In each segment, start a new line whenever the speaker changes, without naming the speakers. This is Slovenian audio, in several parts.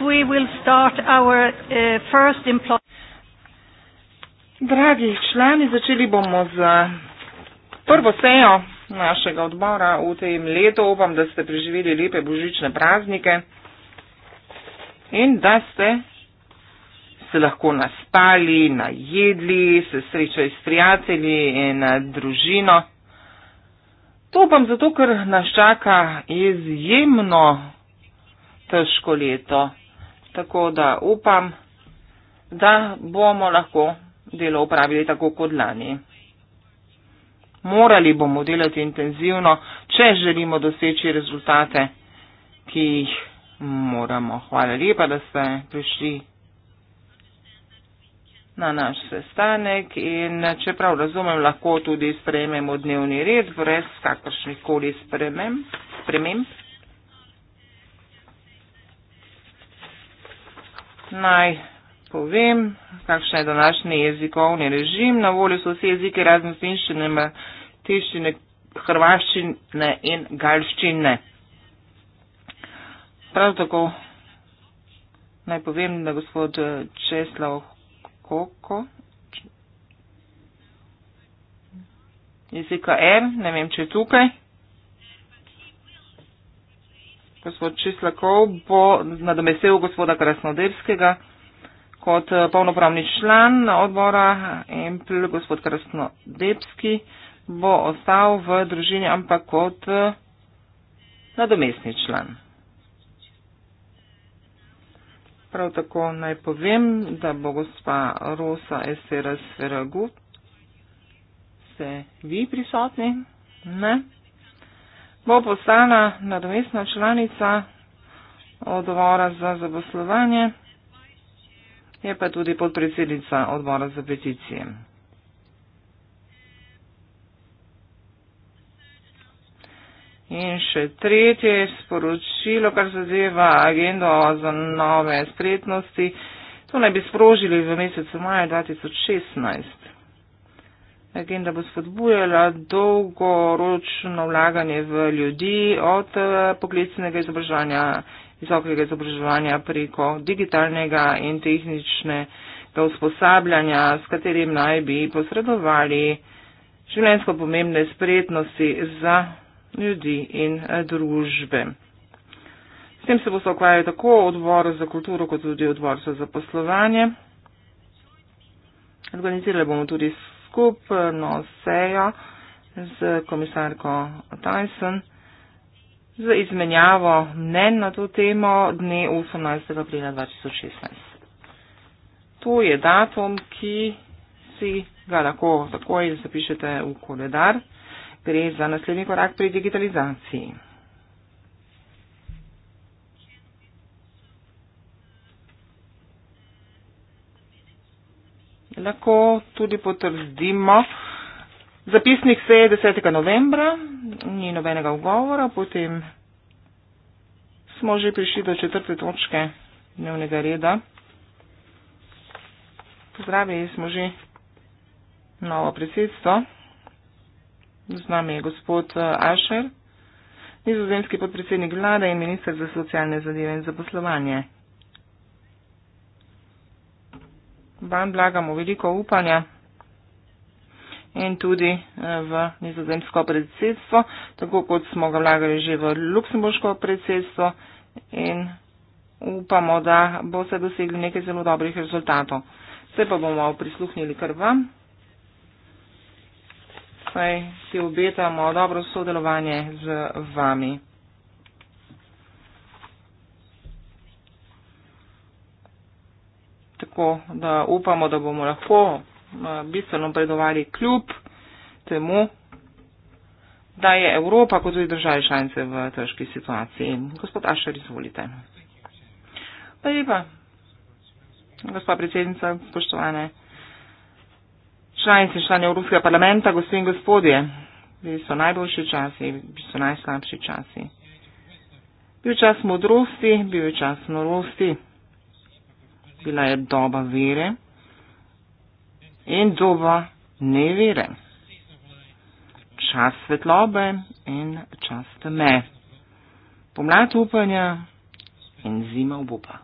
we will start our, uh, first
Dragi člani, začeli bomo z prvo sejo našega odbora v tem letu. Upam, da ste preživeli lepe božične praznike in da ste se lahko naspali, najedli, se srečali s prijatelji in eh, družino. To upam zato, ker nas čaka izjemno težko leto tako da upam, da bomo lahko delo upravili tako kot lani. Morali bomo delati intenzivno, če želimo doseči rezultate, ki jih moramo. Hvala lepa, da ste prišli na naš sestanek in čeprav razumem, lahko tudi sprejmemo dnevni red brez kakršnih koli sprememb. naj povem, kakšen je današnji jezikovni režim. Na voljo so vsi jezike razne finščine, tiščine, hrvaščine in galščine. Prav tako naj povem, da gospod Česlav Koko. Jezika R, ne vem, če je tukaj gospod Čislakov bo nadomestil gospoda Krasnodebskega kot eh, polnopravni član odbora Empl, gospod Krasnodebski bo ostal v družini, ampak kot eh, nadomestni član. Prav tako naj povem, da bo gospa Rosa Esera Sveragut. Ste vi prisotni? Ne bo postala nadomestna članica odbora za zaposlovanje, je pa tudi podpredsednica odbora za peticije. In še tretje sporočilo, kar se zadeva agendo za nove spretnosti, to naj bi sprožili v mesecu maja 2016 agenda bo spodbujala dolgoročno vlaganje v ljudi od eh, poklicnega izobraževanja, visokega izobraževanja preko digitalnega in tehničnega usposabljanja, s katerim naj bi posredovali življenjsko pomembne spretnosti za ljudi in eh, družbe. S tem se bo se ukvarjal tako odbor za kulturo, kot tudi odbor za zaposlovanje. Organizirali bomo tudi skupno sejo z komisarko Tyson z izmenjavo mnen na to temo dne 18. aprila 2016. To je datum, ki si ga lahko takoj zapišete v koledar. Gre za naslednji korak pri digitalizaciji. lahko tudi potrdimo. Zapisnik se je 10. novembra, ni nobenega ugovora, potem smo že prišli do četrte točke dnevnega reda. Pozdravili smo že novo predsedstvo. Z nami je gospod eh, Ašer, nizozemski podpredsednik vlade in minister za socialne zadeve in zaposlovanje. vam blagamo veliko upanja in tudi eh, v nizozemsko predsedstvo, tako kot smo ga vlagali že v luksemburško predsedstvo in upamo, da bo se dosegli nekaj zelo dobrih rezultatov. Se pa bomo prisluhnili kar vam, saj si obetamo dobro sodelovanje z vami. tako da upamo, da bomo lahko eh, bistveno predovali kljub temu, da je Evropa kot tudi države članice v težki situaciji. Gospod Ašer, izvolite. Pa lepa, gospod predsednica, spoštovane članice in članje Evropskega parlamenta, gospod in gospodje, bili so najboljši časi, bili so najslabši časi. Bil čas modrosti, bil čas norosti. Bil čas norosti bila je doba vere in doba nevere. Čas svetlobe in čas teme. Pomlad upanja in zima obupa.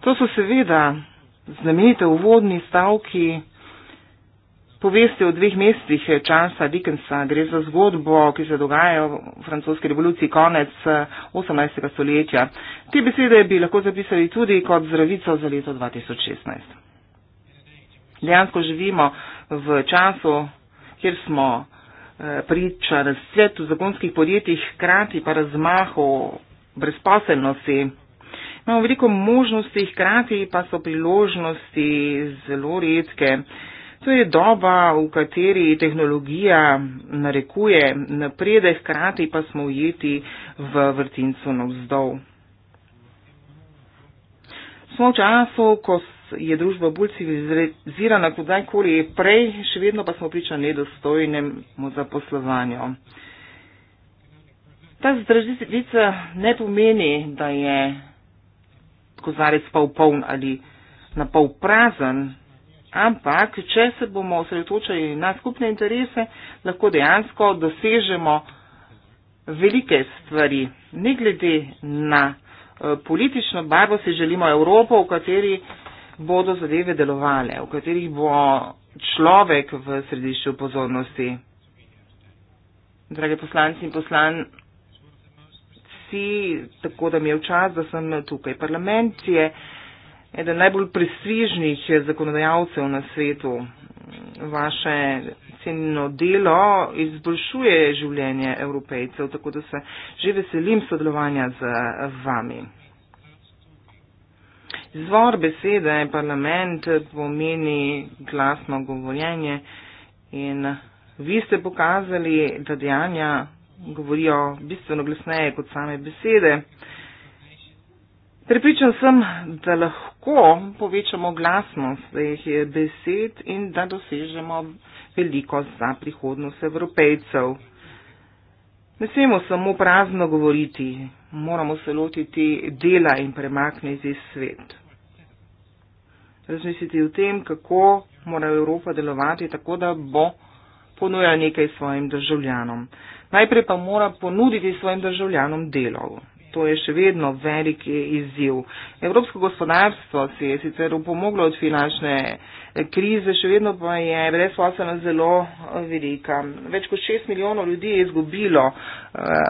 To so seveda znamenite uvodni stavki poveste o dveh mestih časa eh, Dickensa. Gre za zgodbo, ki se dogaja v francoski revoluciji konec 18. Eh, stoletja. Te besede bi lahko zapisali tudi kot zdravico za leto 2016. Dejansko živimo v času, kjer smo eh, priča razcvetu zagonskih podjetij, hkrati pa razmahu brezposelnosti. Imamo veliko možnosti, hkrati pa so priložnosti zelo redke. To je doba, v kateri tehnologija narekuje naprede, hkrati pa smo ujeti v vrtincu navzdol. Smo v času, ko je družba bolj civilizirana kot kdajkoli prej, še vedno pa smo priča nedostojnemu zaposlovanju. Ta zdražljica ne pomeni, da je kozarec pol poln ali na pol prazen ampak če se bomo osredotočali na skupne interese, lahko dejansko dosežemo velike stvari. Ne glede na eh, politično barvo si želimo Evropo, v kateri bodo zadeve delovale, v katerih bo človek v središču pozornosti. Drage poslanci in poslanci, tako da mi je včas, da sem tukaj. Parlament je uh, eden najbolj prestrižnih zakonodajalcev na svetu. Vaše cenjeno delo izboljšuje življenje evropejcev, tako da se že veselim sodelovanja z vami. Zvor besede parlament pomeni glasno govorjenje in vi ste pokazali, da dejanja govorijo bistveno glasneje kot same besede. Uh, Pripričan sem, da lahko povečamo glasnost teh besed in da dosežemo veliko za prihodnost evropejcev. Ne smemo samo prazno govoriti, moramo se lotiti dela in premakniti svet. Razmisliti o tem, kako mora Evropa delovati tako, da bo ponujala nekaj svojim državljanom. Najprej pa mora ponuditi svojim državljanom delov. To je še vedno veliki izziv. Evropsko gospodarstvo si je sicer upomoglo od finančne eh, krize, še vedno pa je brezposelnost zelo eh, velika. Več kot 6 milijonov ljudi je izgubilo eh,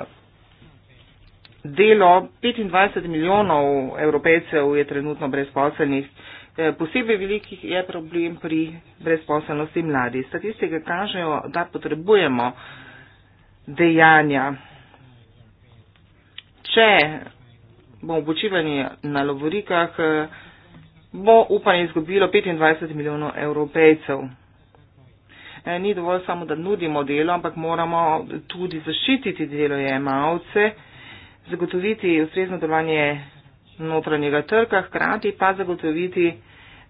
delo, 25 milijonov evropejcev je trenutno brezposelnih. Posebej velik je problem pri brezposelnosti mladih. Statistike kažejo, da potrebujemo dejanja če bomo počivali na lovorikah, bo upanje izgubilo 25 milijonov evropejcev. E, ni dovolj samo, da nudimo delo, ampak moramo tudi zaščititi delojemalce, zagotoviti ustrezno delovanje notranjega trga, hkrati pa zagotoviti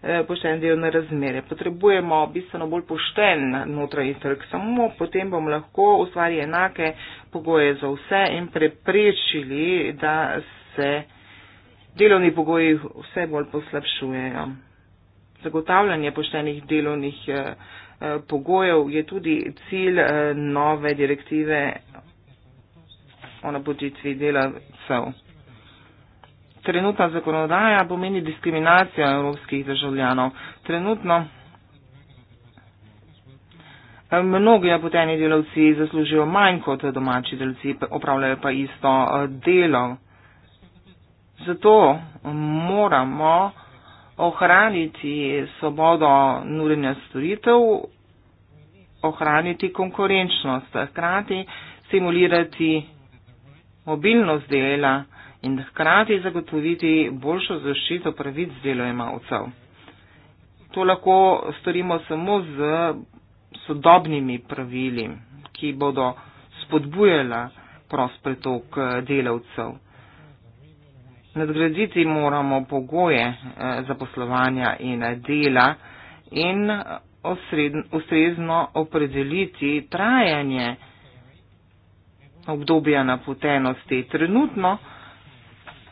Eh, pošten del na razmere. Potrebujemo bistveno bolj pošten notranji trg, samo potem bomo lahko ustvarili enake pogoje za vse in preprečili, da se delovni pogoji vse bolj poslabšujejo. Zagotavljanje poštenih delovnih eh, eh, pogojev je tudi cilj nove direktive o napotitvi delavcev trenutna zakonodaja pomeni diskriminacijo evropskih državljanov. Trenutno eh, mnogi napoteni delavci zaslužijo manj kot domači delavci, opravljajo pa isto eh, delo. Zato moramo ohraniti svobodo nurenja storitev, ohraniti konkurenčnost, hkrati simulirati mobilnost dela in hkrati zagotoviti boljšo zaščito pravic delojemalcev. To lahko storimo samo z sodobnimi pravili, ki bodo spodbujala prost pretok eh, delavcev. Nadgraditi moramo pogoje eh, zaposlovanja in dela in eh, ustrezno opredeliti trajanje obdobja napotenosti. Trenutno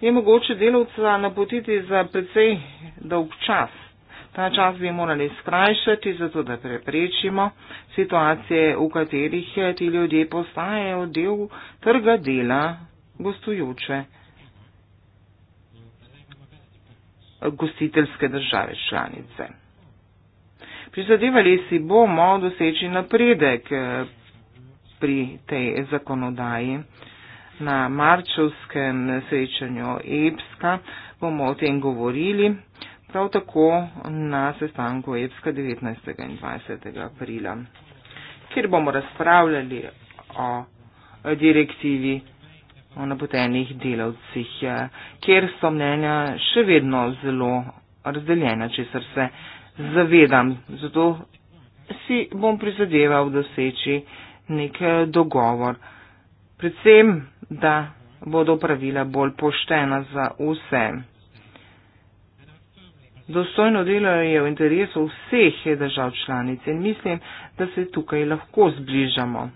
je mogoče delavca napotiti za precej dolg čas. Ta čas bi morali skrajšati, zato da preprečimo situacije, v katerih eh, ti ljudje postajajo del trga dela gostujoče eh, gostiteljske države članice. Prizadevali si bomo doseči napredek eh, pri tej zakonodaji na marčevskem srečanju EPSKA bomo o tem govorili, prav tako na sestanku EPSKA 19. in 20. aprila, kjer bomo razpravljali o direktivi o napotenih delavcih, kjer so mnenja še vedno zelo razdeljena, česar se zavedam. Zato si bom prizadeval doseči nek dogovor. Predvsem da bodo pravila bolj poštena za vse. Dostojno delo je v interesu vseh držav članic in mislim, da se tukaj lahko zbližamo.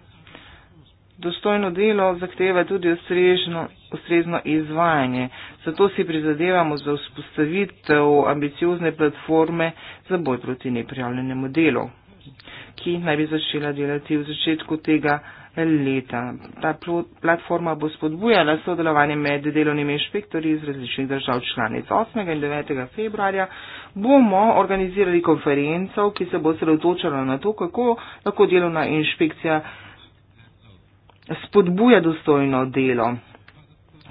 Dostojno delo zahteva tudi ustrezno, ustrezno izvajanje, zato si prizadevamo za vzpostavitev ambiciozne platforme za boj proti neprijavljenemu delu, ki naj bi začela delati v začetku tega leta. Ta platforma bo spodbujala sodelovanje med delovnimi inšpektori iz različnih držav članic. 8. in 9. februarja bomo organizirali konferenco, ki se bo sredotočala na to, kako lahko delovna inšpekcija spodbuja dostojno delo.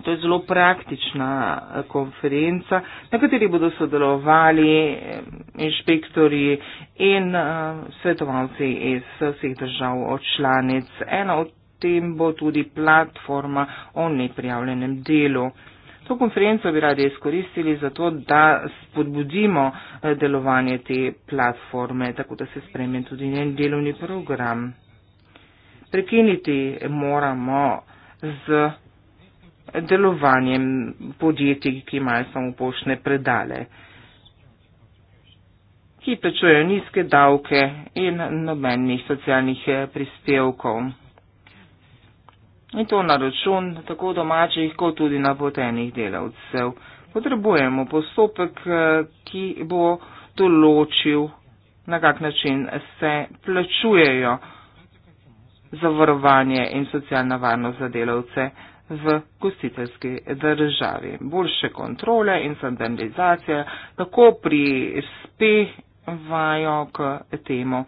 To je zelo praktična eh, konferenca, na kateri bodo sodelovali eh, inšpektori in eh, svetovalci iz vseh držav od članic. Ena od tem bo tudi platforma o neprijavljenem delu. To konferenco bi radi izkoristili za to, da spodbudimo delovanje te platforme, tako da se spremen tudi njen delovni program. Prekiniti moramo z delovanjem podjetij, ki imajo samo poštne predale, ki plačujejo nizke davke in nobenih socialnih eh, prispevkov. In to na račun tako domačih, kot tudi napotenih delavcev. Potrebujemo postopek, eh, ki bo določil, na kak način se plačujejo zavarovanje in socialna varnost za delavce v gostiteljski državi. Boljše kontrole in standardizacije tako prispevajo k temu,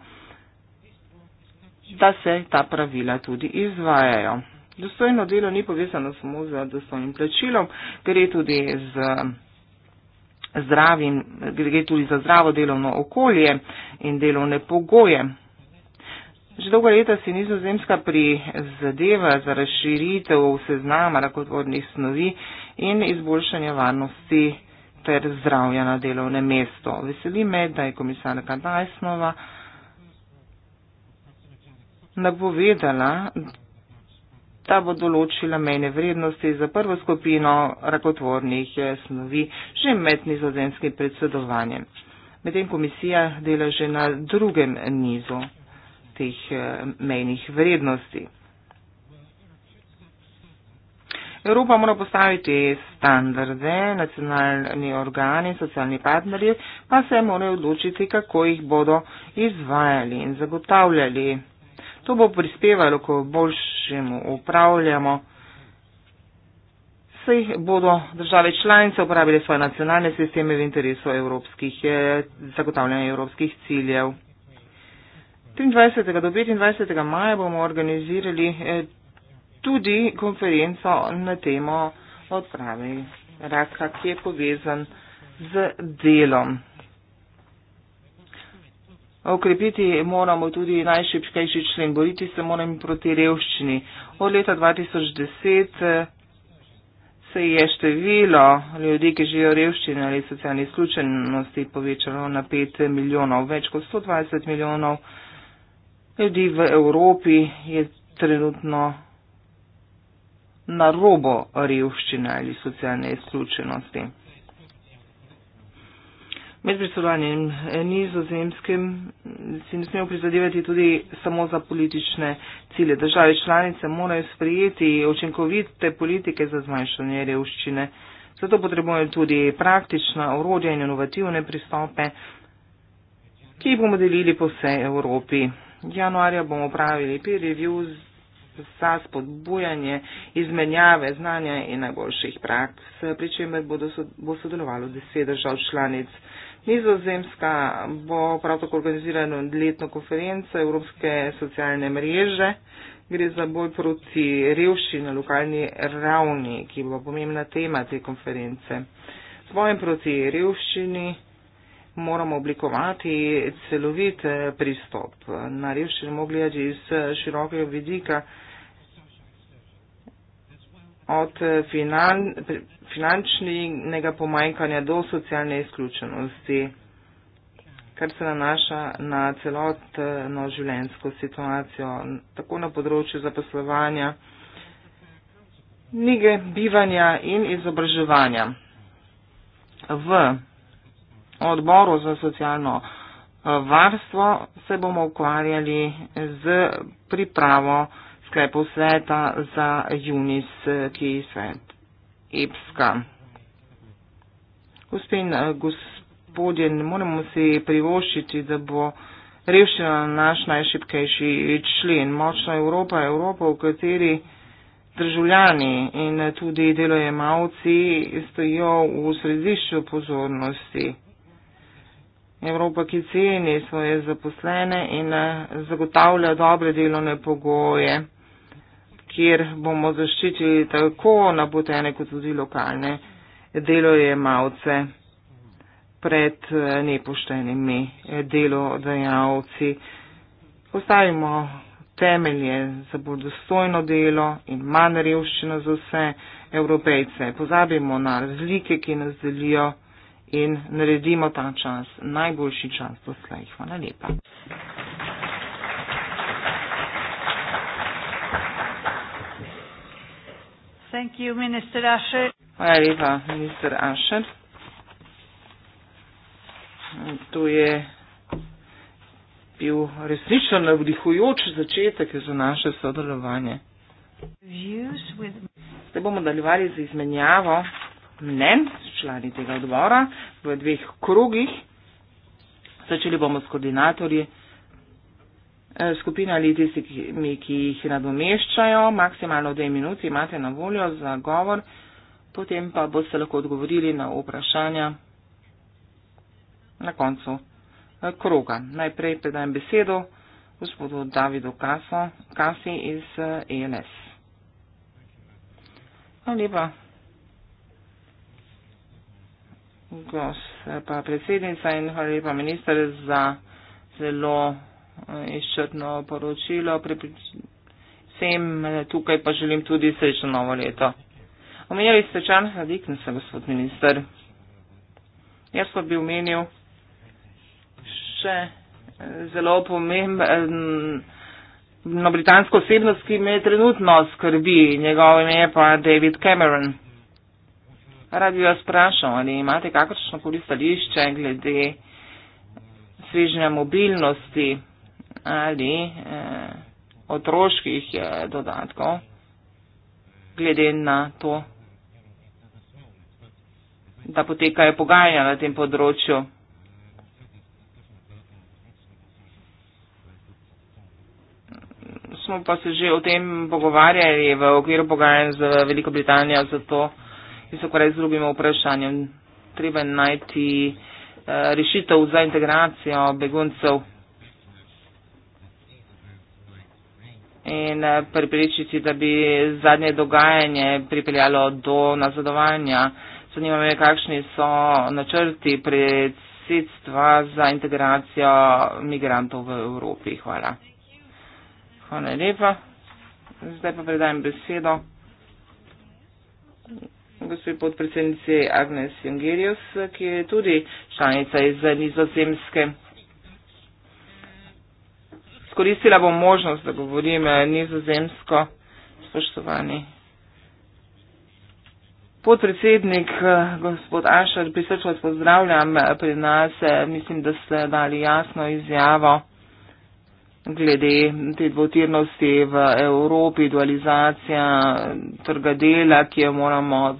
da se ta pravila tudi izvajajo. Dostojno delo ni povezano samo z dostojnim plačilom, gre tudi z. Zdravim, gre tudi za zdravo delovno okolje in delovne pogoje. Že dolgo leta si nizozemska prizadeva za razširitev seznama rakotvornih snovi in izboljšanje varnosti ter zdravja na delovnem mestu. Veseli me, da je komisarka Dajsnova napovedala, da bo določila mejne vrednosti za prvo skupino rakotvornih eh, snovi že med nizozemskim predsedovanjem. Medtem komisija dela že na drugem nizu teh eh, mejnih vrednosti. Evropa mora postaviti standarde, nacionalni organi, socialni partnerji pa se morajo odločiti, kako jih bodo izvajali in zagotavljali. To bo prispevalo k boljšemu upravljamo. Vse bodo države članice uporabile svoje nacionalne sisteme v interesu evropskih, eh, zagotavljanja evropskih ciljev. 23. do 25. maja bomo organizirali eh, tudi konferenco na temo odprave raka, ki je povezan z delom. Okrepiti moramo tudi najšipkejši člen, boriti se moramo proti revščini. Od leta 2010 eh, se je število ljudi, ki živijo v revščini ali socialni izključenosti, povečalo na 5 milijonov, več kot 120 milijonov ljudi v Evropi je trenutno na robo revščine ali socialne izključenosti. Med predstavljanjem nizozemskim si ne smemo prizadevati tudi samo za politične cilje. Države članice morajo sprijeti očinkovite politike za zmanjšanje revščine. Zato potrebujejo tudi praktična orodja in inovativne pristope, ki jih bomo delili po vsej Evropi. Januarja bomo upravili peer review za spodbujanje izmenjave znanja in najboljših praks, pri čemer bo sodelovalo deset držav članic. Nizozemska bo prav tako organizirala letno konferenco Evropske socialne mreže. Gre za boj proti revši na lokalni ravni, ki bo pomembna tema te konference. Z bojem proti revščini moramo oblikovati celovit eh, pristop. Na revščino mogli gledati iz eh, širokega vidika od eh, finančnega pomanjkanja do socialne izključenosti, kar se nanaša na celotno življenjsko situacijo, tako na področju zaposlovanja, nige bivanja in izobraževanja. V odboru za socialno eh, varstvo se bomo ukvarjali z pripravo sklepov sveta za Junis, eh, ki je svet EPSKA. Gospin, eh, gospodin, moramo si privoščiti, da bo rešila naš najšipkejši člen. Močna Evropa je Evropa, v kateri državljani in tudi delojemalci stojijo v središču pozornosti. Evropa, ki ceni svoje zaposlene in eh, zagotavlja dobre delovne pogoje, kjer bomo zaščitili tako napotene kot tudi lokalne delojemalce pred eh, nepoštenimi eh, delodajalci. Postavimo temelje za bolj dostojno delo in manj revščino za vse evropejce. Pozabimo na razlike, ki nas delijo in naredimo ta čas najboljši čas doslej. Hvala lepa.
Thank you, Minister Asher.
Hvala lepa, minister Asher. To je bil resnično navdihujoč začetek za naše sodelovanje. Zdaj bomo nadaljevali z izmenjavo mnen člani tega odbora v dveh krogih. Začeli bomo s koordinatorji eh, skupina ali tistimi, ki jih nadomeščajo. Maksimalno dve minuti imate na voljo za govor, potem pa boste lahko odgovorili na vprašanja na koncu eh, kroga. Najprej predajem besedo gospodu Davidu Kaso, Kasi iz ELS. Eh, e Hvala lepa gospa predsednica in hvala lepa minister za zelo eh, izčrtno poročilo. Vsem eh, tukaj pa želim tudi srečno novo leto. Omenjali ste Čan Hadikn se, gospod minister. Jaz pa bi omenil še eh, zelo pomembno mm, britansko osebnost, ki me trenutno skrbi. Njegovo ime je pa David Cameron rad bi vas vprašal, ali imate kakršno koli stališče glede svežnja mobilnosti ali eh, otroških eh, dodatkov, glede na to, da potekajo pogajanja na tem področju. Smo pa se že o tem pogovarjali v okviru pogajanj z Veliko Britanijo, zato in se ukvarjati z drugim vprašanjem. Treba najti eh, rešitev za integracijo beguncev in eh, pripričiti, da bi zadnje dogajanje pripeljalo do nazadovanja. Zanima me, kakšni so načrti predsedstva za integracijo migrantov v Evropi. Hvala. Hvala lepa. Zdaj pa predajem besedo gospod podpredsednici Agnes Jungerius, ki je tudi članica iz nizozemske. Skoristila bom možnost, da govorim nizozemsko, spoštovani. Podpredsednik, gospod Ašar, prisrčno vas pozdravljam pri nas. Mislim, da ste dali jasno izjavo glede te dvotirnosti v Evropi, dualizacija trga dela, ki jo moramo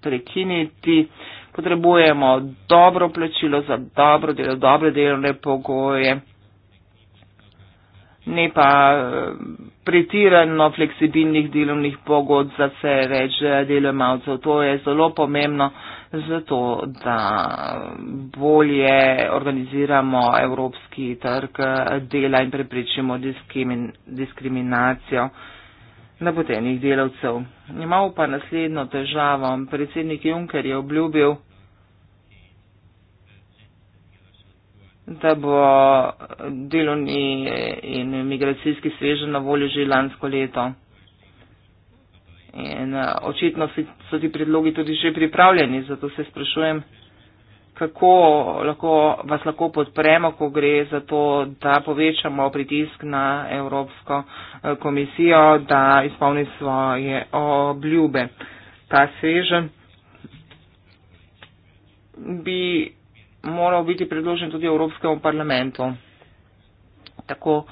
prekiniti. Potrebujemo dobro plačilo za dobro delo, dobre delovne pogoje, ne pa eh, pretirano fleksibilnih delovnih pogod za vse več delojemalcev. To je zelo pomembno zato, da bolje organiziramo evropski trg dela in preprečimo diskrimin diskriminacijo napotenih delavcev. Imamo pa naslednjo težavo. Predsednik Juncker je obljubil, da bo delovni in migracijski svežen na voljo že lansko leto. In eh, očitno so ti predlogi tudi že pripravljeni, zato se sprašujem, kako lahko, vas lahko podpremo, ko gre za to, da povečamo pritisk na Evropsko eh, komisijo, da izpolni svoje obljube. Ta svežen bi moral biti predložen tudi Evropskemu parlamentu. Tako,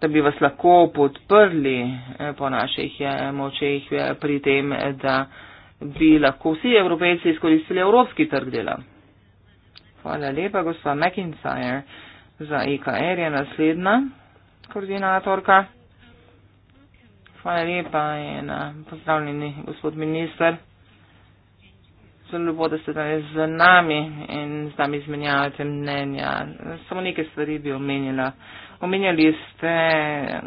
da bi vas lahko podprli eh, po naših eh, močeh pri tem, da bi lahko vsi evropejci izkoristili evropski trg dela. Hvala lepa, gospa McIntyre za EKR je naslednja koordinatorka. Hvala lepa in eh, pozdravljeni, gospod minister. Zelo lepo, da ste danes z nami in z nami izmenjavate mnenja. Samo neke stvari bi omenila. Omenjali ste eh,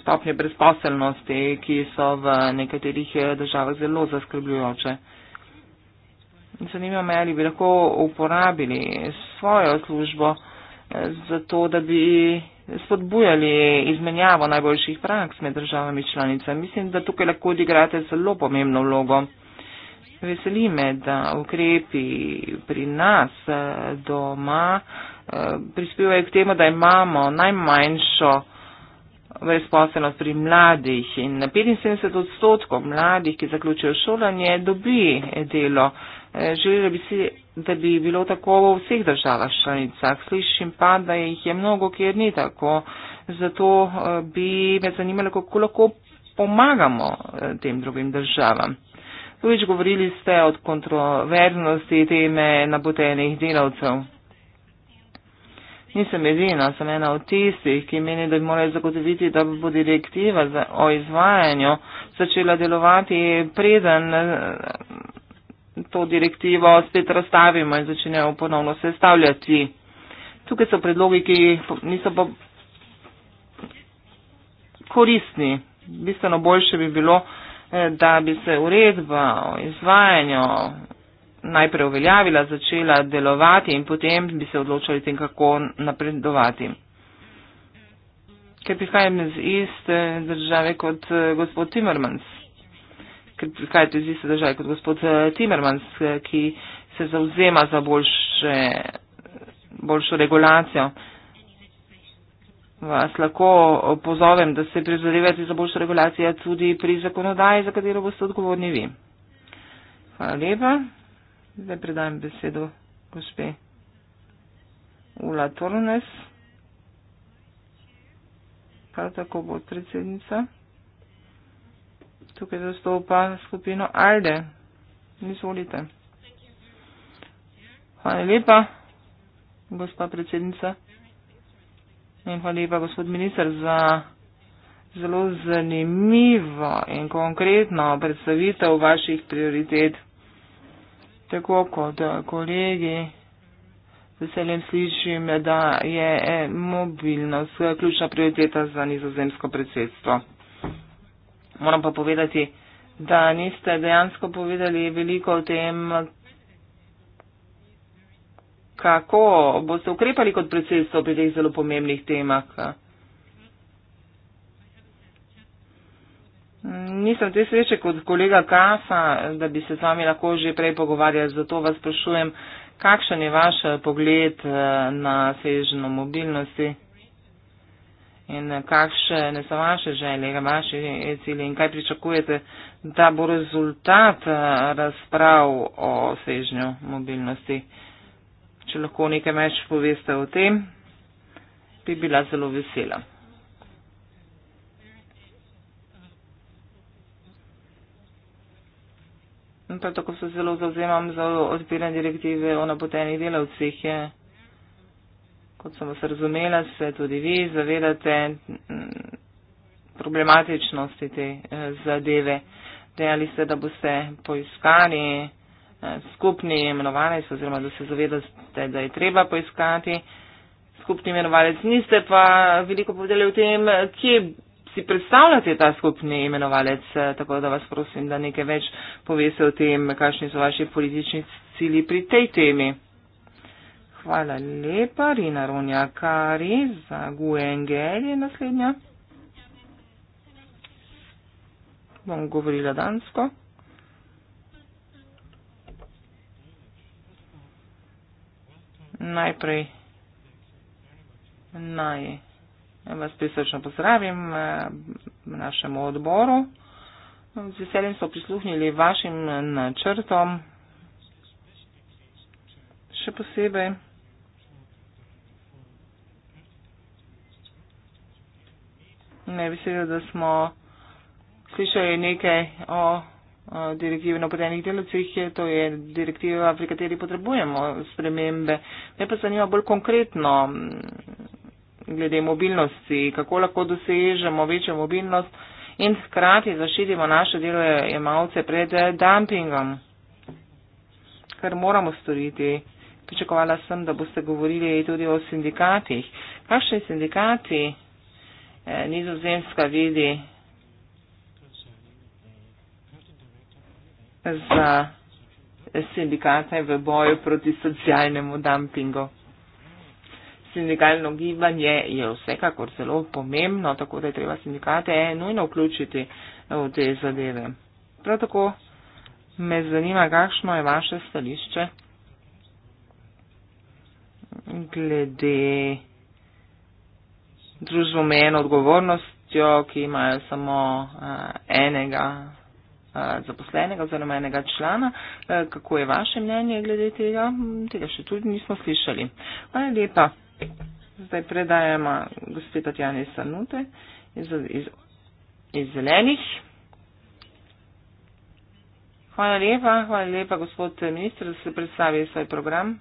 stopnje brezposelnosti, ki so v nekaterih eh, državah zelo zaskrbljujoče. Zanima me, ali bi lahko uporabili svojo službo eh, za to, da bi spodbujali izmenjavo najboljših praks med državami članicami. Mislim, da tukaj lahko odigrate zelo pomembno vlogo. Veseli me, da ukrepi pri nas eh, doma eh, prispevajo k temu, da imamo najmanjšo brezposelnost pri mladih in 75 odstotkov mladih, ki zaključijo šolanje, dobi delo Eh, Želela bi si, da bi bilo tako v vseh državah članicah. Slišim pa, da jih je mnogo, kjer ni tako. Zato eh, bi me zanimalo, kako lahko pomagamo eh, tem drugim državam. Tudi govorili ste o kontroverznosti teme napotenih delavcev. Nisem edina, sem ena od tistih, ki meni, da bi morali zagotoviti, da bo direktiva o izvajanju začela delovati preden to direktivo spet razstavimo in začnejo ponovno sestavljati. Tukaj so predlogi, ki niso pa koristni. Bistveno boljše bi bilo, eh, da bi se uredba o izvajanju najprej uveljavila, začela delovati in potem bi se odločali tem, kako napredovati. Ker prihajam iz iste države kot eh, gospod Timmermans ker prihajate iz iste države kot gospod eh, Timermans, eh, ki se zauzema za boljše, boljšo regulacijo. Vas lahko pozovem, da se prizadevate za boljšo regulacijo tudi pri zakonodaji, za katero boste odgovorni vi. Hvala lepa. Zdaj predajam besedo gospe Ula Tornes. Prav tako bo predsednica. Tukaj zastopa skupino Alde. Izvolite. Hvala lepa, gospa predsednica. In hvala lepa, gospod minister, za zelo zanimivo in konkretno predstavitev vaših prioritet. Tako kot eh, kolegi, veseljem slišim, da je eh, mobilnost eh, ključna prioriteta za nizozemsko predsedstvo moram pa povedati, da niste dejansko povedali veliko o tem, kako boste ukrepali kot predsedstvo pri teh zelo pomembnih temah. Nisem te sreče kot kolega Kasa, da bi se z vami lahko že prej pogovarjal, zato vas sprašujem, kakšen je vaš pogled eh, na svežno mobilnosti in eh, kakšne so vaše želje, vaše cilje in kaj pričakujete, da bo rezultat eh, razprav o svežnju mobilnosti. Če lahko nekaj več poveste o tem, bi bila zelo vesela. In prav tako se zelo zauzemam za odpiranje direktive o napotenih delavcih. Je kot sem vas razumela, se tudi vi zavedate mm, problematičnosti te eh, zadeve. Dejali ste, da boste poiskali eh, skupni imenovalec oziroma da se zavedate, da je treba poiskati skupni imenovalec. Niste pa veliko povedali o tem, kje si predstavljate ta skupni imenovalec, eh, tako da vas prosim, da nekaj več poveste o tem, kakšni so vaši politični cili pri tej temi hvala lepa, Rina Ronja Kari za Guengel je naslednja. Bom govorila dansko. Najprej naj vas prisrčno pozdravim v eh, našem odboru. Z veseljem so prisluhnili vašim načrtom. Še posebej. ne bi se da smo slišali nekaj o, o direktivi napotenih delovcih, je to je direktiva, pri kateri potrebujemo spremembe. Me pa zanima bolj konkretno mm, glede mobilnosti, kako lahko dosežemo večjo mobilnost in hkrati zaščitimo naše delojemalce pred eh, dumpingom, kar moramo storiti. Pričakovala sem, da boste govorili tudi o sindikatih. Kakšni sindikati Eh, nizozemska vidi za sindikate v boju proti socialnemu dumpingu. Sindikalno gibanje je vsekakor zelo pomembno, tako da je treba sindikate nujno vključiti v te zadeve. Prav tako me zanima, kakšno je vaše stališče glede družbo omejeno odgovornostjo, ki imajo samo uh, enega uh, zaposlenega oziroma enega člana. Uh, kako je vaše mnenje glede tega? Hm, tega še tudi nismo slišali. Hvala lepa. Zdaj predajamo gospe Tatjane Sanute iz, iz, iz Zelenih. Hvala lepa, hvala lepa gospod ministr, da ste predstavili svoj program.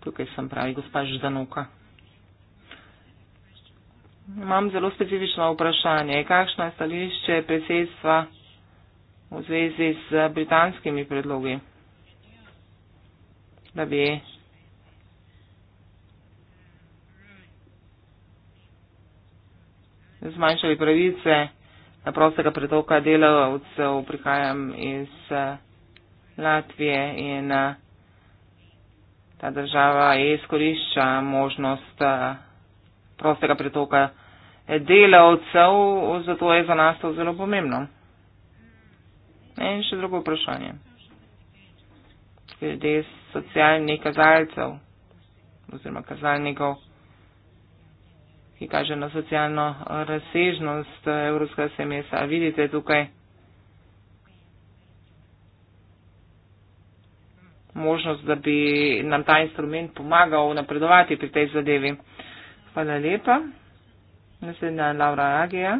Tukaj sem pravi gospa Ždanuka. Imam zelo specifično vprašanje. Kakšno je stališče predsedstva v zvezi z britanskimi predlogi, da bi zmanjšali pravice na prostega pretoka delavcev, prihajam iz eh, Latvije in. Uh, ta država izkorišča možnost eh, prostega pritoka delavcev, zato je za nas to zelo pomembno. In še drugo vprašanje. Glede socialnih kazalcev oziroma kazalnikov, ki kaže na socialno razsežnost Evropskega semestra. Vidite tukaj možnost, da bi nam ta instrument pomagal napredovati pri tej zadevi. Hvala lepa. Naslednja je Laura Agija,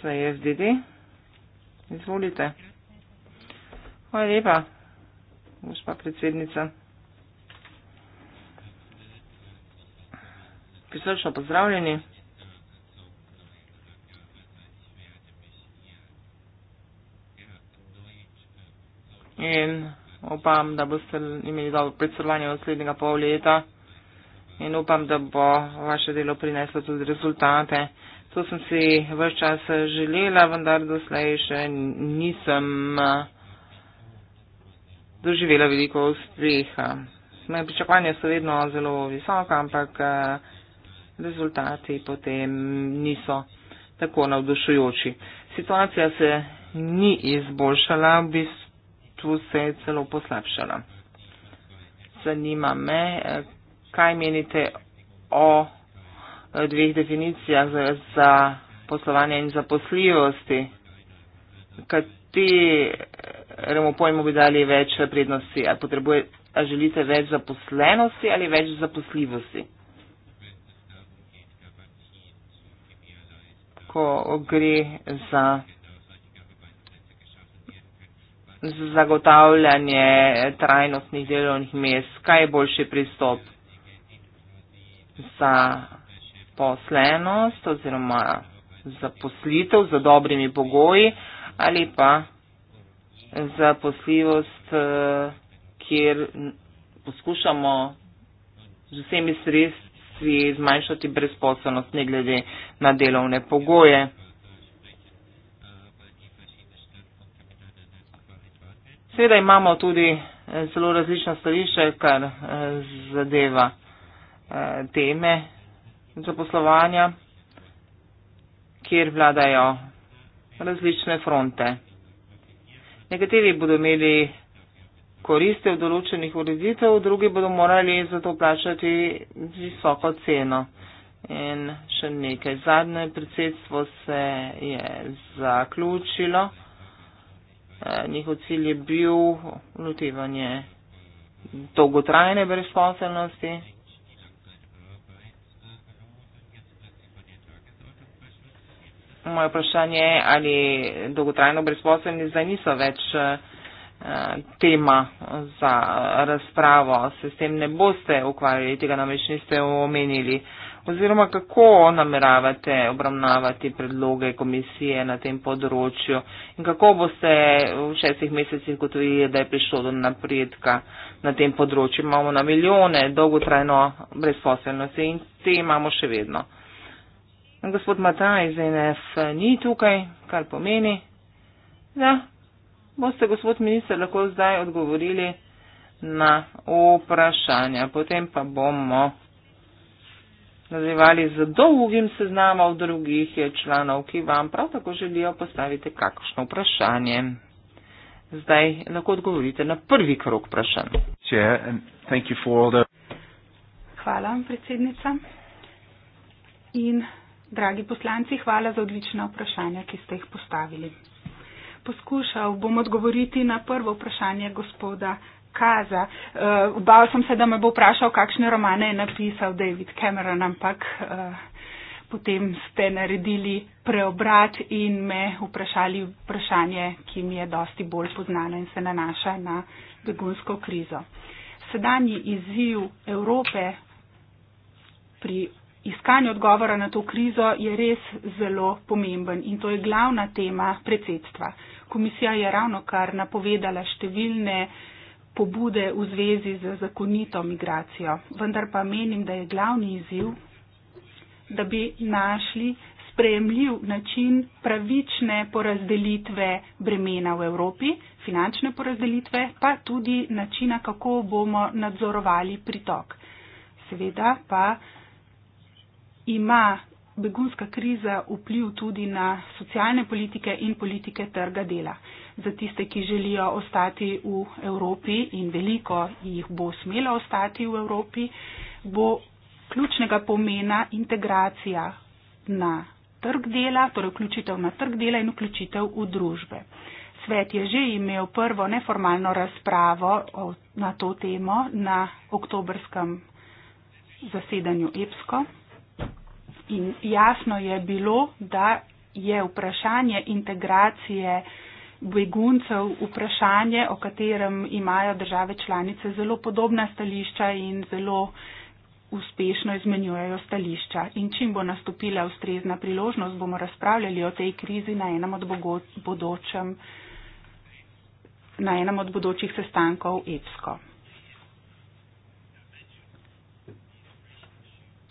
sva je SDD. Izvolite. Hvala lepa, gospa predsednica. Prisrčno pozdravljeni. In upam, da boste imeli dobro predstavljanje naslednjega pol leta in upam, da bo vaše delo prineslo tudi rezultate. To sem si vse čas želela, vendar doslej še nisem eh, doživela veliko uspeha. Moje pričakovanja so vedno zelo visoka, ampak eh, rezultati potem niso tako navdušujoči. Situacija se ni izboljšala, v bistvu bistvu se je celo poslabšala. Zanima me, kaj menite o eh, dveh definicijah za, za poslovanje in zaposljivosti, kateremu pojmu bi dali več prednosti, ali potrebujete, ali želite več zaposlenosti ali več zaposljivosti. Ko gre za za zagotavljanje trajnostnih delovnih mest, kaj je boljši pristop za poslenost oziroma za poslitev za dobrimi pogoji ali pa za poslivost, eh, kjer poskušamo z vsemi sredstvi zmanjšati brezposobnost, ne glede na delovne pogoje. Seveda imamo tudi eh, zelo različna stališča, kar eh, zadeva eh, teme zaposlovanja, kjer vladajo različne fronte. Nekateri bodo imeli koriste v določenih ureditev, drugi bodo morali za to plačati visoko ceno. In še nekaj. Zadnje predsedstvo se je zaključilo njihov cilj je bil lotevanje dolgotrajne brezposelnosti. Moje vprašanje je, ali dolgotrajno brezposelni zdaj niso več tema za razpravo, se s tem ne boste ukvarjali, tega namreč niste omenili. Uh, oziroma kako nameravate obravnavati predloge komisije na tem področju in kako boste v šestih mesecih gotovili, da je prišlo do napredka na tem področju. Imamo na milijone dolgotrajno brezposelnosti in te imamo še vedno. Gospod Mata iz NF ni tukaj, kar pomeni, da boste, gospod minister, lahko zdaj odgovorili na vprašanja. Potem pa bomo nadaljevali z dolgim seznamom drugih članov, ki vam prav tako želijo postaviti kakšno vprašanje. Zdaj lahko odgovorite na prvi krok vprašanj.
Hvala, predsednica. In, dragi poslanci, hvala za odlična vprašanja, ki ste jih postavili. Poskušal bom odgovoriti na prvo vprašanje gospoda Kaza. Uh, eh, bal sem se, da me bo vprašal, kakšne romane je napisal David Cameron, ampak uh, potem ste naredili preobrat in me vprašali vprašanje, ki mi je dosti bolj poznano in se nanaša na begunsko krizo. Sedanji izziv Evrope pri iskanju odgovora na to krizo je res zelo pomemben in to je glavna tema predsedstva. Komisija je ravno kar napovedala številne pobude v zvezi z zakonito migracijo. Vendar pa menim, da je glavni izziv, da bi našli sprejemljiv način pravične porazdelitve bremena v Evropi, finančne porazdelitve, pa tudi načina, kako bomo nadzorovali pritok. Seveda pa ima begunska kriza vpliv tudi na socialne politike in politike trga dela. Za tiste, ki želijo ostati v Evropi in veliko jih bo smelo ostati v Evropi, bo ključnega pomena integracija na trg dela, torej vključitev na trg dela in vključitev v družbe. Svet je že imel prvo neformalno razpravo na to temo na oktobrskem zasedanju EPSKO. In jasno je bilo, da je vprašanje integracije beguncev vprašanje, o katerem imajo države članice zelo podobna stališča in zelo uspešno izmenjujejo stališča. In čim bo nastopila ustrezna priložnost, bomo razpravljali o tej krizi na enem od, bodočem, na enem od bodočih sestankov EPSKO.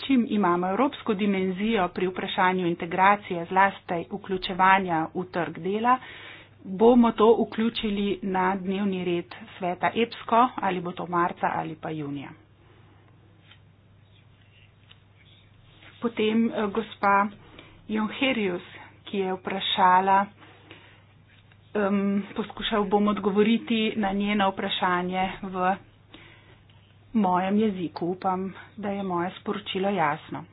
čim imamo evropsko dimenzijo pri vprašanju integracije, zlasti vključevanja v trg dela, bomo to vključili na dnevni red sveta EPSKO ali bo to marca ali pa junija. Potem eh, gospa Jonherius, ki je vprašala, um, poskušal bom odgovoriti na njeno vprašanje v mojem jeziku. Upam, da je moje sporočilo jasno.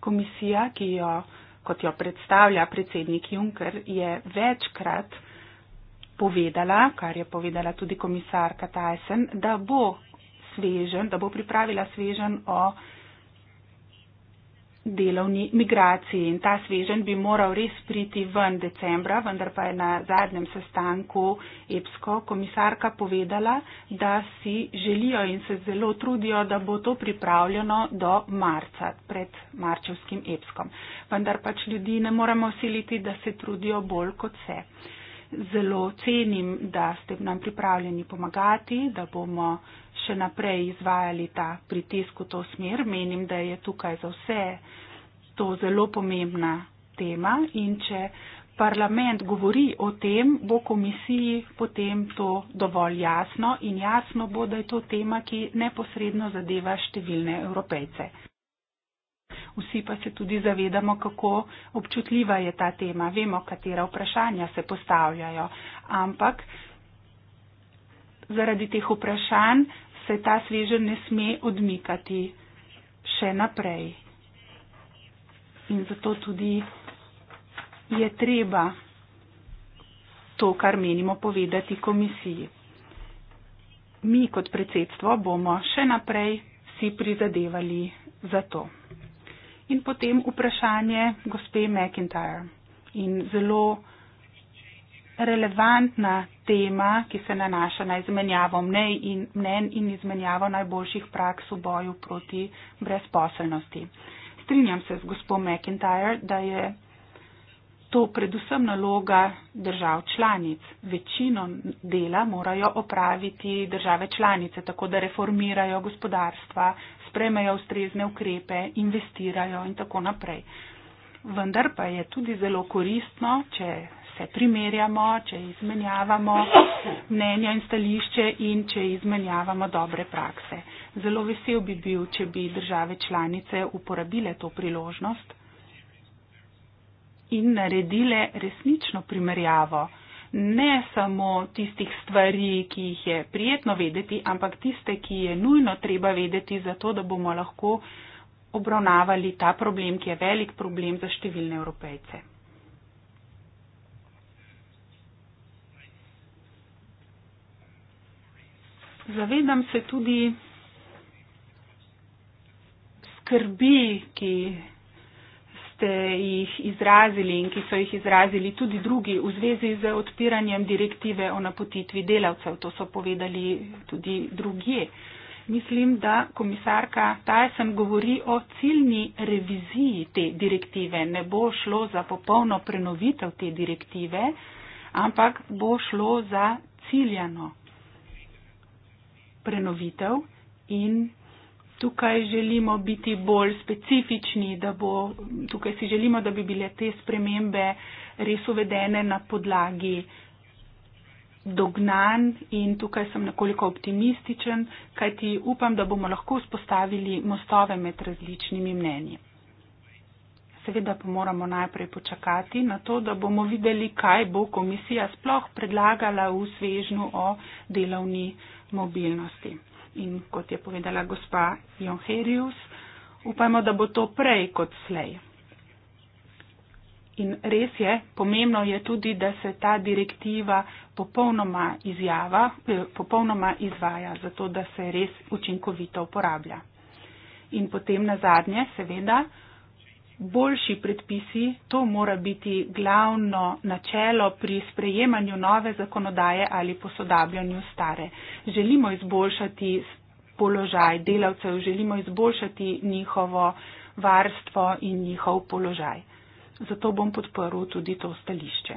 Komisija, ki jo, kot jo predstavlja predsednik Juncker, je večkrat povedala, kar je povedala tudi komisarka Tyson, da bo svežen, da bo pripravila svežen o delovni migraciji. In ta svežen bi moral res priti ven decembra, vendar pa je na zadnjem sestanku EPSKO komisarka povedala, da si želijo in se zelo trudijo, da bo to pripravljeno do marca pred marčevskim EPSKOM. Vendar pač ljudi ne moremo siliti, da se trudijo bolj kot se zelo cenim, da ste nam pripravljeni pomagati, da bomo še naprej izvajali ta pritisk v to smer. Menim, da je tukaj za vse to zelo pomembna tema in če parlament govori o tem, bo komisiji potem to dovolj jasno in jasno bo, da je to tema, ki neposredno zadeva številne evropejce vsi pa se tudi zavedamo, kako občutljiva je ta tema. Vemo, katera vprašanja se postavljajo, ampak zaradi teh vprašanj se ta sveže ne sme odmikati še naprej. In zato tudi je treba to, kar menimo, povedati komisiji. Mi kot predsedstvo bomo še naprej si prizadevali za to in potem vprašanje gospe McIntyre. In zelo relevantna tema, ki se nanaša na izmenjavo mnen in, mnen in izmenjavo najboljših praks v boju proti brezposelnosti. Strinjam se z gospo McIntyre, da je to predvsem naloga držav članic. Večino dela morajo opraviti države članice, tako da reformirajo gospodarstva, sprejmejo ustrezne ukrepe, investirajo in tako naprej. Vendar pa je tudi zelo koristno, če se primerjamo, če izmenjavamo mnenja in stališče in če izmenjavamo dobre prakse. Zelo vesel bi bil, če bi države članice uporabile to priložnost in naredile resnično primerjavo ne samo tistih stvari, ki jih je prijetno vedeti, ampak tiste, ki je nujno treba vedeti, zato da bomo lahko obravnavali ta problem, ki je velik problem za številne evropejce. Zavedam se tudi skrbi, ki ste jih izrazili in ki so jih izrazili tudi drugi v zvezi z odpiranjem direktive o napotitvi delavcev. To so povedali tudi drugi. Mislim, da komisarka Tyson govori o ciljni reviziji te direktive. Ne bo šlo za popolno prenovitev te direktive, ampak bo šlo za ciljano prenovitev in tukaj želimo biti bolj specifični, da bo, tukaj si želimo, da bi bile te spremembe res uvedene na podlagi dognan in tukaj sem nekoliko optimističen, kajti upam, da bomo lahko vzpostavili mostove med različnimi mnenji. Seveda pa moramo najprej počakati na to, da bomo videli, kaj bo komisija sploh predlagala v svežnju o delovni mobilnosti in kot je povedala gospa Jonherius, upajmo, da bo to prej kot slej. In res je, pomembno je tudi, da se ta direktiva popolnoma, izjava, eh, popolnoma izvaja, zato da se res učinkovito uporablja. In potem na zadnje, seveda, boljši predpisi, to mora biti glavno načelo pri sprejemanju nove zakonodaje ali posodabljanju stare. Želimo izboljšati položaj delavcev, želimo izboljšati njihovo varstvo in njihov položaj. Zato bom podporil tudi to stališče.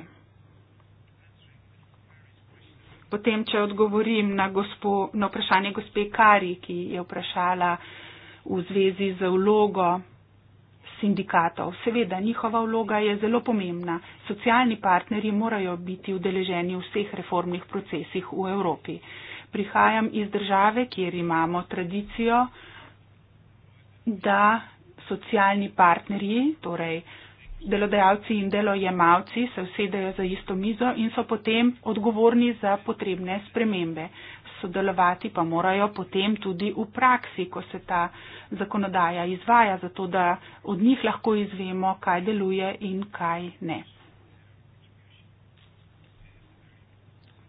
Potem, če odgovorim na, gospo, na vprašanje gospe Kari, ki je vprašala v zvezi z vlogo sindikatov. Seveda, njihova vloga je zelo pomembna. Socialni partnerji morajo biti udeleženi v vseh reformnih procesih v Evropi. Prihajam iz države, kjer imamo tradicijo, da socialni partnerji, torej delodajalci in delojemalci, se usedejo za isto mizo in so potem odgovorni za potrebne spremembe sodelovati pa morajo potem tudi v praksi, ko se ta zakonodaja izvaja, zato da od njih lahko izvemo, kaj deluje in kaj ne.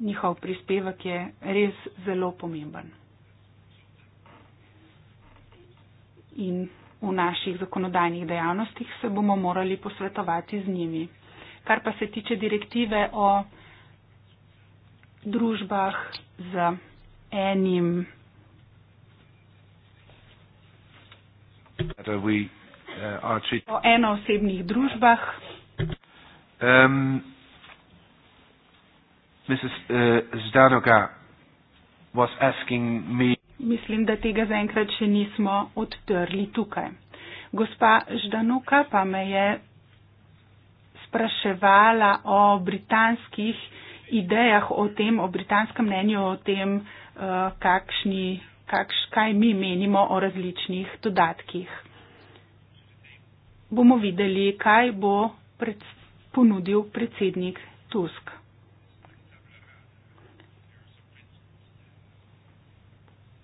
Njihov prispevek je res zelo pomemben. In v naših zakonodajnih dejavnostih se bomo morali posvetovati z njimi. Kar pa se tiče direktive o družbah za enim.
Torej, uh,
o enoosebnih družbah.
Um, Mrs. Uh, Zdaroga was asking
me.
Mislim, da tega zaenkrat še nismo odtrli tukaj. Gospa Ždanuka pa me je spraševala o britanskih idejah o tem, o britanskem mnenju o tem, Eh, kakšni, kakš, kaj mi menimo o različnih dodatkih. Bomo videli, kaj bo pred, ponudil predsednik Tusk.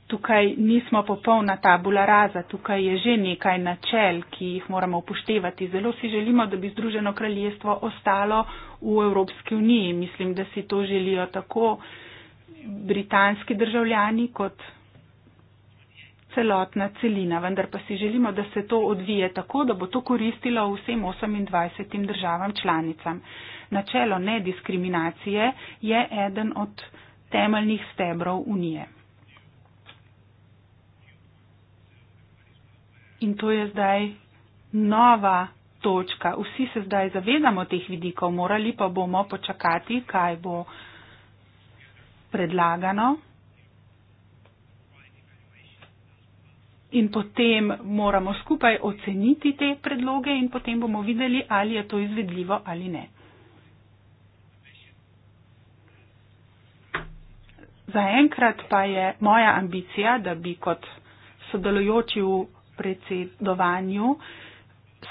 Tukaj nismo popolna tabula raza, tukaj je že nekaj načel, ki jih moramo upoštevati. Zelo si želimo, da bi Združeno kraljestvo ostalo v Evropski uniji. Mislim, da si to želijo tako uh, britanski državljani kot celotna celina, vendar pa si želimo, da se to odvije tako, da bo to koristilo vsem 28 državam članicam. Načelo nediskriminacije je eden od temeljnih stebrov Unije. In to je zdaj nova točka. Vsi se zdaj zavedamo teh vidikov, morali pa bomo počakati, kaj bo predlagano in potem moramo skupaj oceniti te predloge in potem bomo videli, ali je to izvedljivo ali ne. Zaenkrat pa je moja ambicija, da bi kot sodelujoči v predsedovanju eh,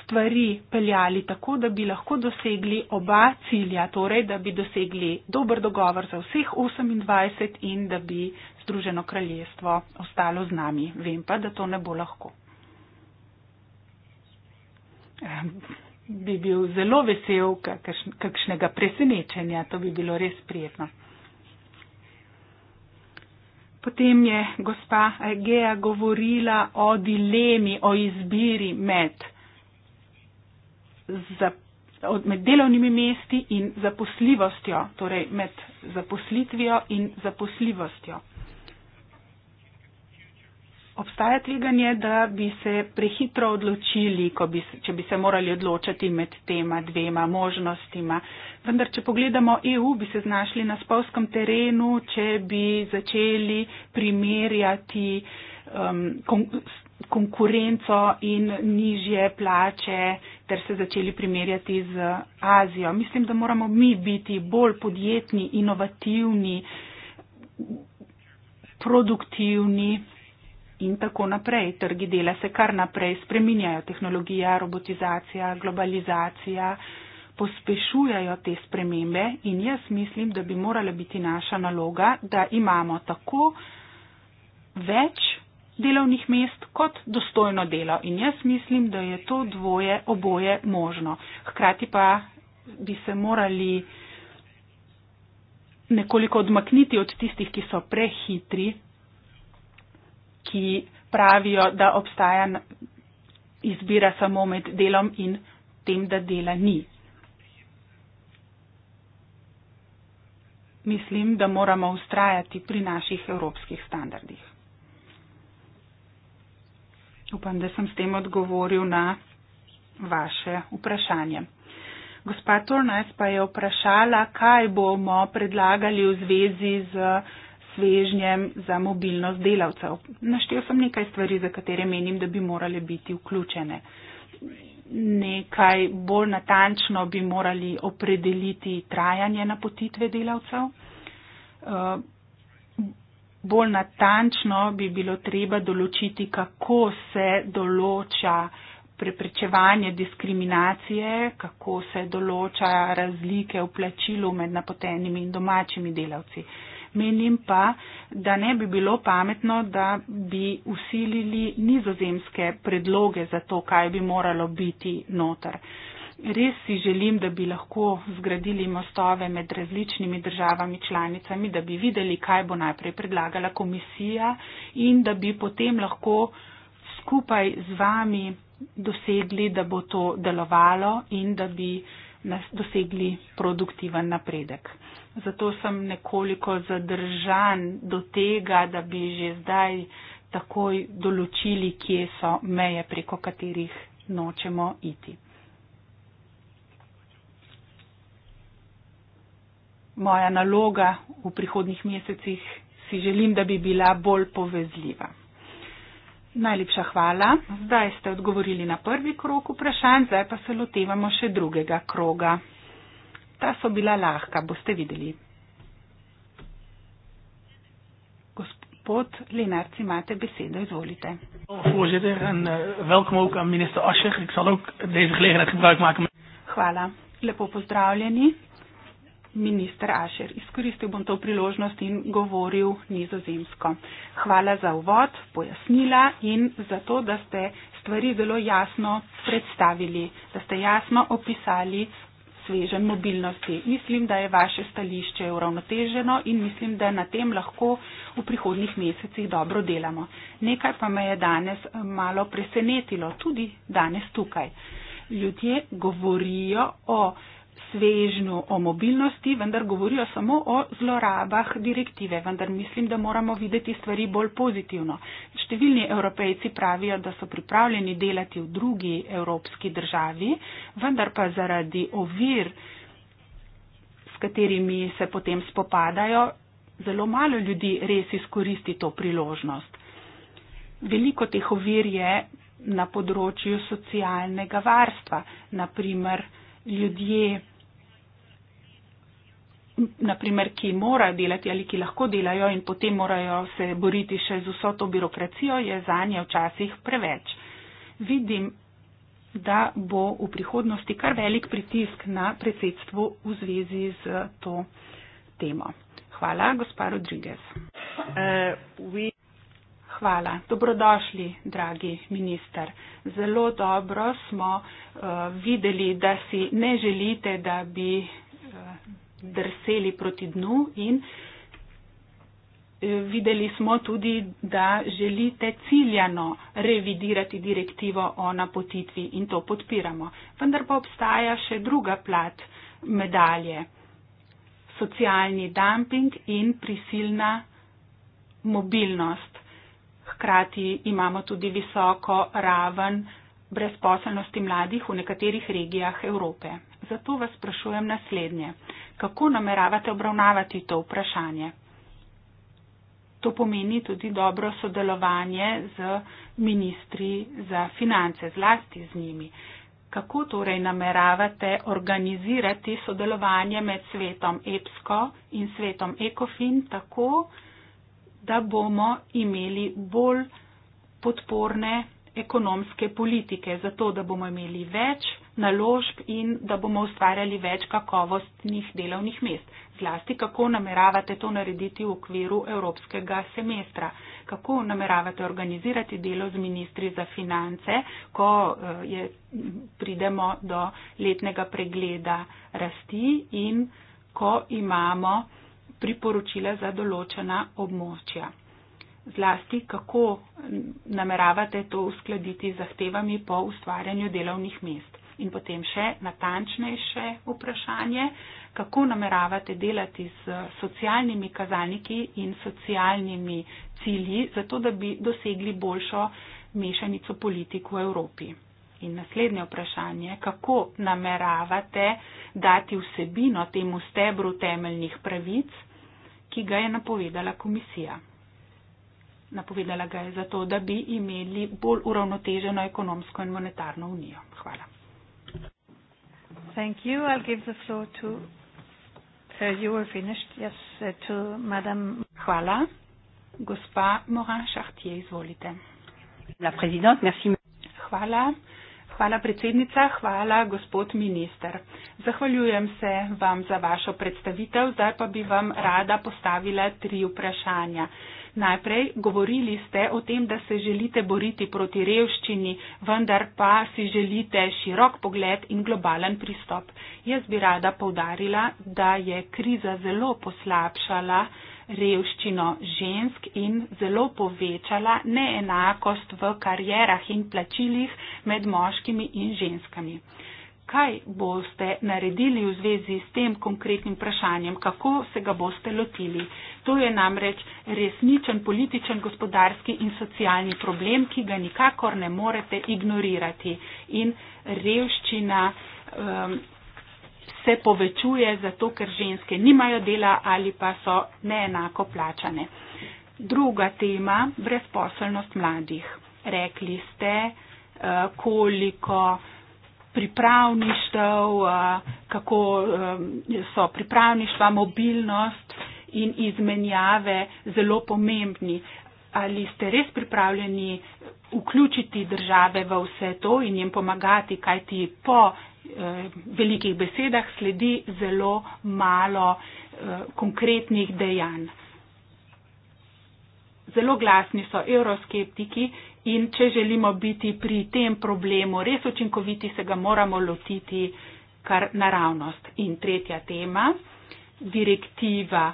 stvari peljali tako, da bi lahko dosegli oba cilja, torej da bi dosegli dober dogovor za vseh 28 in da bi Združeno kraljestvo ostalo z nami. Vem pa, da to ne bo lahko. Bi bil zelo vesel kakšnega presenečenja, to bi bilo res prijetno. Potem je gospa Gea govorila o dilemi, o izbiri med za, od, med delovnimi mesti in zaposljivostjo, torej med zaposlitvijo in zaposljivostjo. Obstaja tveganje, da bi se prehitro odločili, bi, če bi se morali odločati med tema dvema možnostima. Vendar, če pogledamo EU, bi se znašli na spolskem terenu, če bi začeli primerjati um, konkurenco in nižje plače ter se začeli primerjati z Azijo. Mislim, da moramo mi biti bolj podjetni, inovativni, produktivni in tako naprej. Trgi dela se kar naprej spreminjajo. Tehnologija, robotizacija, globalizacija pospešujajo te spremembe in jaz mislim, da bi morala biti naša naloga, da imamo tako več delovnih mest kot dostojno delo. In jaz mislim, da je to dvoje, oboje možno. Hkrati pa bi se morali nekoliko odmakniti od tistih, ki so prehitri, ki pravijo, da obstaja izbira samo med delom in tem, da dela ni. Mislim, da moramo ustrajati pri naših evropskih standardih. Upam, da sem s tem odgovoril na vaše vprašanje. Gospa Tornajs pa je vprašala, kaj bomo predlagali v zvezi z svežnjem za mobilnost delavcev. Naštel sem nekaj stvari, za katere menim, da bi morale biti vključene. Nekaj bolj natančno bi morali opredeliti trajanje napotitve delavcev. Eh, bolj natančno bi bilo treba določiti, kako se določa preprečevanje diskriminacije, kako se določa razlike v plačilu med napotenimi in domačimi delavci. Menim pa, da ne bi bilo pametno, da bi usilili nizozemske predloge za to, kaj bi moralo biti notar. Res si želim, da bi lahko zgradili mostove med različnimi državami članicami, da bi videli, kaj bo najprej predlagala komisija in da bi potem lahko skupaj z vami dosegli, da bo to delovalo in da bi nas dosegli produktiven napredek. Zato sem nekoliko zadržan do tega, da bi že zdaj takoj določili, kje so meje, preko katerih nočemo iti. moja naloga v prihodnih mesecih, si želim, da bi bila bolj povezljiva. Najlepša hvala. Zdaj ste odgovorili na prvi krok vprašanj, zdaj pa se lotevamo še drugega kroga. Ta so bila lahka, boste videli. Gospod Lenarc, imate besedo, izvolite. Eh, hvala. Lepo pozdravljeni minister Ašer. Izkoristil bom to priložnost in govoril nizozemsko. Hvala za uvod, pojasnila in za to, da ste stvari zelo jasno predstavili, da ste jasno opisali svežen mobilnosti. Mislim, da je vaše stališče uravnoteženo in mislim, da na tem lahko v prihodnjih mesecih dobro delamo. Nekaj pa me je danes eh, malo presenetilo, tudi danes tukaj. Ljudje govorijo o svežnju o mobilnosti, vendar govorijo samo o zlorabah direktive. Vendar mislim, da moramo videti stvari bolj pozitivno. Številni evropejci pravijo, da so pripravljeni delati v drugi evropski državi, vendar pa zaradi ovir, s katerimi se potem spopadajo, zelo malo ljudi res izkoristi to priložnost. Veliko teh ovir je na področju socialnega varstva. Naprimer, ljudje naprimer, ki morajo delati ali ki lahko delajo in potem morajo se boriti še z vso to birokracijo, je za nje včasih preveč. Vidim, da bo v prihodnosti kar velik pritisk na predsedstvo v zvezi z to temo. Hvala, gospa Rodriguez. Uh, we... Hvala, dobrodošli, dragi minister. Zelo dobro smo uh, videli, da si ne želite, da bi drseli proti dnu in eh, videli smo tudi, da želite ciljano revidirati direktivo o napotitvi in to podpiramo. Vendar pa obstaja še druga plat medalje. Socialni dumping in prisilna mobilnost. Hkrati imamo tudi visoko raven brezposelnosti mladih v nekaterih regijah Evrope. Zato vas sprašujem naslednje kako nameravate obravnavati to vprašanje. To pomeni tudi dobro sodelovanje z ministri za finance, zlasti z njimi. Kako torej nameravate organizirati sodelovanje med svetom EPSCO in svetom ECOFIN tako, da bomo imeli bolj podporne ekonomske politike, zato da bomo imeli več naložb in da bomo ustvarjali več kakovostnih delovnih mest. Zlasti, kako nameravate to narediti v okviru evropskega semestra? Kako nameravate organizirati delo z ministri za finance, ko eh, je, pridemo do letnega pregleda rasti in ko imamo priporočila za določena območja? Zlasti, kako nameravate to uskladiti z zahtevami po ustvarjanju delovnih mest? in potem še natančnejše vprašanje, kako nameravate delati s socialnimi kazalniki in socialnimi cilji, zato da bi dosegli boljšo mešanico politik v Evropi. In naslednje vprašanje, kako nameravate dati vsebino temu stebru temeljnih pravic, ki ga je napovedala komisija. Napovedala ga je zato, da bi imeli bolj uravnoteženo ekonomsko in monetarno unijo. Hvala.
Thank you. I'll give the floor to
uh, you were finished, yes, uh, to Madame Hvala. Gospa Morin Chartier, izvolite. La présidente, merci. Hvala. Hvala, predsednica. Hvala, gospod minister. Zahvaljujem se vam za vašo predstavitev, zdaj pa bi vam rada postavila tri vprašanja. Najprej govorili ste o tem, da se želite boriti proti revščini, vendar pa si želite širok pogled in globalen pristop. Jaz bi rada povdarila, da je kriza zelo poslabšala revščino žensk in zelo povečala neenakost v karjerah in plačilih med moškimi in ženskami kaj boste naredili v zvezi s tem konkretnim vprašanjem, kako se ga boste lotili. To je namreč resničen političen, gospodarski in socialni problem, ki ga nikakor ne morete ignorirati. In revščina um, se povečuje zato, ker ženske nimajo dela ali pa so neenako plačane. Druga tema, brezposelnost mladih. Rekli ste, uh, koliko uh, pripravništev, eh, kako eh, so pripravništva, mobilnost in izmenjave zelo pomembni. Ali ste res pripravljeni vključiti države v vse to in jim pomagati, kajti po eh, velikih besedah sledi zelo malo konkretnih dejanj. Zelo glasni so evroskeptiki, In če želimo biti pri tem problemu res učinkoviti, se ga moramo lotiti kar naravnost. In tretja tema, direktiva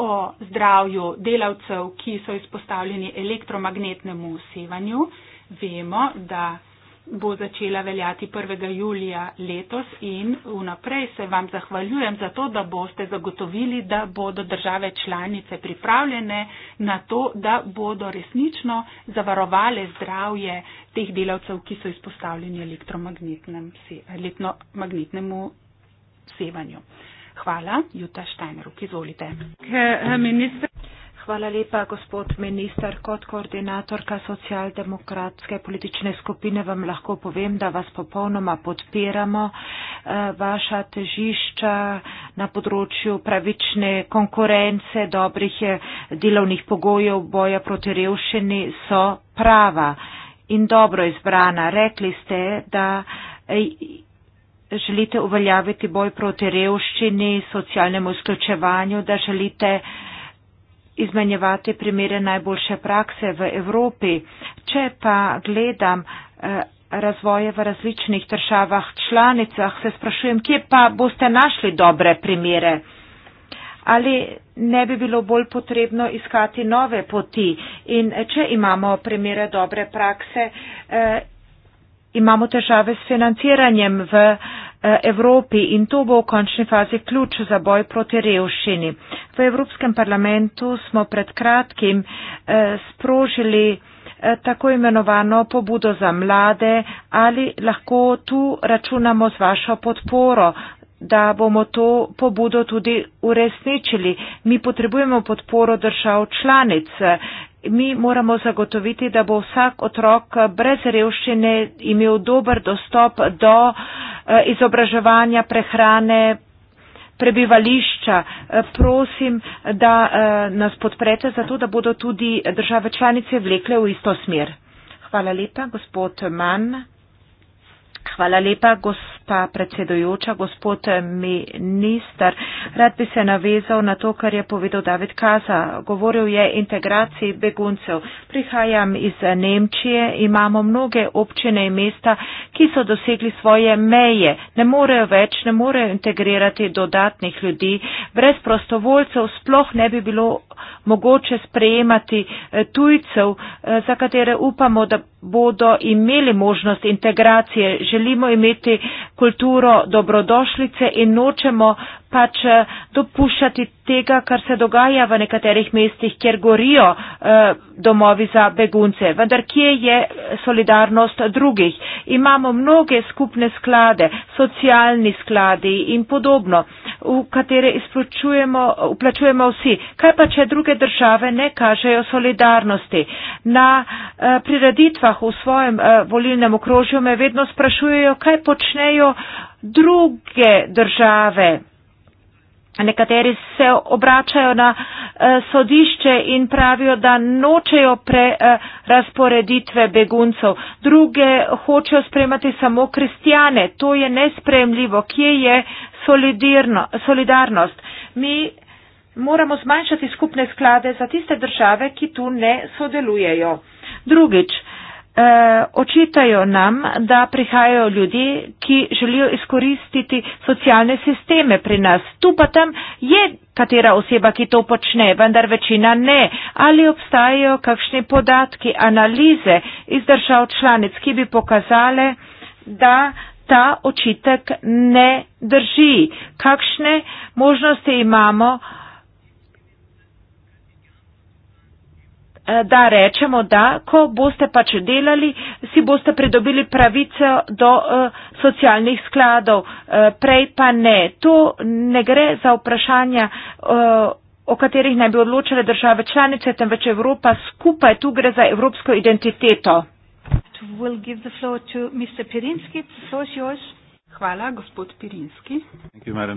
o zdravju delavcev, ki so izpostavljeni elektromagnetnemu usevanju. Vemo, da bo začela veljati 1. julija letos in vnaprej se vam zahvaljujem za to, da boste zagotovili, da bodo države članice pripravljene na to, da bodo resnično zavarovale zdravje teh delavcev, ki so izpostavljeni elektromagnetnemu sevanju. Hvala, Juta Steinruck, izvolite.
K, uh, minister... Hvala lepa, gospod minister. Kot koordinatorka socialdemokratske politične skupine vam lahko povem, da vas popolnoma podpiramo. Eh, vaša težišča na področju pravične konkurence, dobrih eh, delovnih pogojev, boja proti revšini so prava in dobro izbrana. Rekli ste, da. Želite uveljaviti boj proti revščini, socialnemu izključevanju, da želite uh, izmenjevati primere najboljše prakse v Evropi. Če pa gledam eh, razvoje v različnih državah članicah, se sprašujem, kje pa boste našli dobre primere. Ali ne bi bilo bolj potrebno iskati nove poti? In eh, če imamo primere dobre prakse, eh, imamo težave s financiranjem v eh, Eh, Evropi in to bo v končni fazi ključ za boj proti revščini. V Evropskem parlamentu smo pred kratkim eh, sprožili eh, tako imenovano pobudo za mlade, ali lahko tu računamo z vašo podporo, da bomo to pobudo tudi uresničili. Mi potrebujemo podporo držav članic. Mi moramo zagotoviti, da bo vsak otrok brez revščine imel dober dostop do uh, Eh, izobraževanja, prehrane, prebivališča. Eh, prosim, da eh, nas podprete zato, da bodo tudi države članice vlekle v isto smer. Hvala lepa, gospod Mann. Hvala lepa, gospa predsedujoča, gospod minister. Rad bi se navezal na to, kar je povedal David Kaza. Govoril je o integraciji beguncev. Prihajam iz Nemčije, imamo mnoge občine in mesta, ki so dosegli svoje meje. Ne morejo več, ne morejo integrirati dodatnih ljudi. Brez prostovoljcev sploh ne bi bilo mogoče sprejemati eh, tujcev, eh, za katere upamo, da bodo imeli možnost integracije. Želimo imeti kulturo dobrodošlice in nočemo pač eh, dopuščati tega, kar se dogaja v nekaterih mestih, kjer gorijo eh, domovi za begunce. Vendar kje je solidarnost drugih? Imamo mnoge skupne sklade, socialni skladi in podobno, v katere uplačujemo vsi. Kaj pa, če druge države ne kažejo solidarnosti? Na eh, prireditvah v svojem eh, volilnem okrožju me vedno sprašujejo, kaj počnejo druge države. Nekateri se obračajo na eh, sodišče in pravijo, da nočejo prerasporeditve beguncev. Druge hočejo spremati samo kristijane. To je nespremljivo. Kje je solidarnost? Mi moramo zmanjšati skupne sklade za tiste države, ki tu ne sodelujejo. Drugič, Eh, očitajo nam, da prihajajo ljudje, ki želijo izkoristiti socialne sisteme pri nas. Tu pa tam je katera oseba, ki to počne, vendar večina ne. Ali obstajajo kakšne podatki, analize iz držav članic, ki bi pokazale, da ta očitek ne drži? Kakšne možnosti imamo? Eh, da rečemo, da ko boste pač delali, si boste pridobili pravico do eh, socialnih skladov, eh, prej pa ne. To ne gre za vprašanja o katerih naj bi odločale države članice, temveč Evropa skupaj, tu gre za evropsko identiteto.
We'll give the floor to Mr. Pirinski, the floor is yours. Hvala, gospod Pirinski. Hvala,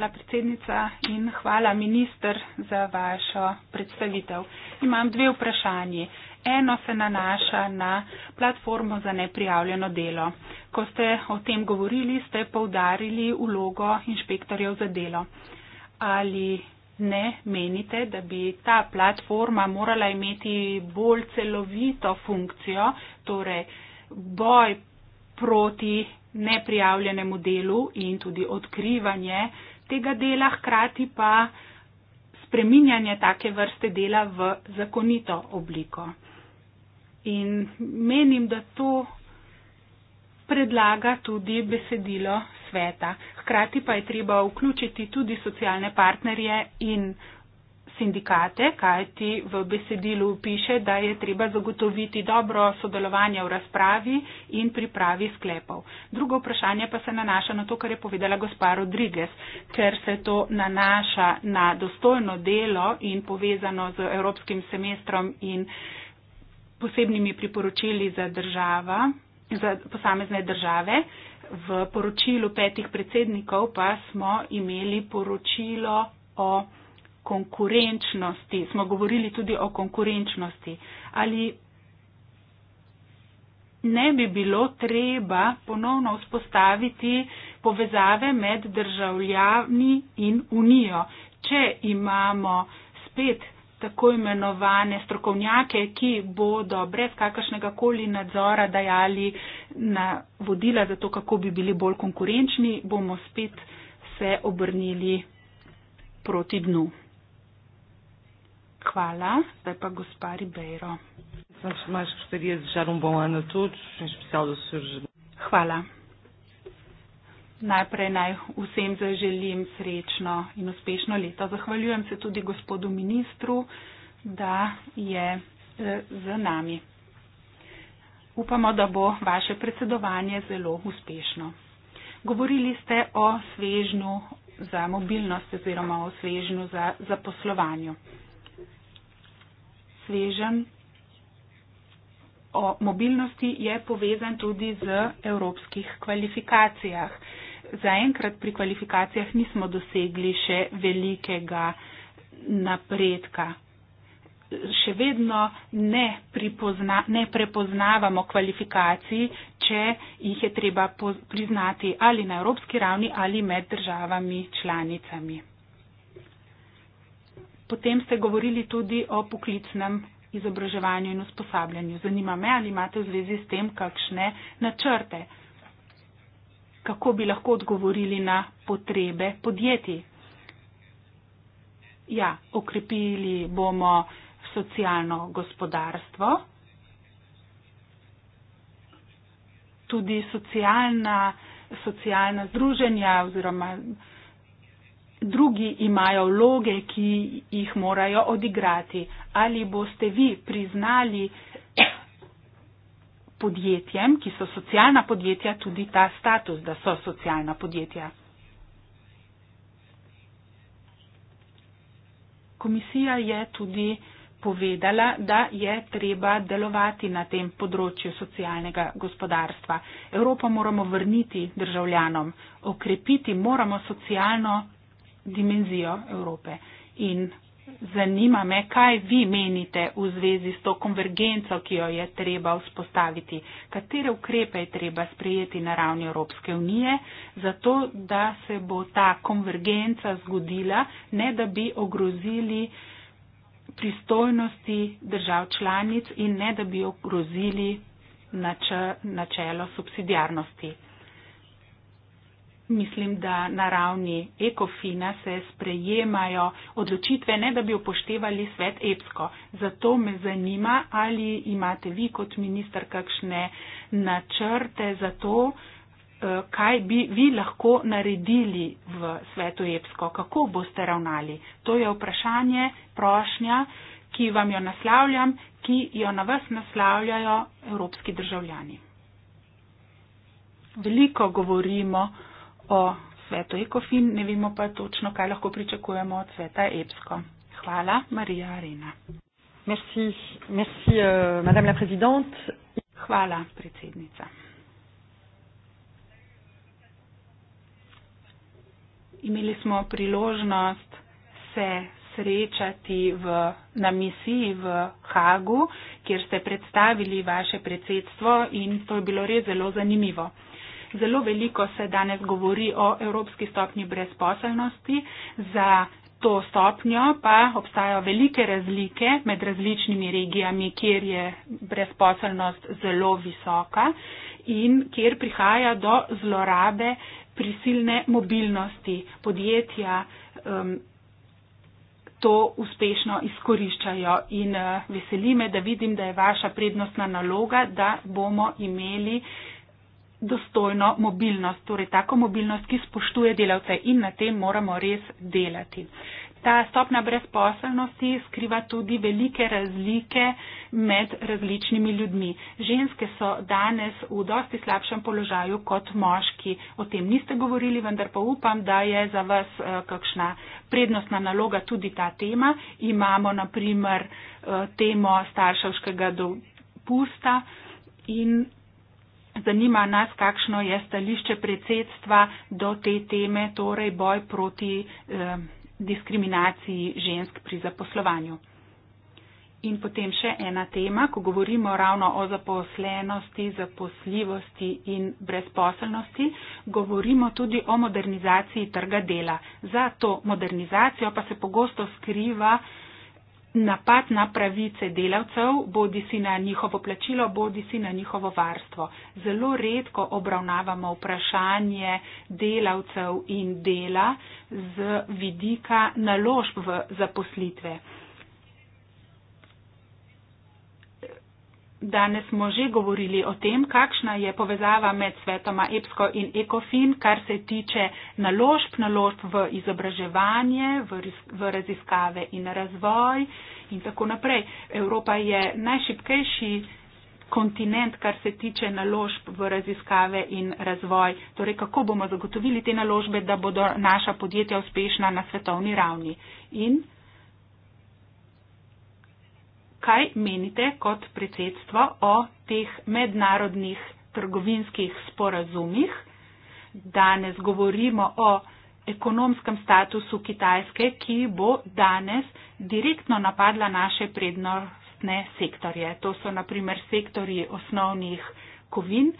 predsednica in hvala, minister, za vašo predstavitev. Imam dve vprašanje. Eno se nanaša na platformo za neprijavljeno delo. Ko ste o tem govorili, ste povdarili vlogo inšpektorjev za delo. Ali ne menite, da bi ta platforma morala imeti bolj celovito funkcijo, torej boj proti neprijavljenemu delu in tudi odkrivanje tega dela, hkrati pa spreminjanje take vrste dela v zakonito obliko. In menim, da to predlaga tudi besedilo sveta. Hkrati pa je treba vključiti tudi socialne partnerje in sindikate, kajti v besedilu piše, da je treba zagotoviti dobro sodelovanje v razpravi in pripravi sklepov. Drugo vprašanje pa se nanaša na to, kar je povedala gospa Rodriguez, ker se to nanaša na dostojno delo in povezano z evropskim semestrom in posebnimi priporočili za, država, za posamezne države. V poročilu petih predsednikov pa smo imeli poročilo o konkurenčnosti, smo govorili tudi o konkurenčnosti. Ali ne bi bilo treba ponovno vzpostaviti povezave med državljani in unijo, če imamo spet tako imenovane strokovnjake, ki bodo brez kakršnega koli nadzora dajali na vodila za to, kako bi bili bolj konkurenčni, bomo spet se obrnili proti dnu. Hvala. Zdaj pa
gospa Ribeiro. Um Hvala.
Najprej naj vsem zaželim srečno in uspešno leto. Zahvaljujem se tudi gospodu ministru, da je eh, z nami. Upamo, da bo vaše predsedovanje zelo uspešno. Govorili ste o svežnju za mobilnost oziroma o svežnju za zaposlovanju sveženj o mobilnosti je povezan tudi z evropskih kvalifikacijah. Zaenkrat pri kvalifikacijah nismo dosegli še velikega napredka. Še vedno ne, pripozna, ne prepoznavamo kvalifikacij, če jih je treba priznati ali na evropski ravni ali med državami članicami. Potem ste govorili tudi o poklicnem izobraževanju in usposabljanju. Zanima me, ali imate v zvezi s tem kakšne načrte, kako bi lahko odgovorili na potrebe podjetij. Ja, okrepili bomo socialno gospodarstvo. Tudi socialna, socialna združenja oziroma drugi imajo vloge, ki jih morajo odigrati. Ali boste vi priznali podjetjem, ki so socialna podjetja, tudi ta status, da so socialna podjetja? Komisija je tudi povedala, da je treba delovati na tem področju socialnega gospodarstva. Evropo moramo vrniti državljanom, okrepiti moramo socialno dimenzijo Evrope. In zanima me, kaj vi menite v zvezi s to konvergenco, ki jo je treba vzpostaviti, katere ukrepe je treba sprejeti na ravni Evropske unije, zato da se bo ta konvergenca zgodila, ne da bi ogrozili pristojnosti držav članic in ne da bi ogrozili načelo subsidijarnosti mislim, da na ravni ekofina se sprejemajo odločitve, ne da bi upoštevali svet EPSKO. Zato me zanima, ali imate vi kot minister kakšne načrte za to, eh, kaj bi vi lahko naredili v svetu EPSKO, kako boste ravnali. To je vprašanje, prošnja, ki vam jo naslavljam, ki jo na vas naslavljajo evropski državljani. Veliko govorimo, o svetu ECOFIN, ne vemo pa točno, kaj lahko pričakujemo od sveta EPSCO. Hvala, Marija Arena. Merci, merci, euh, madame la présidente. Hvala, predsednica. Imeli smo priložnost se srečati v, na misiji v Hagu, kjer ste predstavili vaše predsedstvo in to je bilo res zelo zanimivo. Zelo veliko se danes govori o evropski stopnji brezposelnosti. Za to stopnjo pa obstajajo velike razlike med različnimi regijami, kjer je brezposelnost zelo visoka in kjer prihaja do zlorabe prisilne mobilnosti podjetja. Um, To uspešno izkoriščajo in uh, veseli me, da vidim, da je vaša prednostna naloga, da bomo imeli uh, dostojno mobilnost, torej tako mobilnost, ki spoštuje delavce in na tem moramo res delati. Ta stopna brezposelnosti skriva tudi velike razlike med različnimi ljudmi. Ženske so danes v dosti slabšem položaju kot moški. O tem niste govorili, vendar pa upam, da je za vas eh, kakšna prednostna naloga tudi ta tema. Imamo naprimer eh, temo starševskega dopusta in Zanima nas, kakšno je stališče predsedstva do te teme, torej boj proti eh, diskriminaciji žensk pri zaposlovanju. In potem še ena tema, ko govorimo ravno o zaposlenosti, zaposljivosti in brezposelnosti, govorimo tudi o modernizaciji trga dela. Za to modernizacijo pa se pogosto skriva eh, napad na pravice delavcev, bodi si na njihovo plačilo, bodi si na njihovo varstvo. Zelo redko obravnavamo vprašanje delavcev in dela z vidika naložb v zaposlitve. Danes smo že govorili o tem, kakšna je povezava med svetoma EPSCO in ECOFIN, kar se tiče naložb, naložb v izobraževanje, v, v raziskave in razvoj in tako naprej. Evropa je najšipkejši kontinent, kar se tiče naložb v raziskave in razvoj. Torej, kako bomo zagotovili te naložbe, da bodo naša podjetja uspešna na svetovni ravni. In kaj menite kot predsedstvo o teh mednarodnih trgovinskih sporazumih. Danes govorimo o ekonomskem statusu Kitajske, ki bo danes direktno napadla naše prednostne sektorje. To so naprimer sektori osnovnih kovin,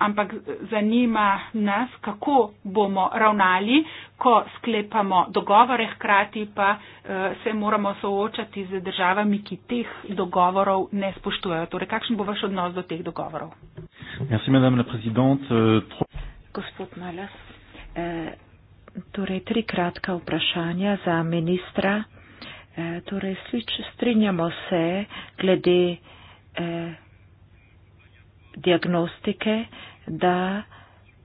ampak zanima nas, kako bomo ravnali, ko sklepamo dogovore, hkrati pa uh, se moramo soočati z državami, ki teh dogovorov ne spoštujejo. Torej, kakšen bo vaš
odnos do teh dogovorov?
Merci, euh,
Gospod Malas, e, torej tri kratka vprašanja za ministra. E, torej, slič, strinjamo se glede e, diagnostike, da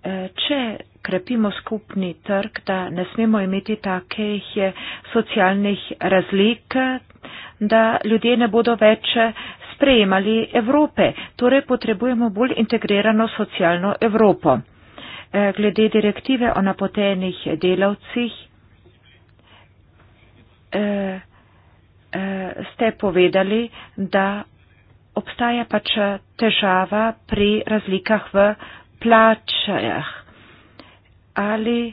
eh, če krepimo skupni trg, da ne smemo imeti takih eh, socialnih razlik, da ljudje ne bodo več sprejemali Evrope. Torej potrebujemo bolj integrirano socialno Evropo. Eh, glede direktive o napotenih delavcih ste povedali, da obstaja pač eh, težava pri razlikah v plačah. Ali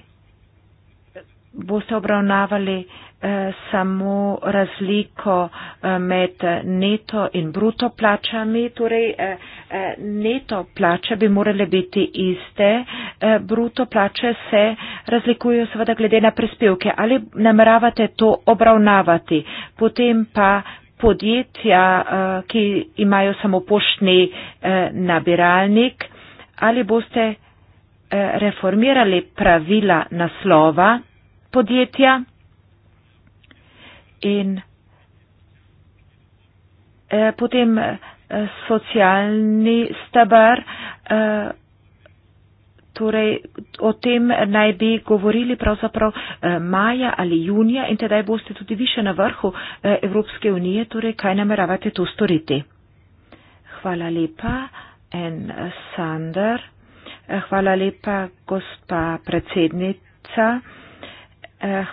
boste obravnavali eh, samo razliko eh, med eh, neto in bruto plačami, torej eh, eh, neto plače bi morale biti iste, eh, bruto plače se razlikujejo seveda glede na prispevke. Ali nameravate to obravnavati? Potem pa podjetja, eh, ki imajo samo poštni eh, nabiralnik, ali boste eh, reformirali pravila naslova podjetja in potem socialni stabar Torej, o tem naj bi govorili pravzaprav eh, maja ali junija in tedaj boste tudi više na vrhu eh, Evropske unije. Torej, kaj nameravate tu storiti? Hvala lepa. En eh, Sander. Hvala lepa, gospa predsednica.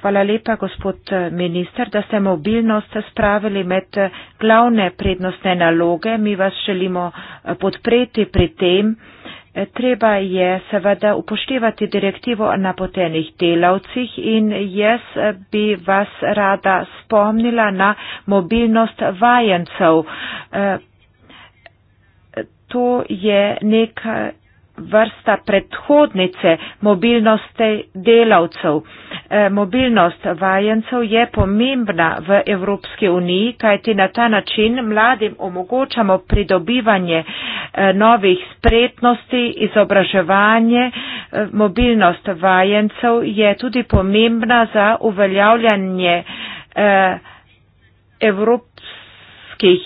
Hvala lepa, gospod minister, da ste mobilnost spravili med glavne prednostne naloge. Mi vas želimo podpreti pri tem. Eh, treba je seveda upoštevati direktivo o napotenih delavcih in jaz eh, bi vas rada spomnila na mobilnost vajencev. Eh, to je neka vrsta predhodnice mobilnosti delavcev. Eh, mobilnost vajencev je pomembna v Evropski uniji, kajti na ta način mladim omogočamo pridobivanje eh, novih spretnosti, izobraževanje. Eh, mobilnost vajencev je tudi pomembna za uveljavljanje evropskih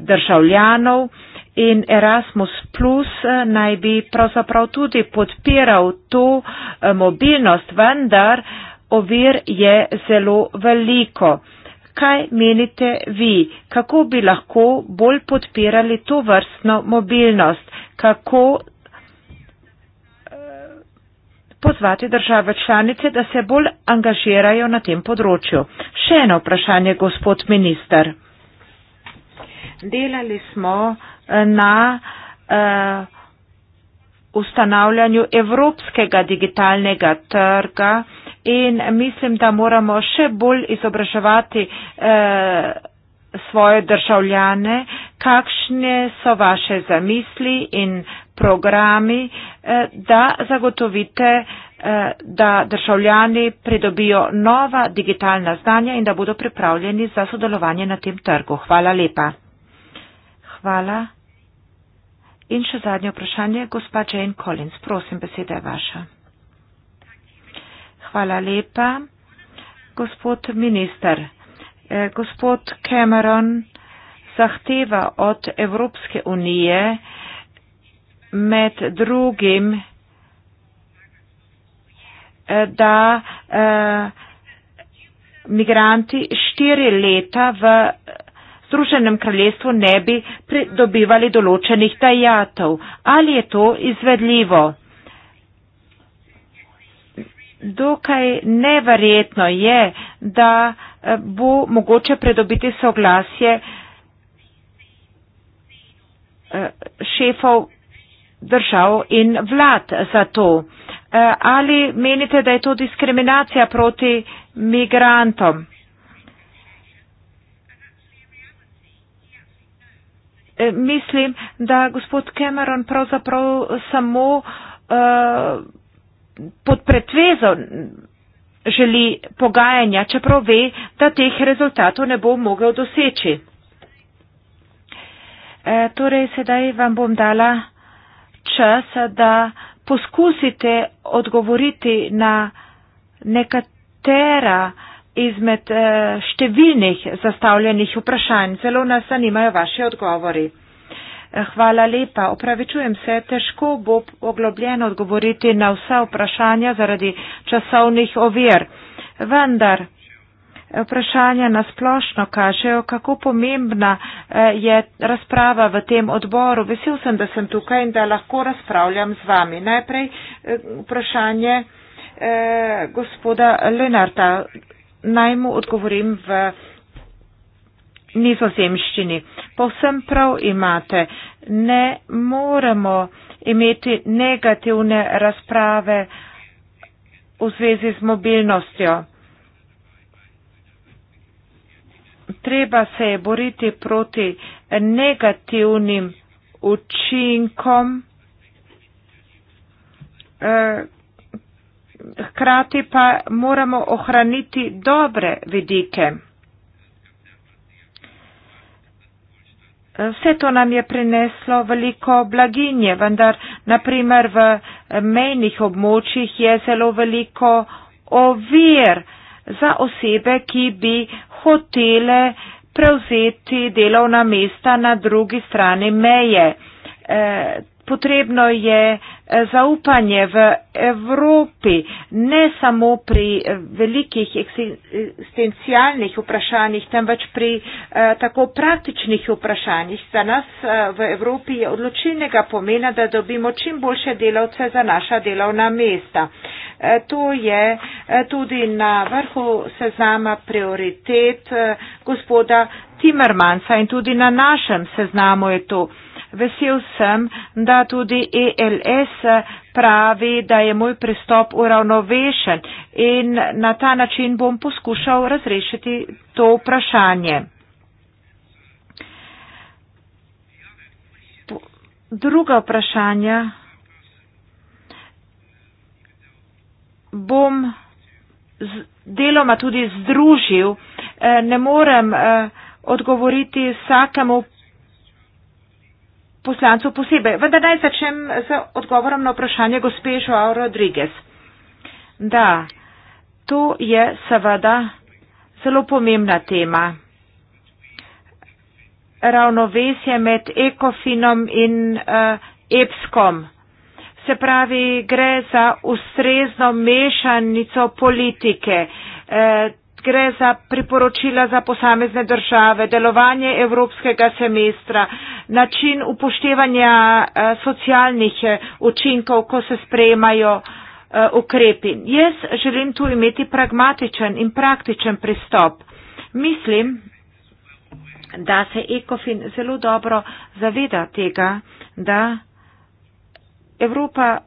državljanov in Erasmus Plus eh, naj bi pravzaprav tudi podpiral to eh, mobilnost, vendar ovir je zelo veliko. Kaj menite vi, kako bi lahko bolj podpirali to vrstno mobilnost? Kako
eh,
pozvati države članice, da se bolj angažirajo na tem področju. Še eno vprašanje, gospod minister. Delali smo uh, na eh, ustanavljanju evropskega digitalnega trga in mislim, da moramo še bolj izobraževati eh, svoje državljane, kakšne so vaše zamisli in programi, eh, da zagotovite, da državljani pridobijo nova digitalna znanja in da bodo pripravljeni za sodelovanje na tem trgu. Hvala lepa. Hvala. In še zadnje vprašanje, gospa Jane Collins. Prosim, beseda je vaša. Hvala lepa. Gospod minister, eh, gospod Cameron zahteva od Evropske unije med drugim, eh, da eh, migranti štiri leta v Združenem kraljestvu ne bi dobivali določenih tajatov. Ali je to izvedljivo? Dokaj neverjetno je, da eh, bo mogoče predobiti soglasje eh, šefov držav in vlad za to. Eh, ali menite, da je to diskriminacija proti migrantom? E, mislim, da gospod Cameron pravzaprav samo uh, pod pretvezo želi pogajanja, čeprav ve, da teh rezultatov ne bo mogel doseči. E, torej, sedaj vam bom dala čas, da poskusite odgovoriti na nekatera uh, izmed eh, številnih zastavljenih vprašanj. Zelo nas zanimajo vaše odgovori. Eh, hvala lepa. Opravičujem se, težko bo oglobljeno odgovoriti na vsa vprašanja zaradi časovnih ovir. Vendar. Eh, vprašanja nasplošno kažejo, kako pomembna je razprava v tem odboru. Vesel sem, da sem tukaj in da lahko razpravljam z vami. Najprej vprašanje gospoda Lenarta naj mu odgovorim v nizozemščini. Povsem prav imate. Ne moremo imeti negativne razprave v zvezi z mobilnostjo. Treba se je boriti proti negativnim učinkom, eh, hkrati pa moramo ohraniti dobre vidike. Vse to nam je prineslo veliko blaginje, vendar naprimer v menjih območjih je zelo veliko ovir za osebe, ki bi hotele prevzeti delovna mesta na drugi strani meje. Eh, potrebno je eh, zaupanje v Evropi, ne samo pri eh, velikih eksistencialnih vprašanjih, temveč pri eh, tako praktičnih vprašanjih. Za nas v Evropi je odločilnega pomena, da dobimo čim boljše delavce za naša delovna mesta. To je tudi na vrhu seznama prioritet gospoda Timmermansa in tudi na našem seznamu je to. Vesel sem, da tudi ELS pravi, da je moj pristop uravnovešen in na ta način bom poskušal razrešiti to vprašanje. Druga vprašanja. Bom z, deloma tudi združil, eh, ne morem eh, odgovoriti vsakemu poslancev posebej. Vendar naj začnem z odgovorom na vprašanje gospe Joao Rodriguez. Da, to je seveda zelo pomembna tema. Ravnovesje med ekofinom in uh, epskom. Se pravi, gre za ustrezno mešanico politike. Uh, gre za priporočila za posamezne države, delovanje evropskega semestra, način upoštevanja eh, socialnih eh, učinkov, ko se sprejemajo eh, ukrepi. Jaz želim tu imeti pragmatičen in praktičen pristop. Mislim, da se ECOFIN zelo dobro zaveda tega, da Evropa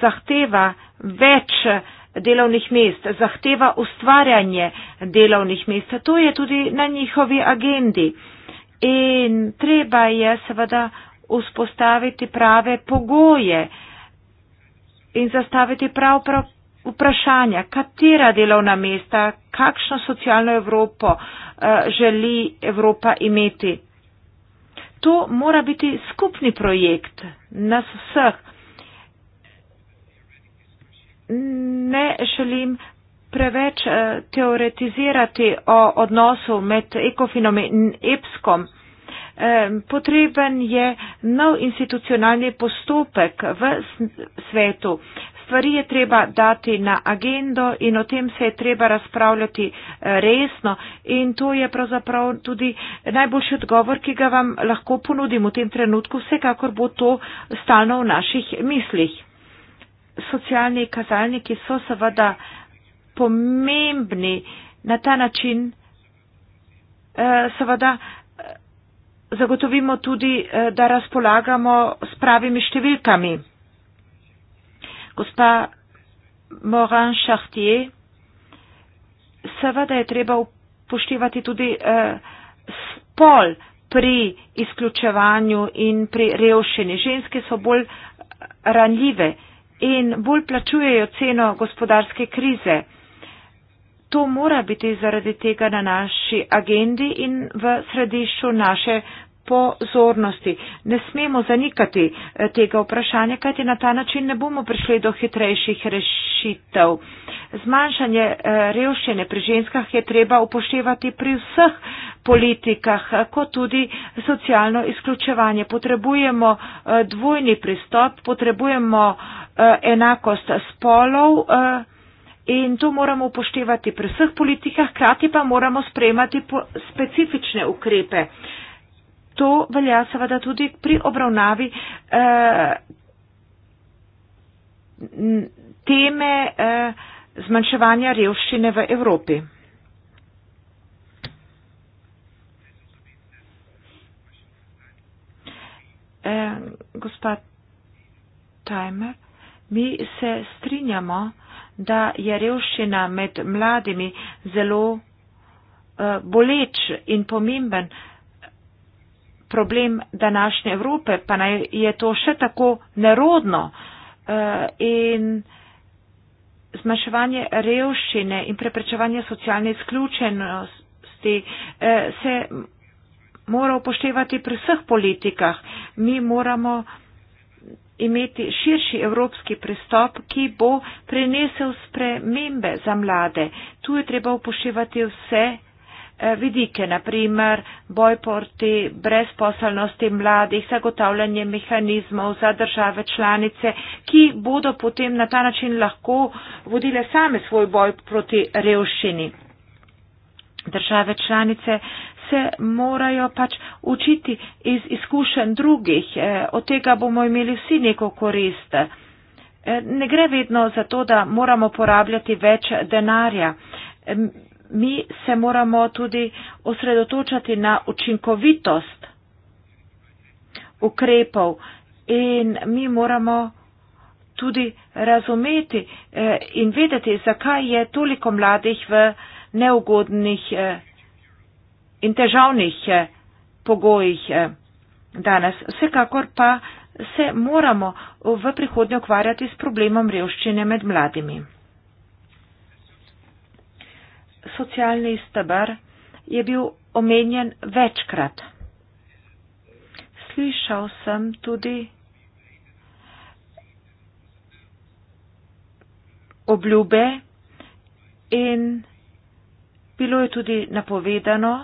zahteva več delovnih mest, zahteva ustvarjanje delovnih mest. To je tudi na njihovi agendi. In treba je seveda vzpostaviti prave pogoje in zastaviti prav, prav vprašanja, katera delovna mesta, kakšno socialno Evropo eh, želi Evropa imeti. To mora biti skupni projekt nas vseh. ne želim preveč eh, teoretizirati o odnosu med ekofinom in epskom. Potreben je nov institucionalni postopek v svetu. Stvari je treba dati na agendo in o tem se je treba razpravljati eh, resno in to je pravzaprav tudi najboljši odgovor, ki ga vam lahko ponudim v tem trenutku. Vsekakor bo to stalno v naših mislih socialni kazalniki so seveda pomembni na ta način, eh, seveda eh, zagotovimo tudi, eh, da razpolagamo s pravimi številkami. Gospa Moran Chartier, seveda je treba upoštevati tudi spol pri izključevanju in pri revšini. Ženske so bolj ranljive in bolj plačujejo ceno gospodarske krize. To mora biti zaradi tega na naši agendi in v središču naše pozornosti. Ne smemo zanikati eh, tega vprašanja, kajti na ta način ne bomo prišli do hitrejših rešitev. Zmanjšanje eh, revščine pri ženskah je treba upoštevati pri vseh politikah, eh, kot tudi socialno izključevanje. Potrebujemo dvojni pristop, potrebujemo enakost spolov. In to moramo upoštevati pri vseh politikah, krati pa moramo sprejemati specifične ukrepe. Uh, To velja seveda tudi pri obravnavi eh, teme eh, zmanjševanja revščine v Evropi. Eh, gospod Tajmer, mi se strinjamo, da je revščina med mladimi zelo eh, boleč in pomemben. Eh, problem današnje Evrope, pa naj je to še tako nerodno eh, in zmanjševanje revščine in preprečevanje socialne izključenosti eh, se mora upoštevati pri vseh politikah. Mi moramo imeti širši evropski pristop, ki bo prinesel spremembe za mlade. Tu je treba upoštevati vse Eh, vidike, naprimer boj proti brezposelnosti mladih, zagotavljanje mehanizmov za države članice, ki bodo potem na ta način lahko vodile same svoj boj proti revščini. Države članice se morajo pač učiti iz izkušenj drugih, eh, od tega bomo imeli vsi neko korist. Eh, ne gre vedno za to, da moramo porabljati več denarja mi se moramo tudi osredotočati na učinkovitost ukrepov in mi moramo tudi razumeti eh, in vedeti, zakaj je toliko mladih v neugodnih eh, in težavnih eh, pogojih danes. Vsekakor pa se moramo v prihodnje ukvarjati s problemom revščine med mladimi socialni steber je bil omenjen večkrat. Slišal sem tudi obljube in bilo je tudi napovedano,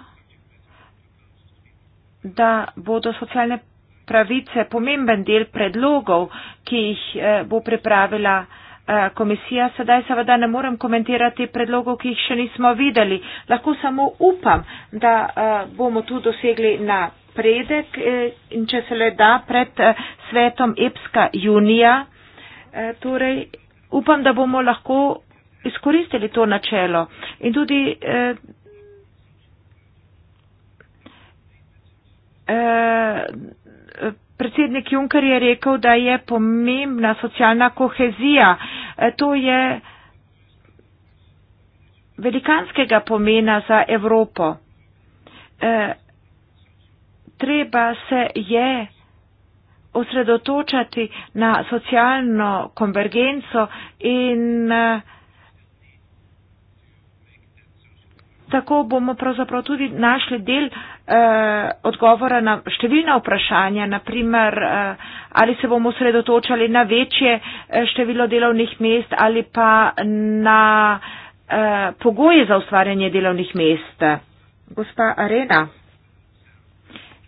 da bodo socialne pravice pomemben del predlogov, ki jih eh, bo pripravila Eh, komisija. Sedaj seveda ne morem komentirati predlogov, ki jih še nismo videli. Lahko samo upam, da eh, bomo tu dosegli na predek eh, in če se le da pred svetom EPSKA junija. Torej, upam, da bomo lahko izkoristili to načelo in tudi eh, eh, predsednik Juncker je rekel, da je pomembna socialna kohezija. E, to je velikanskega pomena za Evropo. E, treba se je osredotočati na socialno konvergenco in e, tako bomo pravzaprav tudi našli del eh, odgovora na številna vprašanja, naprimer eh, ali se bomo sredotočali na večje eh, število delovnih mest ali pa na eh, pogoje za ustvarjanje delovnih mest. Gospa Arena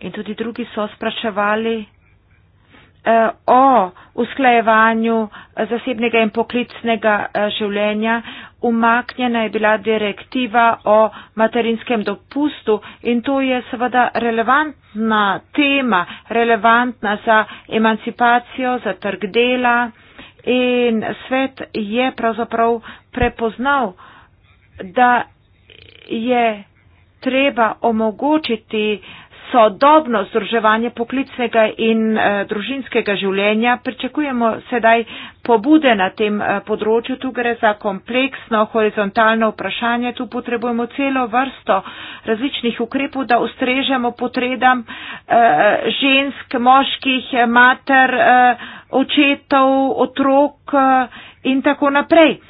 in tudi drugi so spraševali. Eh, o usklajevanju zasebnega in poklicnega eh, življenja. Umaknjena je bila direktiva o materinskem dopustu in to je seveda relevantna tema, relevantna za emancipacijo, za trg dela in svet je pravzaprav prepoznal, da je treba omogočiti uh, sodobno združevanje poklicnega in uh, družinskega življenja. Pričakujemo sedaj pobude na tem uh, področju. Tu gre za kompleksno, horizontalno vprašanje. Tu potrebujemo celo vrsto različnih ukrepov, da ustrežemo potrebam uh, žensk, moških, mater, uh, očetov, otrok uh, in tako naprej.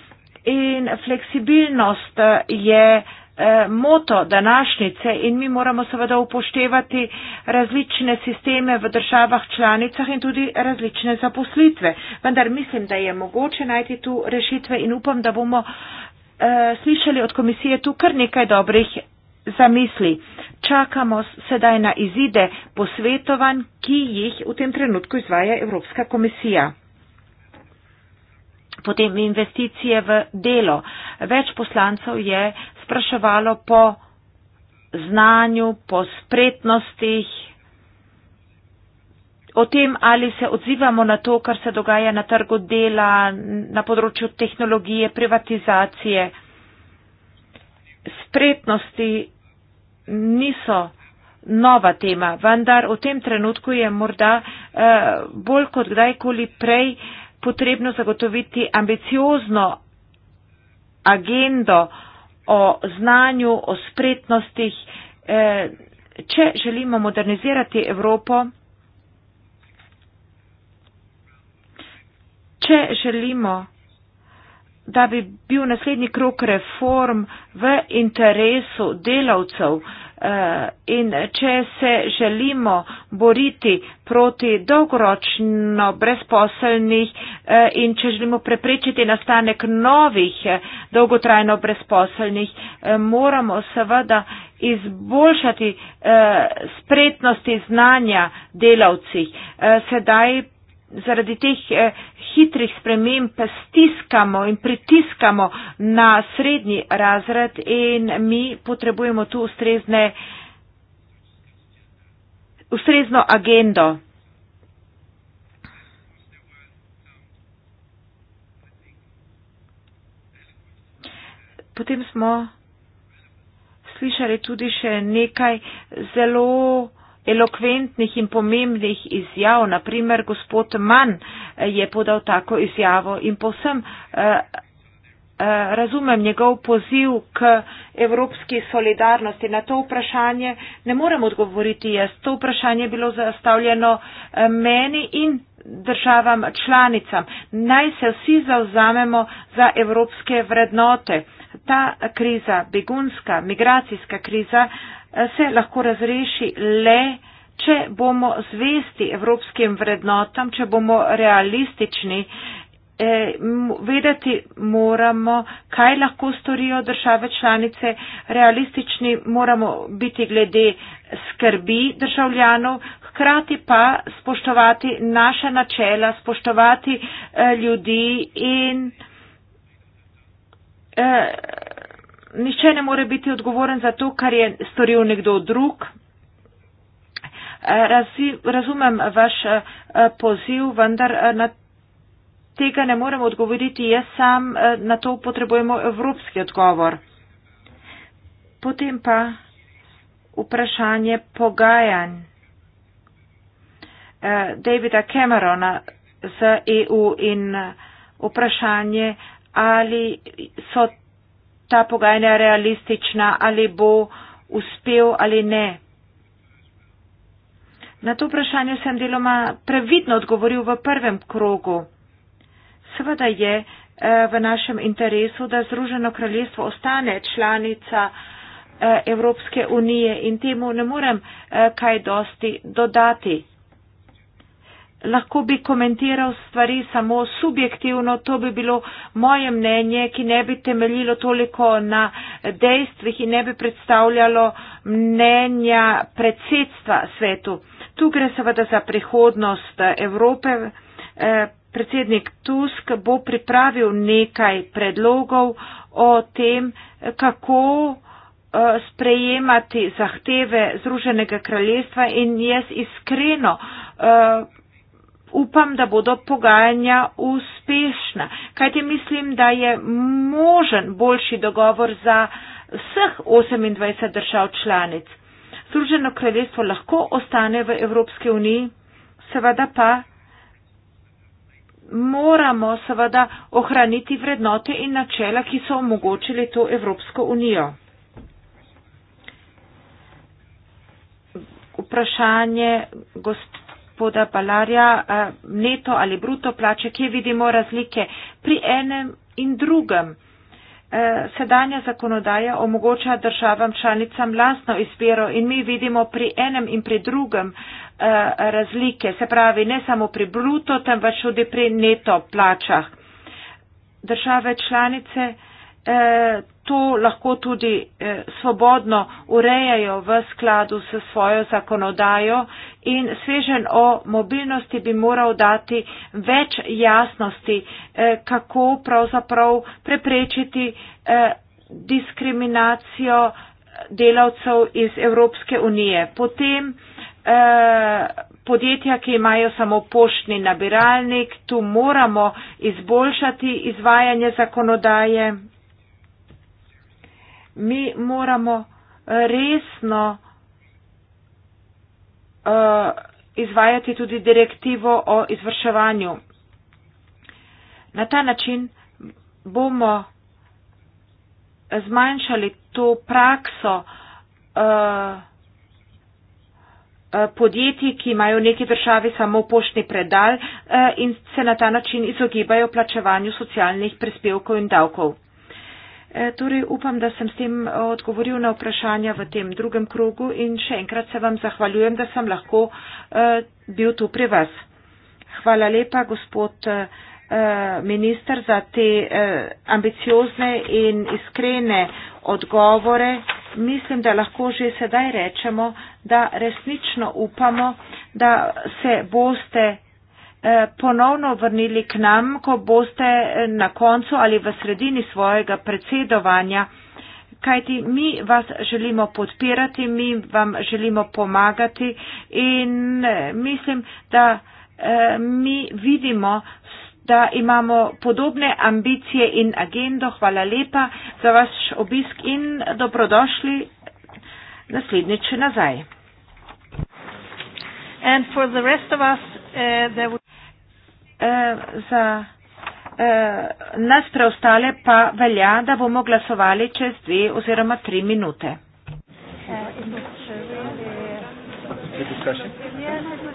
In fleksibilnost uh, je. Eh, moto današnjice in mi moramo seveda upoštevati različne sisteme v državah članicah in tudi različne zaposlitve. Vendar mislim, da je mogoče najti tu rešitve in upam, da bomo eh, slišali od komisije tu kar nekaj dobrih zamisli. Čakamo sedaj na izide posvetovanj, ki jih v tem trenutku izvaja Evropska komisija. Potem investicije v delo. Več poslancev je spraševalo po znanju, po spretnostih, o tem, ali se odzivamo na to, kar se dogaja na trgu dela, na področju tehnologije, privatizacije. Spretnosti niso nova tema, vendar v tem trenutku je morda eh, bolj kot kdajkoli prej potrebno zagotoviti ambiciozno agendo, o znanju, o spretnostih. Eh, če želimo modernizirati Evropo, če želimo, da bi bil naslednji krok reform v interesu delavcev, Eh, in če se želimo boriti proti dolgoročno brezposelnih eh, in če želimo preprečiti nastanek novih eh, dolgotrajno brezposelnih, moramo seveda izboljšati spretnosti znanja delavcih. Sedaj zaradi teh hitrih sprememb stiskamo in pritiskamo na srednji razred in mi potrebujemo tu ustrezne, ustrezno agendo. Potem smo slišali tudi še nekaj zelo elokventnih in pomembnih izjav, naprimer gospod Mann eh, je podal tako izjavo in povsem eh, eh, razumem njegov poziv k evropski solidarnosti. Na to vprašanje ne morem odgovoriti jaz. To vprašanje je bilo zastavljeno meni in državam članicam. Naj se vsi zauzamemo za evropske vrednote. Ta kriza, begunska, migracijska kriza, se lahko razreši le, če bomo zvesti evropskim vrednotam, če bomo realistični. E, vedeti moramo, kaj lahko storijo države članice, realistični moramo biti glede skrbi državljanov, hkrati pa spoštovati naša načela, spoštovati e, ljudi in e, nišče ne more biti odgovoren za to, kar je storil nekdo drug. Razi, razumem vaš eh, poziv, vendar eh, na tega ne morem odgovoriti jaz sam, eh, na to potrebujemo evropski odgovor. Potem pa vprašanje pogajanj Davida Camerona z EU in vprašanje, ali so ta pogajanja realistična, ali bo uspel ali ne. Na to vprašanje sem deloma previdno odgovoril v prvem krogu. Seveda je eh, v našem interesu, da Združeno kraljestvo ostane članica eh, Evropske unije in temu ne morem eh, kaj dosti dodati lahko bi komentiral stvari samo subjektivno, to bi bilo moje mnenje, ki ne bi temeljilo toliko na dejstvih in ne bi predstavljalo mnenja predsedstva svetu. Tu gre seveda za prihodnost Evrope. Eh, predsednik Tusk bo pripravil nekaj predlogov o tem, kako eh, sprejemati zahteve Združenega kraljestva in jaz iskreno eh, upam, da bodo pogajanja uspešna, kajti mislim, da je možen boljši dogovor za vseh 28 držav članic. Združeno kraljestvo lahko ostane v Evropski uniji, seveda pa moramo seveda ohraniti vrednote in načela, ki so omogočili to Evropsko unijo. Vprašanje gospodine gospoda Balarja, eh, neto ali bruto plače, kje vidimo razlike pri enem in drugem. Eh, sedanja zakonodaja omogoča državam članicam lastno izbiro in mi vidimo pri enem in pri drugem eh, razlike, se pravi ne samo pri bruto, temveč tudi pri neto plačah. Države članice to lahko tudi eh, svobodno urejajo v skladu s svojo zakonodajo in svežen o mobilnosti bi moral dati več jasnosti, eh, kako pravzaprav preprečiti eh, diskriminacijo delavcev iz Evropske unije. Potem podjetja, ki imajo samo poštni nabiralnik, tu moramo izboljšati izvajanje zakonodaje mi moramo resno uh, izvajati tudi direktivo o izvrševanju. Na ta način bomo zmanjšali to prakso uh, podjetij, ki imajo v neki državi samo poštni predal uh, in se na ta način izogibajo plačevanju socialnih prispevkov in davkov. E, torej upam, da sem s tem odgovoril na vprašanja v tem drugem krogu in še enkrat se vam zahvaljujem, da sem lahko e, bil tu pri vas. Hvala lepa, gospod e, minister, za te ambiciozne in iskrene odgovore. Mislim, da lahko že sedaj rečemo, da resnično upamo, da se boste Eh, ponovno vrnili k nam, ko boste eh, na koncu ali v sredini svojega predsedovanja, kajti mi vas želimo podpirati, mi vam želimo pomagati in eh, mislim, da mi vidimo, da imamo podobne ambicije in agendo. Hvala lepa za vaš obisk in dobrodošli naslednjič nazaj. And for the rest of us, eh, da bo eh, za eh, nas preostale pa velja, da bomo glasovali čez dve oziroma tri minute.
Eh, in, če, eh,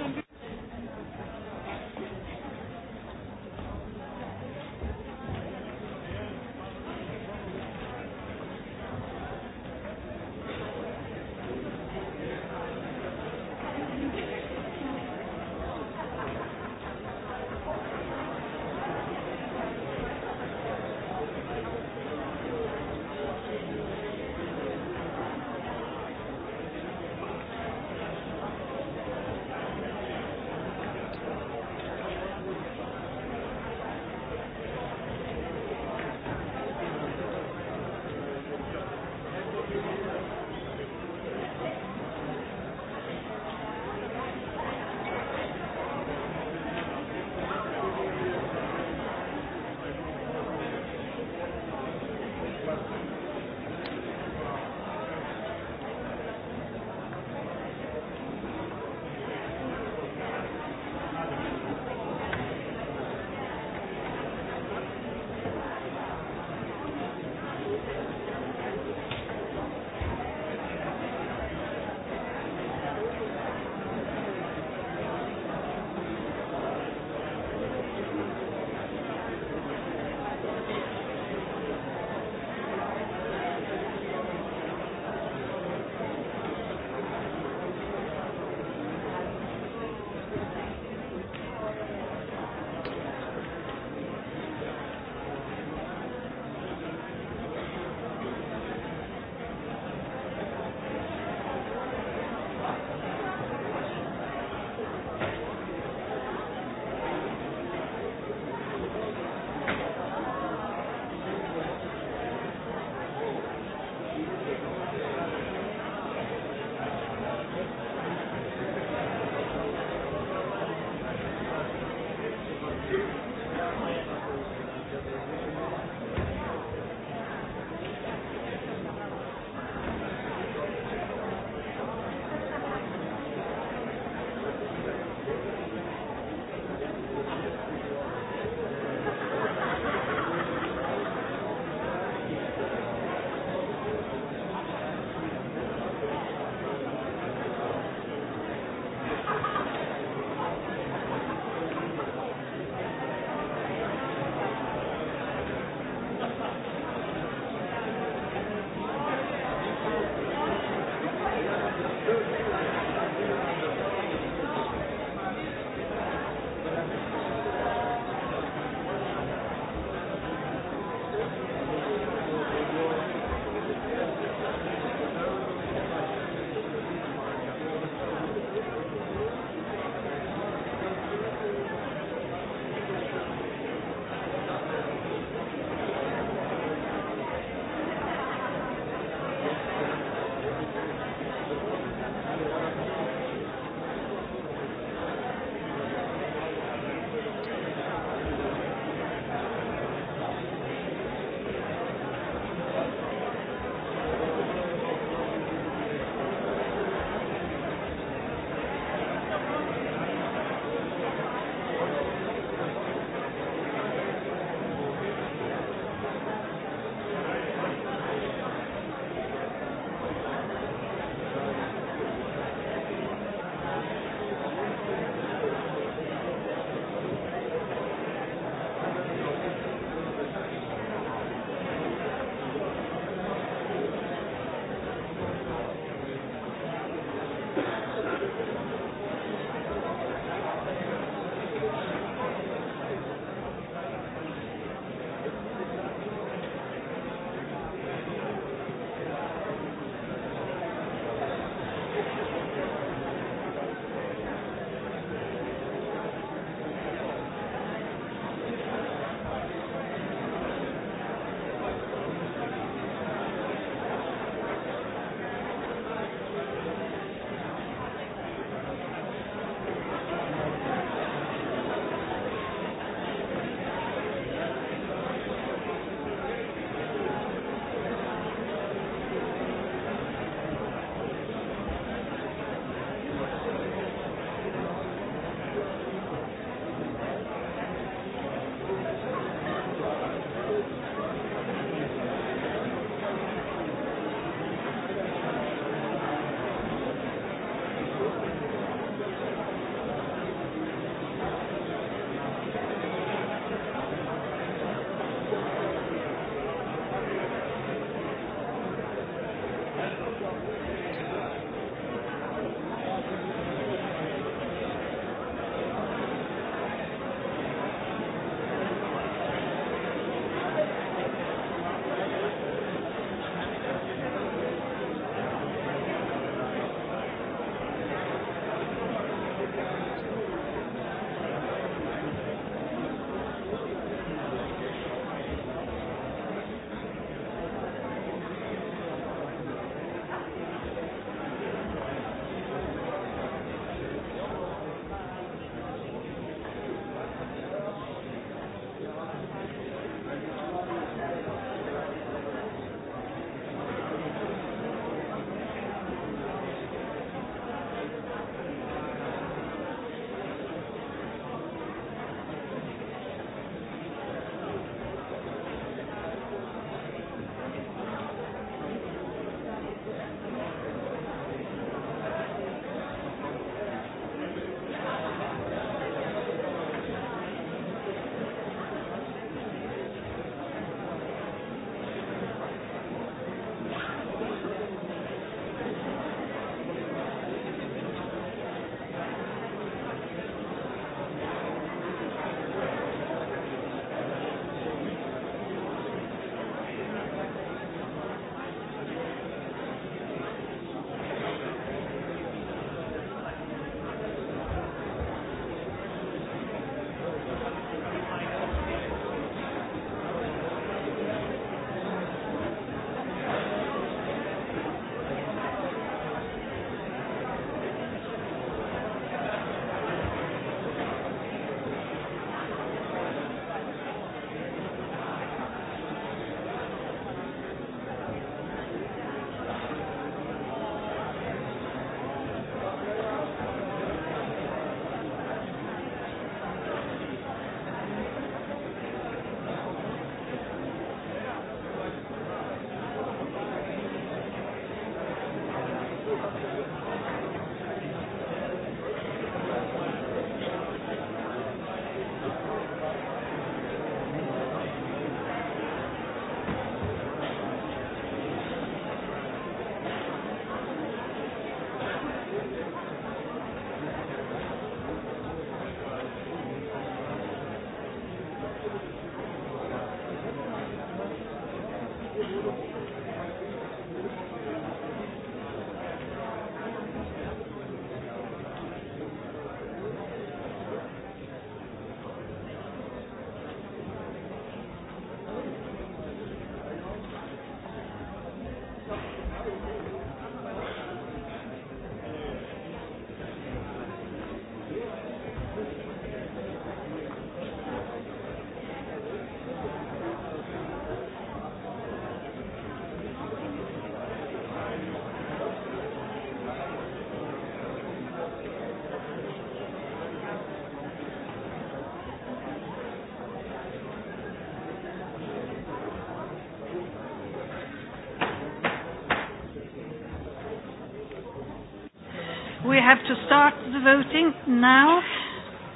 We have to start the voting now.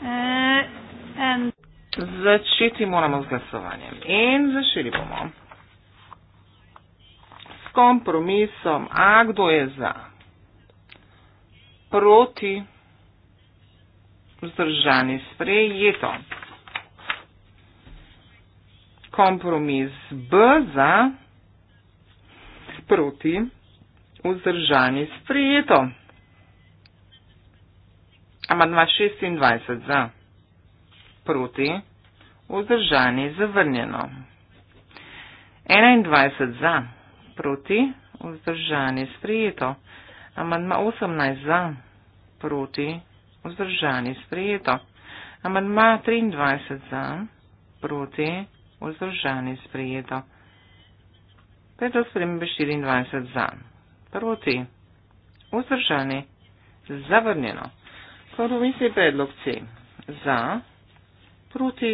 Uh, and
začeti moramo z glasovanjem. In začeli bomo. S kompromisom. A kdo je za? Proti. Vzdržani sprejeto. Kompromis B za. Proti. Vzdržani sprejeto. Amadma 26 za. Proti. Vzdržani. Zavrnjeno. 21 za. Proti. Vzdržani. Sprijeto. Amadma 18 za. Proti. Vzdržani. Sprijeto. Amadma 23 za. Proti. Vzdržani. Sprijeto. Peto spremembe 24 za. Proti. Vzdržani. Zavrnjeno. Prvo misli predlog C. Za, proti,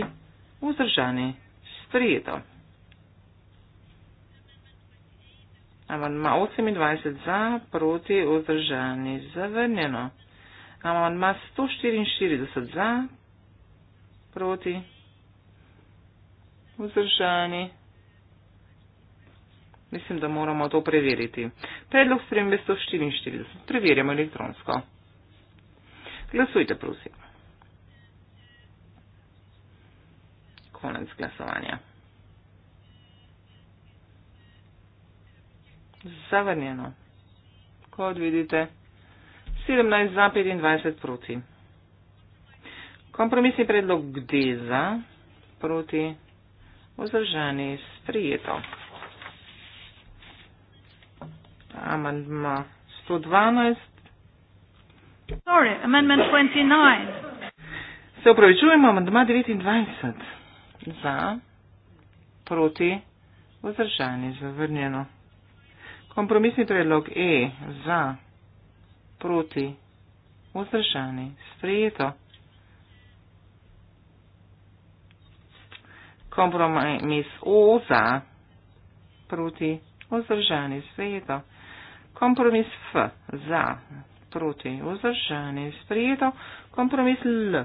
vzdržani, sprijeto. Amandma 28 za, proti, vzdržani, zavrnjeno. Amandma 144 za, proti, vzdržani. Mislim, da moramo to preveriti. Predlog spremembe 144. Preverjamo elektronsko. Glasujte, prosim. Konec glasovanja. Zavrnjeno. Kot vidite, 17 za 25 proti. Kompromisni predlog gde za proti vzdržani sprijeto. Amandma 112
Sorry, amendment 29.
Se upravičujemo, amendma 29. Za, proti, vzdržani, zavrnjeno. Kompromisni predlog E. Za, proti, vzdržani, sprejeto. Kompromis O. Za, proti, vzdržani, sprejeto. Kompromis F. Za, proti vzdržani sprejeto, kompromis L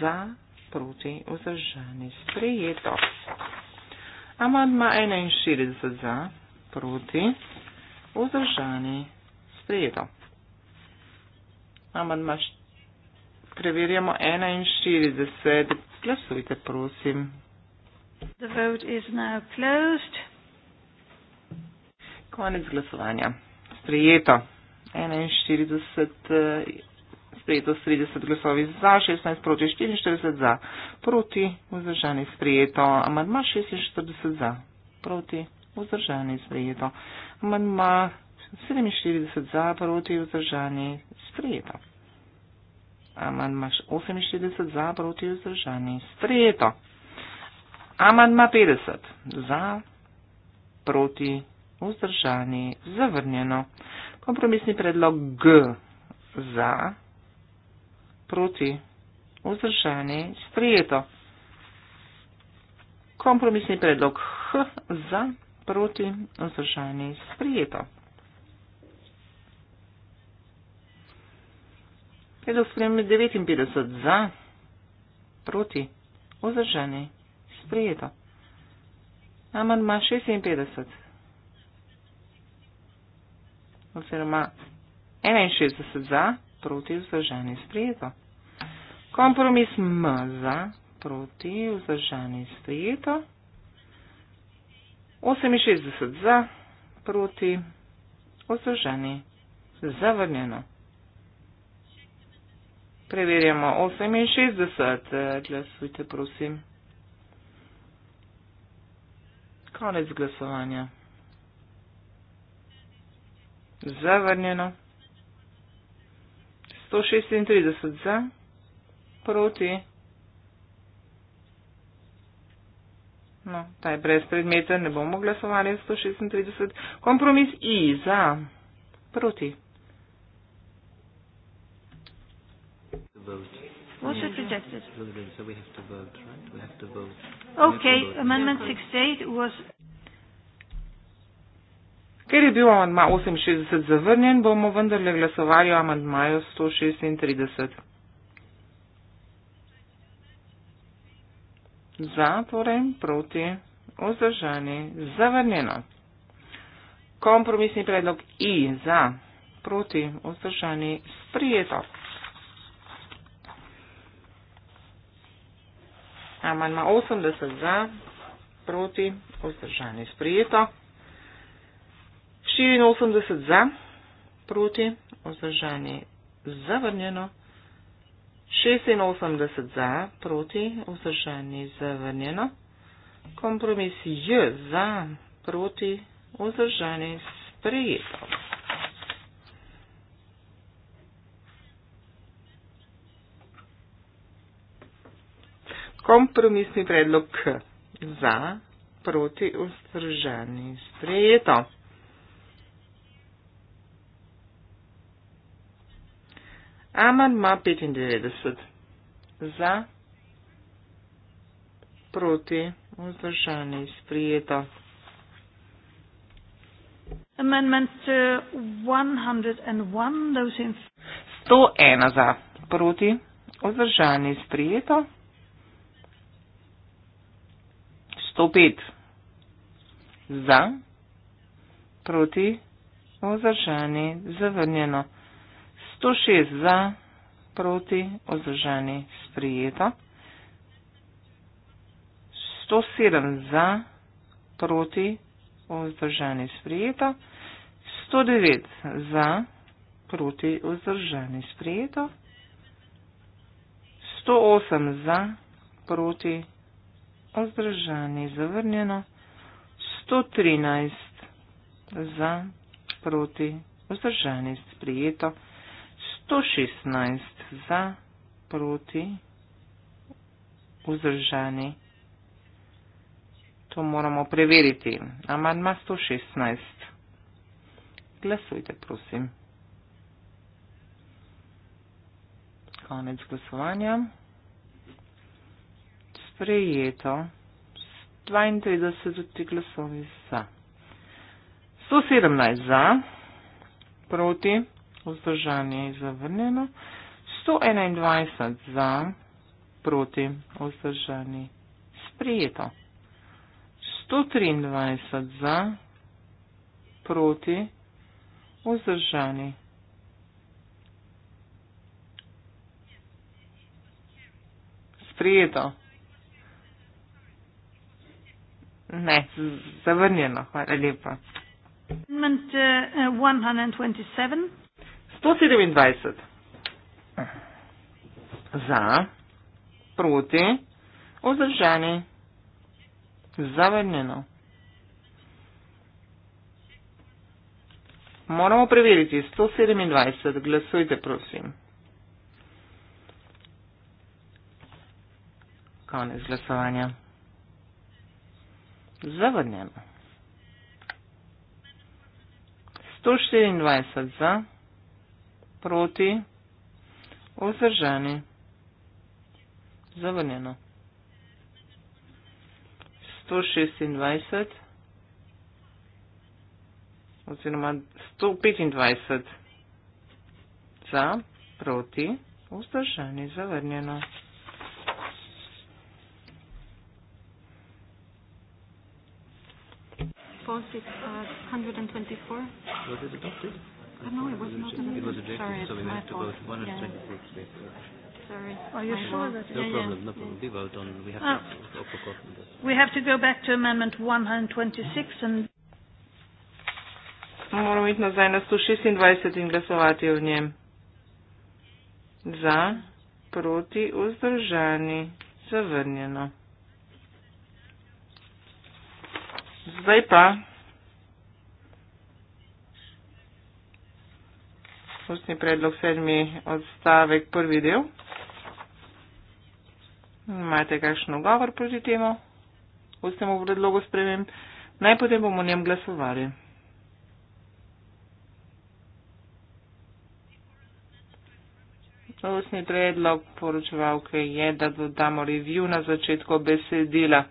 za proti vzdržani sprejeto. Amandma 61 za proti vzdržani sprejeto. Amandma preverjamo 41. Glasujte, prosim.
The vote is now
closed. Konec glasovanja. Sprijeto. 41 sprejeto 30 glasovi za, 16 proti 44 za, proti vzdržani sprejeto, amadma 46 za, proti vzdržani sprejeto, amadma 47 za, proti vzdržani sprejeto. Amandma 48 za, proti vzdržani sprejeto. Amandma 50 za, proti vzdržani zavrnjeno kompromisni predlog G za, proti, vzdržani, sprijeto. Kompromisni predlog H za, proti, vzdržani, sprijeto. Predlog sprejme 59 za, proti, vzdržani, sprijeto. Amandma 56 oziroma 61 za, proti vzdržani sprejeto. Kompromis M za, proti vzdržani sprejeto. 68 za, proti vzdržani zavrnjeno. Preverjamo 68, glasujte prosim. Konec glasovanja. Zavrnjeno. 136 za. Proti. No, ta je brez predmeta, ne bomo glasovali 136. Kompromis I za. Proti.
What's yeah. suggested?
Okay, Amendment 68 was.
Ker je bil amantma 68 zavrnjen, bomo vendarle glasovali o amantmaju 136. Za, torej, proti, vzdržani, zavrnjeno. Kompromisni predlog I za, proti, vzdržani, sprijeto. Amandma 80 za, proti, vzdržani, sprijeto. 84 za, proti, vzdržani, zavrnjeno. 86 za, proti, vzdržani, zavrnjeno. Kompromis J za, proti, vzdržani, sprejeto. Kompromisni predlog K za, proti, vzdržani, sprejeto. Amanma 95 za, proti, vzdržani, sprijeto. Amendment 101 za, proti, vzdržani, sprijeto. 105 za, proti, vzdržani, zavrnjeno. 106 za, proti, ozdržani, sprijeto. 107 za, proti, ozdržani, sprijeto. 109 za, proti, ozdržani, sprijeto. 108 za, proti, ozdržani, zavrnjeno. 113 za, proti, ozdržani, sprijeto. 116 za, proti, vzdržani. To moramo preveriti. Amandma 116. Glasujte, prosim. Konec glasovanja. Sprejeto. 32 glasovi za. 117 za, proti vzdržanje je zavrnjeno. 121 za, proti vzdržanje sprijeto. 123 za, proti vzdržanje. Sprijeto. Ne, zavrnjeno. Hvala lepa.
Amendment uh, 127.
127 za, proti, vzdržani, zavrnjeno. Moramo preveriti 127, glasujte prosim. Konec glasovanja. Zavrnjeno. 124 za. Proti. Vzdržani. Zavrnjeno. 126. Oziroma 125. Za. Proti. Vzdržani. Zavrnjeno.
Post it as 124. What
did the doctor? Uh, no, it was not a meeting. It was rejected, Sorry, so we have to vote 126 yeah. days.
Sorry. Are you I sure vote? that... No yeah, problem, no problem.
Yeah. We vote on... We have, oh. to, oh, course,
we have to go back to Amendment 126 and...
No, moramo iti nazaj na 126 in glasovati o njem. Za, proti, vzdržani, zavrnjeno. Zdaj pa. ustni predlog sedmi odstavek prvi del. Imate kakšen govor proti temu ustnemu predlogu spremem? Naj potem bomo o njem glasovali. Ustni predlog poročevalke je, da dodamo review na začetku besedila.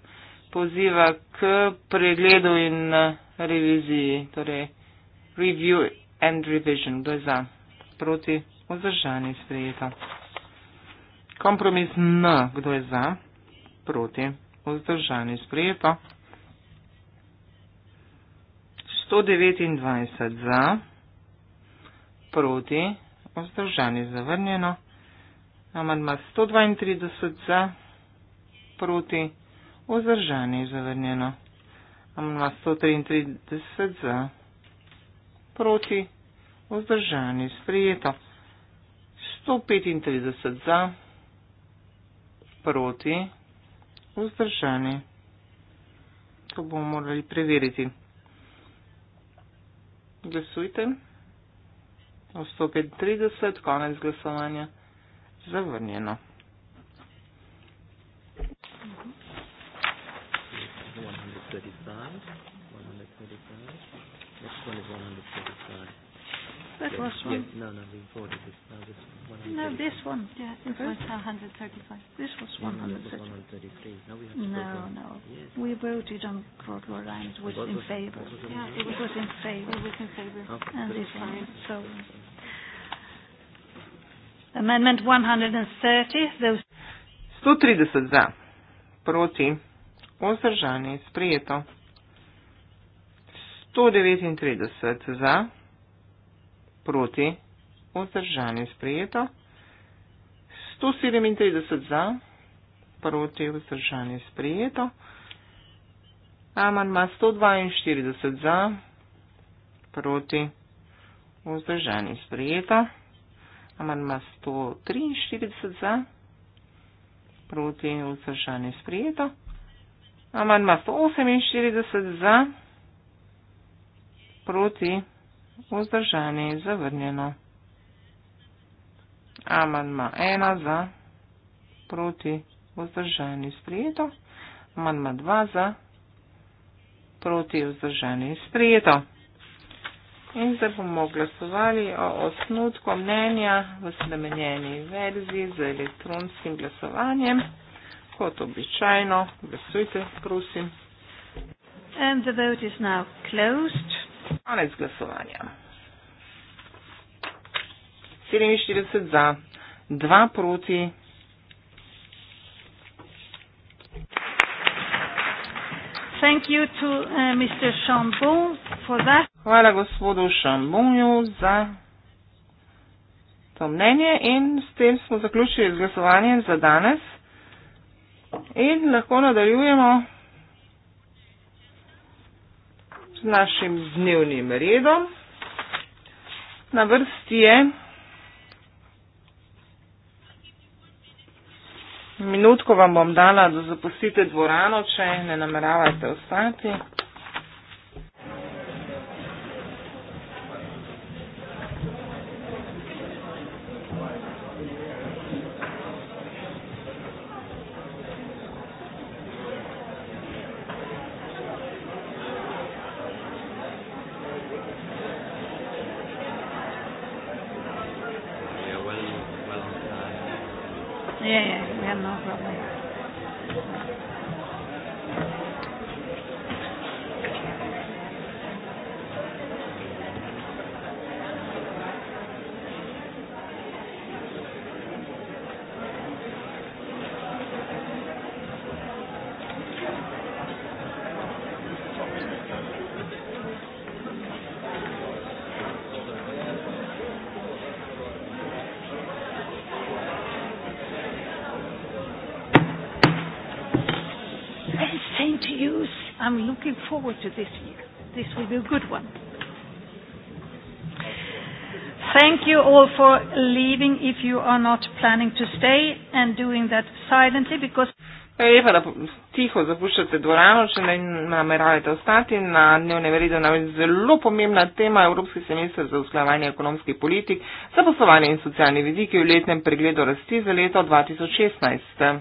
Poziva k pregledu in reviziji, torej review and revision. Kdo je za? proti vzdržanje sprejeto. Kompromis N, kdo je za, proti vzdržanje sprejeto. 129 za, proti vzdržanje zavrnjeno. Amandma 132 za, proti vzdržanje zavrnjeno. Amandma 133 za, proti vzdržanje zavrnjeno vzdržani, sprijeto. 135 za, proti, vzdržani. To bomo morali preveriti. Glasujte. 135, konec glasovanja, zavrnjeno.
Next one is 135. That yeah. last one. Yeah. No, no, we imported this. No, this one. No, this one.
Yeah, it was 135. This was 133.
133. No, no we have to no. no. Yes.
We voted on Crocodile Island, which was, was in favor. Yeah, it was in favor. It was in favor. Oh. And this one. So. Amendment 130. Those
130 za, proti, vzdržani, sprijeto. 139 za proti, vzdržan je sprejeto. 137 za, proti, vzdržan je sprejeto. Amanma 142 za, proti, vzdržan je sprejeto. Amanma 143 za, proti, vzdržan je sprejeto. Amanma 148 za, proti, vzdržan je sprejeto vzdržani, zavrnjeno. Amandma ena za, proti, vzdržani, sprijeto. Amandma dva za, proti, vzdržani, sprijeto. In zdaj bomo glasovali o osnutku mnenja v spremenjeni verziji z elektronskim glasovanjem. Kot običajno, glasujte, prosim. And the vote is now closed. Konec glasovanja. 47 za, 2 proti. Uh, Hvala gospodu Šambunju za to mnenje in s tem smo zaključili z glasovanjem za danes. In lahko nadaljujemo. našim dnevnim redom. Na vrsti je minutko vam bom dala, da zapustite dvorano, če ne nameravate ostati.
Yeah. looking forward to this year. This will be a good one. Thank you all for leaving if you are not planning to stay and doing that silently
because. Ej, pa da tiho zapuščate dvorano, če ne nameravate ostati na dnevne vrede, nam je zelo pomembna tema Evropski semester za usklajevanje ekonomskih politik, zaposlovanje in socialni vidiki v letnem pregledu rasti za leto 2016.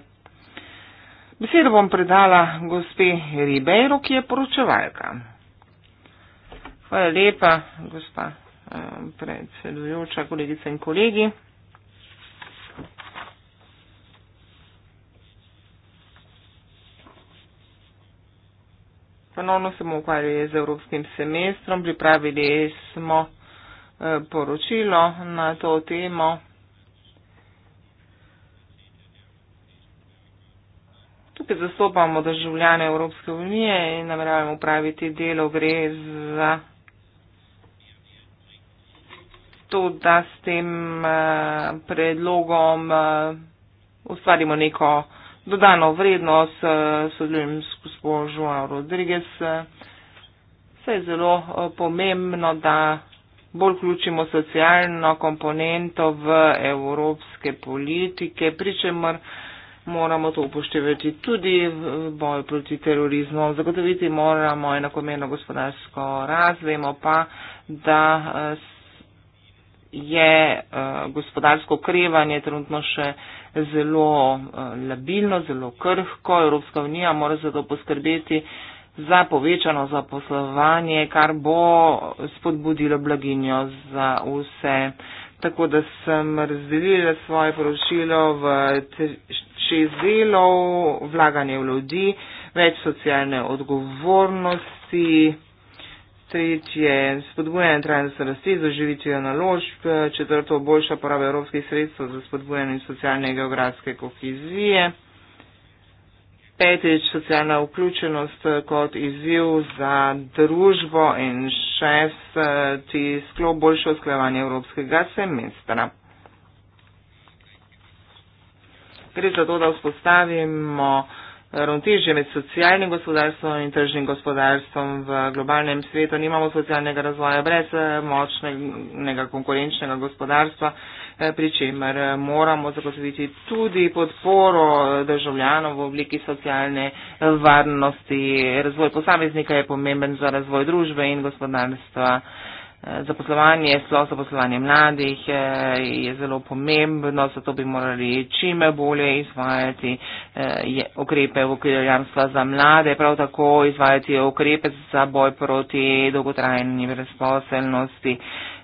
Besedo bom predala gospe Ribeiro, ki je poročevalka. Hvala lepa, gospa eh, predsedujoča, kolegice in kolegi. Ponovno se bomo ukvarjali z evropskim semestrom, pripravili smo eh, poročilo na to temo. skupaj zastopamo državljane Evropske unije in nameravamo upraviti delo gre za to, da s tem eh, predlogom eh, ustvarimo neko dodano vrednost, eh, sodelujem s gospodom Joao Rodriguez. Vse je zelo pomembno, da bolj vključimo socialno komponento v evropske politike, pričemer moramo to upoštevati tudi v boju proti terorizmu. Zagotoviti moramo enakomerno gospodarsko rast, vemo pa, da eh, je eh, gospodarsko okrevanje trenutno še eh, zelo labilno, zelo krhko. Evropska unija mora zato poskrbeti za povečano zaposlovanje, kar bo spodbudilo blaginjo za vse. Tako da sem razdelila svoje poročilo v šest delov, vlaganje v ljudi, več socialne odgovornosti, tretje spodbujanje trajnostne rasti z oživitvijo naložb, četrto boljša poraba evropskih sredstev za spodbujanje socialne in geografske kohezije, petič socialna vključenost kot izziv za družbo in šest ti sklop boljše usklajevanje evropskega semestra. Gre za to, da vzpostavimo ravnotežje med socialnim gospodarstvom in tržnim gospodarstvom v globalnem svetu. Nimamo socialnega razvoja brez eh, močnega konkurenčnega gospodarstva, eh, pri čemer eh, moramo zagotoviti tudi podporo državljanov v obliki socialne varnosti. Razvoj posameznika je pomemben za razvoj družbe in gospodarstva. Zaposlovanje, sploh zaposlovanje mladih eh, je zelo pomembno, zato bi morali čim bolje izvajati eh, ukrepe v okviru jamstva za mlade, prav tako izvajati ukrepe za boj proti dolgotrajni brezposelnosti.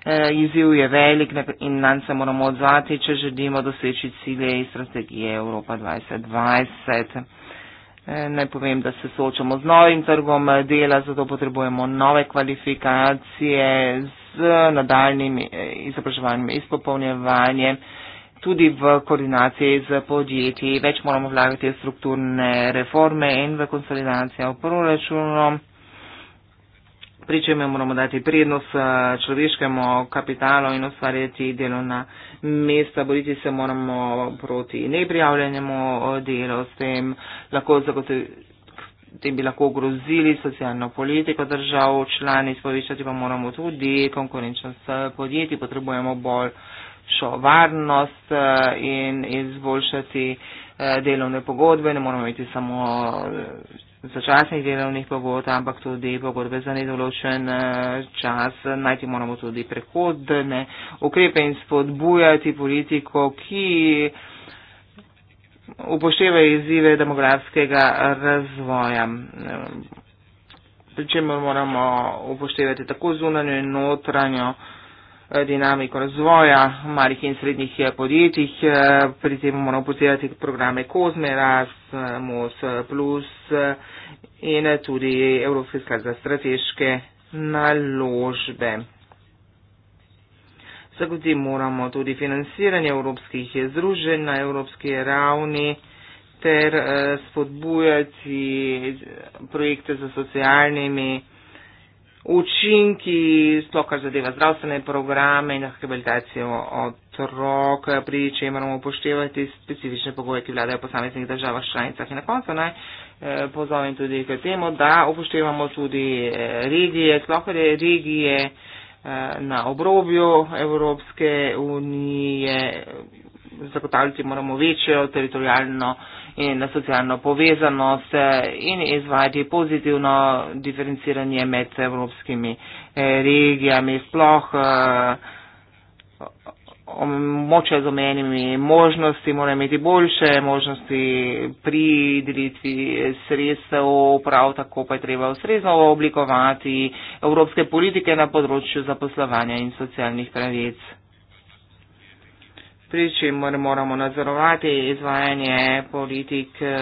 Eh, izziv je velik in nam se moramo odzvati, če želimo doseči cilje iz strategije Evropa 2020. Eh, naj povem, da se soočamo z novim trgom dela, zato potrebujemo nove kvalifikacije z nadaljnim eh, izobraževanjem, izpopolnjevanjem, tudi v koordinaciji z podjetji. Več moramo vlagati v strukturne reforme in v konsolidacijo proračunom pri čemer moramo dati prednost eh, človeškemu kapitalu in ustvarjati delovna mesta. Boriti se moramo proti neprijavljenemu eh, delu, s tem lahko zagotoviti. Tem bi lahko ogrozili socialno politiko držav, člani spovišati pa moramo tudi konkurenčnost eh, podjetij, potrebujemo bolj šo varnost in izboljšati delovne pogodbe, ne moramo imeti samo začasnih delovnih pogod, ampak tudi pogodbe za nedoločen eh, čas. Najti moramo tudi prehodne ukrepe in spodbujati politiko, ki upošteva izzive demografskega razvoja. Pričemer moramo upoštevati tako zunanjo in notranjo. Eh, dinamiko razvoja malih in srednjih eh, podjetij. Eh, pri tem moramo upoštevati programe Kozme, Rasmus, Plus in tudi Evropski sklad za strateške naložbe. Zagotovo moramo tudi financiranje evropskih združenj na evropski ravni ter spodbujati projekte za socialnimi učinki, sploh kar zadeva zdravstvene programe in rehabilitacijo otrok, pri čem moramo upoštevati specifične pogoje, ki vladajo v posameznih državah članicah. In na koncu naj eh, pozovem tudi k temu, da upoštevamo tudi eh, regije, sploh kar regije eh, na obrobju Evropske unije, zagotavljati moramo večjo teritorijalno uh, in socialno povezanost eh, in izvajati pozitivno diferenciranje med evropskimi eh, regijami, sploh eh, moče z omenjenimi možnosti, mora imeti boljše možnosti pri delitvi sredstev, prav tako pa je treba ustrezno oblikovati evropske politike na področju zaposlovanja in socialnih pravic pri čemer moramo nadzorovati izvajanje politik eh,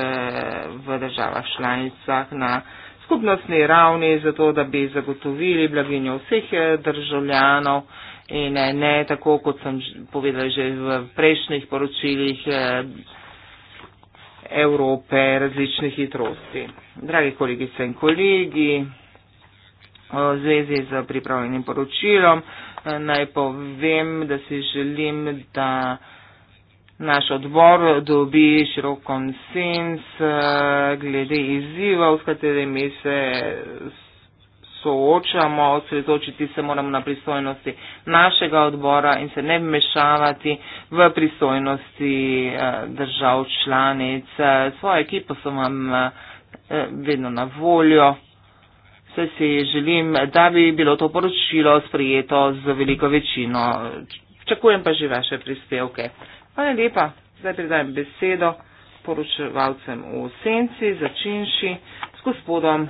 v državah članicah na skupnostni ravni, zato da bi zagotovili blaginjo vseh eh, državljanov in eh, ne tako, kot sem povedala že v prejšnjih poročilih Evrope različnih hitrosti. Dragi kolegice in kolegi, v zvezi z pripravljenim poročilom, naj povem, da si želim, da naš odbor dobi širok konsens eh, glede izzivov, s katerimi se soočamo, osredotočiti se moramo na pristojnosti našega odbora in se ne vmešavati v pristojnosti eh, držav članic. Eh, svojo ekipo so vam vedno na voljo se si želim, da bi bilo to poročilo sprejeto z veliko večino. Čakujem pa že vaše prispevke. Hvala lepa. Zdaj predajem besedo poročevalcem v Senci, začinši s gospodom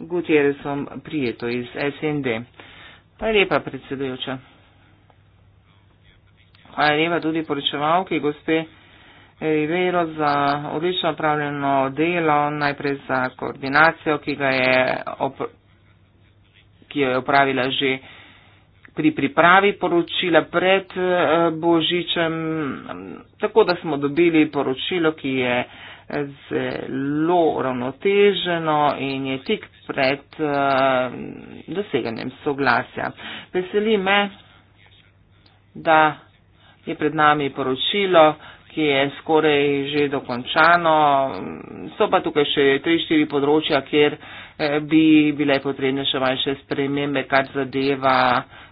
Gutierrezom Prijeto iz SND. Hvala lepa, predsedujoča. Hvala lepa tudi poročevalki, gospe Rivero, za odlično opravljeno delo, najprej za koordinacijo, ki ga je opravljeno ki jo je upravila že pri pripravi poročila pred eh, Božičem. Tako da smo dobili poročilo, ki je eh, zelo ravnoteženo in je tik pred eh, doseganjem soglasja. Veseli me, da je pred nami poročilo, ki je skoraj že dokončano. So pa tukaj še 3-4 področja, kjer Eh, bi bile potrebne še manjše spremembe, kar zadeva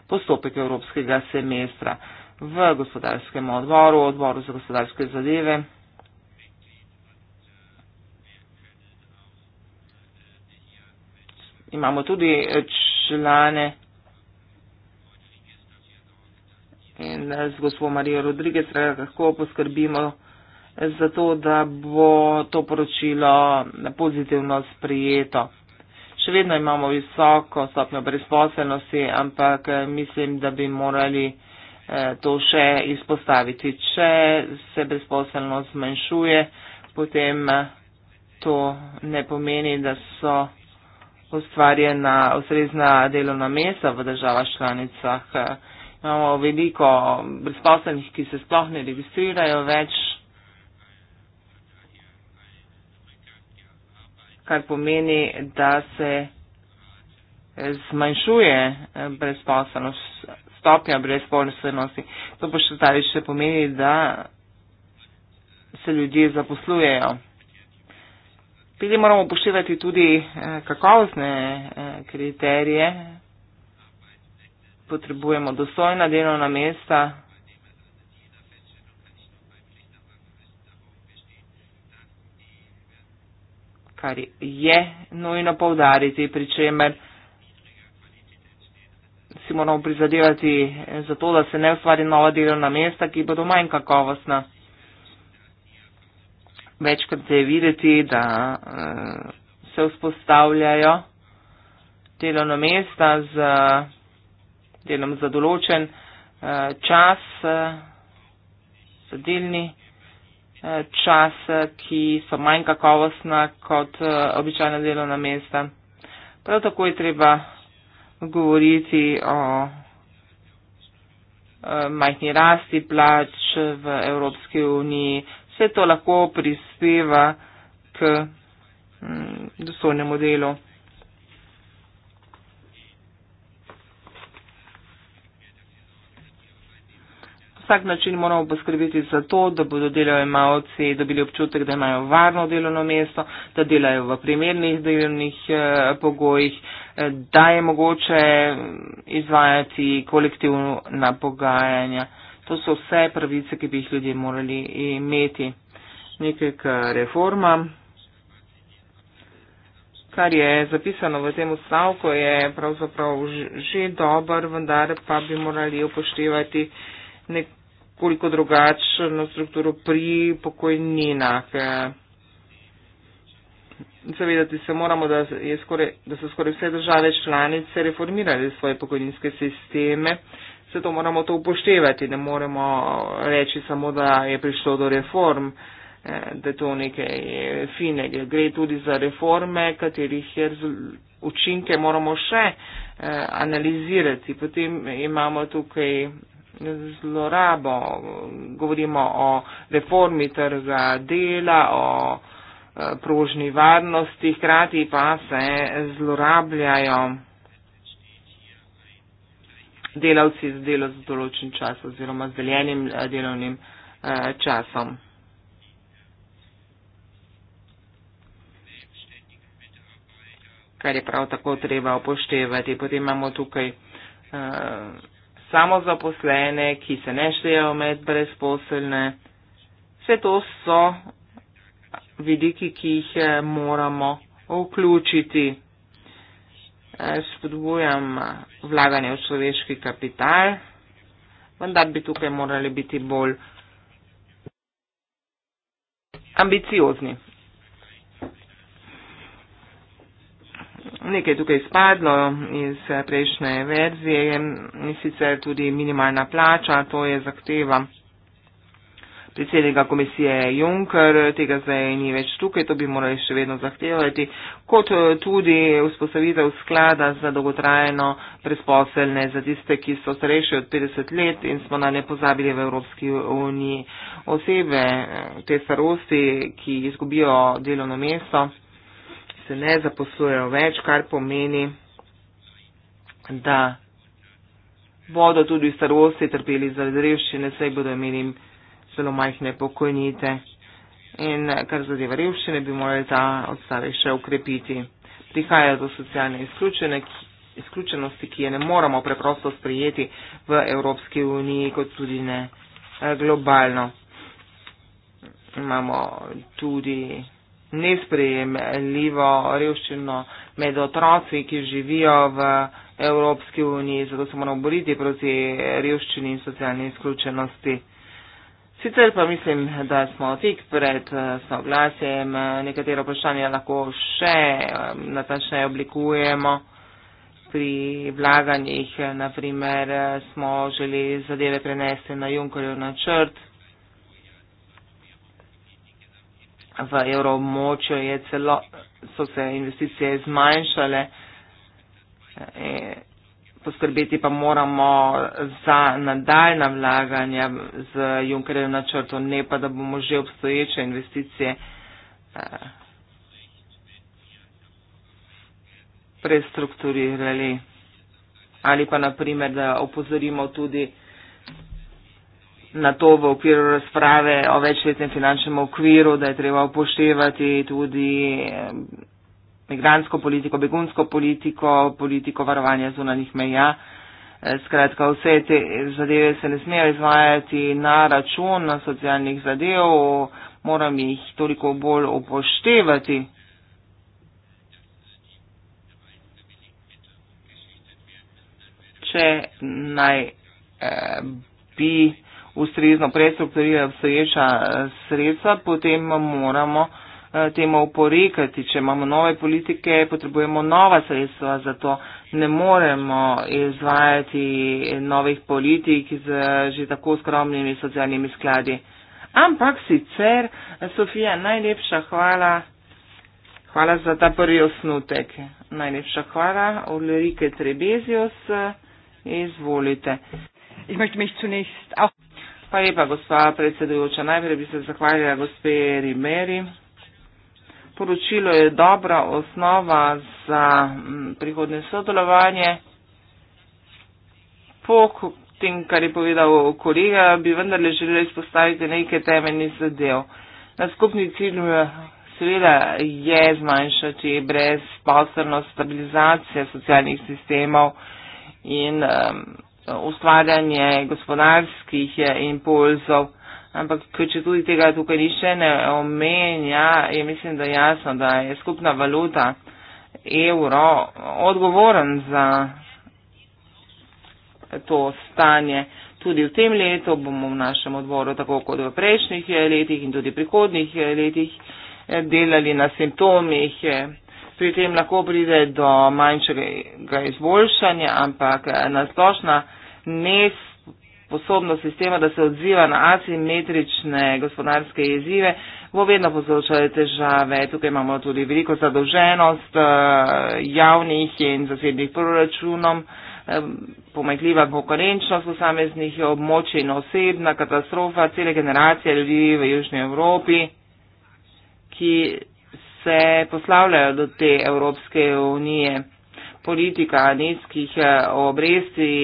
postopek evropskega semestra v gospodarskem odboru, odboru za gospodarske zadeve. Imamo tudi člane in z gospod Marijo Rodriguez, kako poskrbimo za to, da bo to poročilo pozitivno sprijeto. Še vedno imamo visoko stopnjo brezposelnosti, ampak eh, mislim, da bi morali eh, to še izpostaviti. Če se brezposelnost zmanjšuje, potem eh, to ne pomeni, da so ustvarjena ustrezna delovna mesta v državah članicah. Imamo veliko brezposelnih, ki se sploh ne registrirajo več kar pomeni, da se zmanjšuje brezposelnost, stopnja brezposelnosti. To pa še zdaj še pomeni, da se ljudje zaposlujejo. Tudi moramo upoštevati tudi eh, kakovostne eh, kriterije. Potrebujemo dostojna delovna mesta, kar je nujno povdariti, pri čemer si moramo prizadevati za to, da se ne ustvari nova delovna mesta, ki bodo manj kakovostna. Večkrat je videti, da eh, se vzpostavljajo delovna mesta z delom za določen eh, čas, eh, za delni čas čas, ki so manj kakovostna kot eh, običajna delovna mesta. Prav tako je treba govoriti o eh, majhni rasti plač v Evropski uniji. Vse to lahko prispeva k mm, dostojnemu delu. vsak način moramo poskrbeti za to, da bodo delojemalci dobili občutek, da imajo varno delovno mesto, da delajo v primernih delovnih eh, pogojih, eh, da je mogoče izvajati kolektivna pogajanja. To so vse pravice, ki bi jih ljudje morali imeti. Nekaj k reformam. Kar je zapisano v tem ustavku je pravzaprav že dober, vendar pa bi morali upoštevati nek koliko drugačno strukturo pri pokojninah. Zavedati se moramo, da, je skoraj, da so skoraj vse države članice reformirali svoje pokojninske sisteme, zato moramo to upoštevati. Ne moremo reči samo, da je prišlo do reform, eh, da je to nekaj finega. Gre tudi za reforme, katerih je učinke moramo še eh, analizirati. Potem imamo tukaj zlorabo, govorimo o reformi trga dela, o eh, prožni varnosti, hkrati pa se zlorabljajo delavci z delo z določen čas oziroma z deljenim eh, delovnim eh, časom. kar je prav tako treba upoštevati. Potem imamo tukaj uh, samozaposlene, ki se ne štejejo med brezposelne. Vse to so vidiki, ki jih eh, moramo vključiti. Eh, spodbujam eh, vlaganje v človeški kapital, vendar bi tukaj morali biti bolj ambiciozni. nekaj tukaj spadlo iz eh, prejšnje verzije in sicer tudi minimalna plača, to je zahteva predsednika komisije Juncker, tega zdaj ni več tukaj, to bi morali še vedno zahtevati, kot eh, tudi vzpostavitev sklada za dolgotrajno presposelne za tiste, ki so starejši od 50 let in smo na ne pozabili v Evropski uniji osebe eh, te starosti, ki izgubijo delovno mesto se ne zaposlujejo več, kar pomeni, da bodo tudi starosti trpeli za revščine, saj bodo imeli zelo majhne pokojnite. In kar zadeva revščine, bi morali ta odstavek še ukrepiti. Prihajajo do socialne izključene, izključenosti, ki je ne moramo preprosto sprejeti v Evropski uniji, kot tudi ne eh, globalno. Imamo tudi nesprejemljivo revščino med otroci, ki živijo v Evropski uniji, zato se moramo boriti proti revščini in socialni izključenosti. Sicer pa mislim, da smo tik pred eh, soglasjem, nekatere vprašanja lahko še eh, natančneje oblikujemo. Pri vlaganjih, eh, naprimer, smo želeli zadeve prenesti na Junkerjev načrt, v evroobmočju so se investicije zmanjšale, e, poskrbeti pa moramo za nadaljna vlaganja z Junkerjem na črto, ne pa da bomo že obstoječe investicije e, prestrukturirali. Ali pa naprimer, da opozorimo tudi na to v okviru razprave o večletnem finančnem okviru, da je treba upoštevati tudi migransko politiko, begunsko politiko, politiko varovanja zunanih meja. E, skratka, vse te zadeve se ne smejo izvajati na račun na socialnih zadev, moram jih toliko bolj upoštevati. Če naj eh, bi ustrezno prestrukturirajo obstoječa eh, sredstva, potem moramo eh, temu oporekati. Če imamo nove politike, potrebujemo nova sredstva za to. Ne moremo izvajati novih politik z že tako skromnimi socialnimi skladi. Ampak sicer, Sofija, najlepša hvala. Hvala za ta prvi osnutek. Najlepša hvala. Ulrike Trebezios, izvolite. Ich möchte mich zunächst auch. Pa lepa, gospa predsedujoča, najprej bi se zahvalila gospe Rimeri. Poročilo je dobra osnova za mm, prihodne sodelovanje. Po tem, kar je povedal kolega, bi vendarle želela izpostaviti nekaj temeljnih zadev. Na skupni cilj seveda je zmanjšati brezposobnost, stabilizacija socialnih sistemov in um, ustvarjanje gospodarskih eh, impulzov, ampak če tudi tega tukaj nišče ne omenja, je mislim, da jasno, da je skupna valuta evro odgovoren za to stanje. Tudi v tem letu bomo v našem odboru, tako kot v prejšnjih eh, letih in tudi prihodnih eh, letih, delali na simptomih pri tem lahko pride do manjšega izboljšanja, ampak eh, nasplošna nesposobnost sistema, da se odziva na asimetrične gospodarske jezive, bo vedno povzročala težave. Tukaj imamo tudi veliko zadolženost eh, javnih in zasebnih proračunom, eh, pomekljiva konkurenčnost posameznih območij in osebna katastrofa cele generacije ljudi v Južnji Evropi, ki se poslavljajo do te Evropske unije. Politika nizkih eh, obresti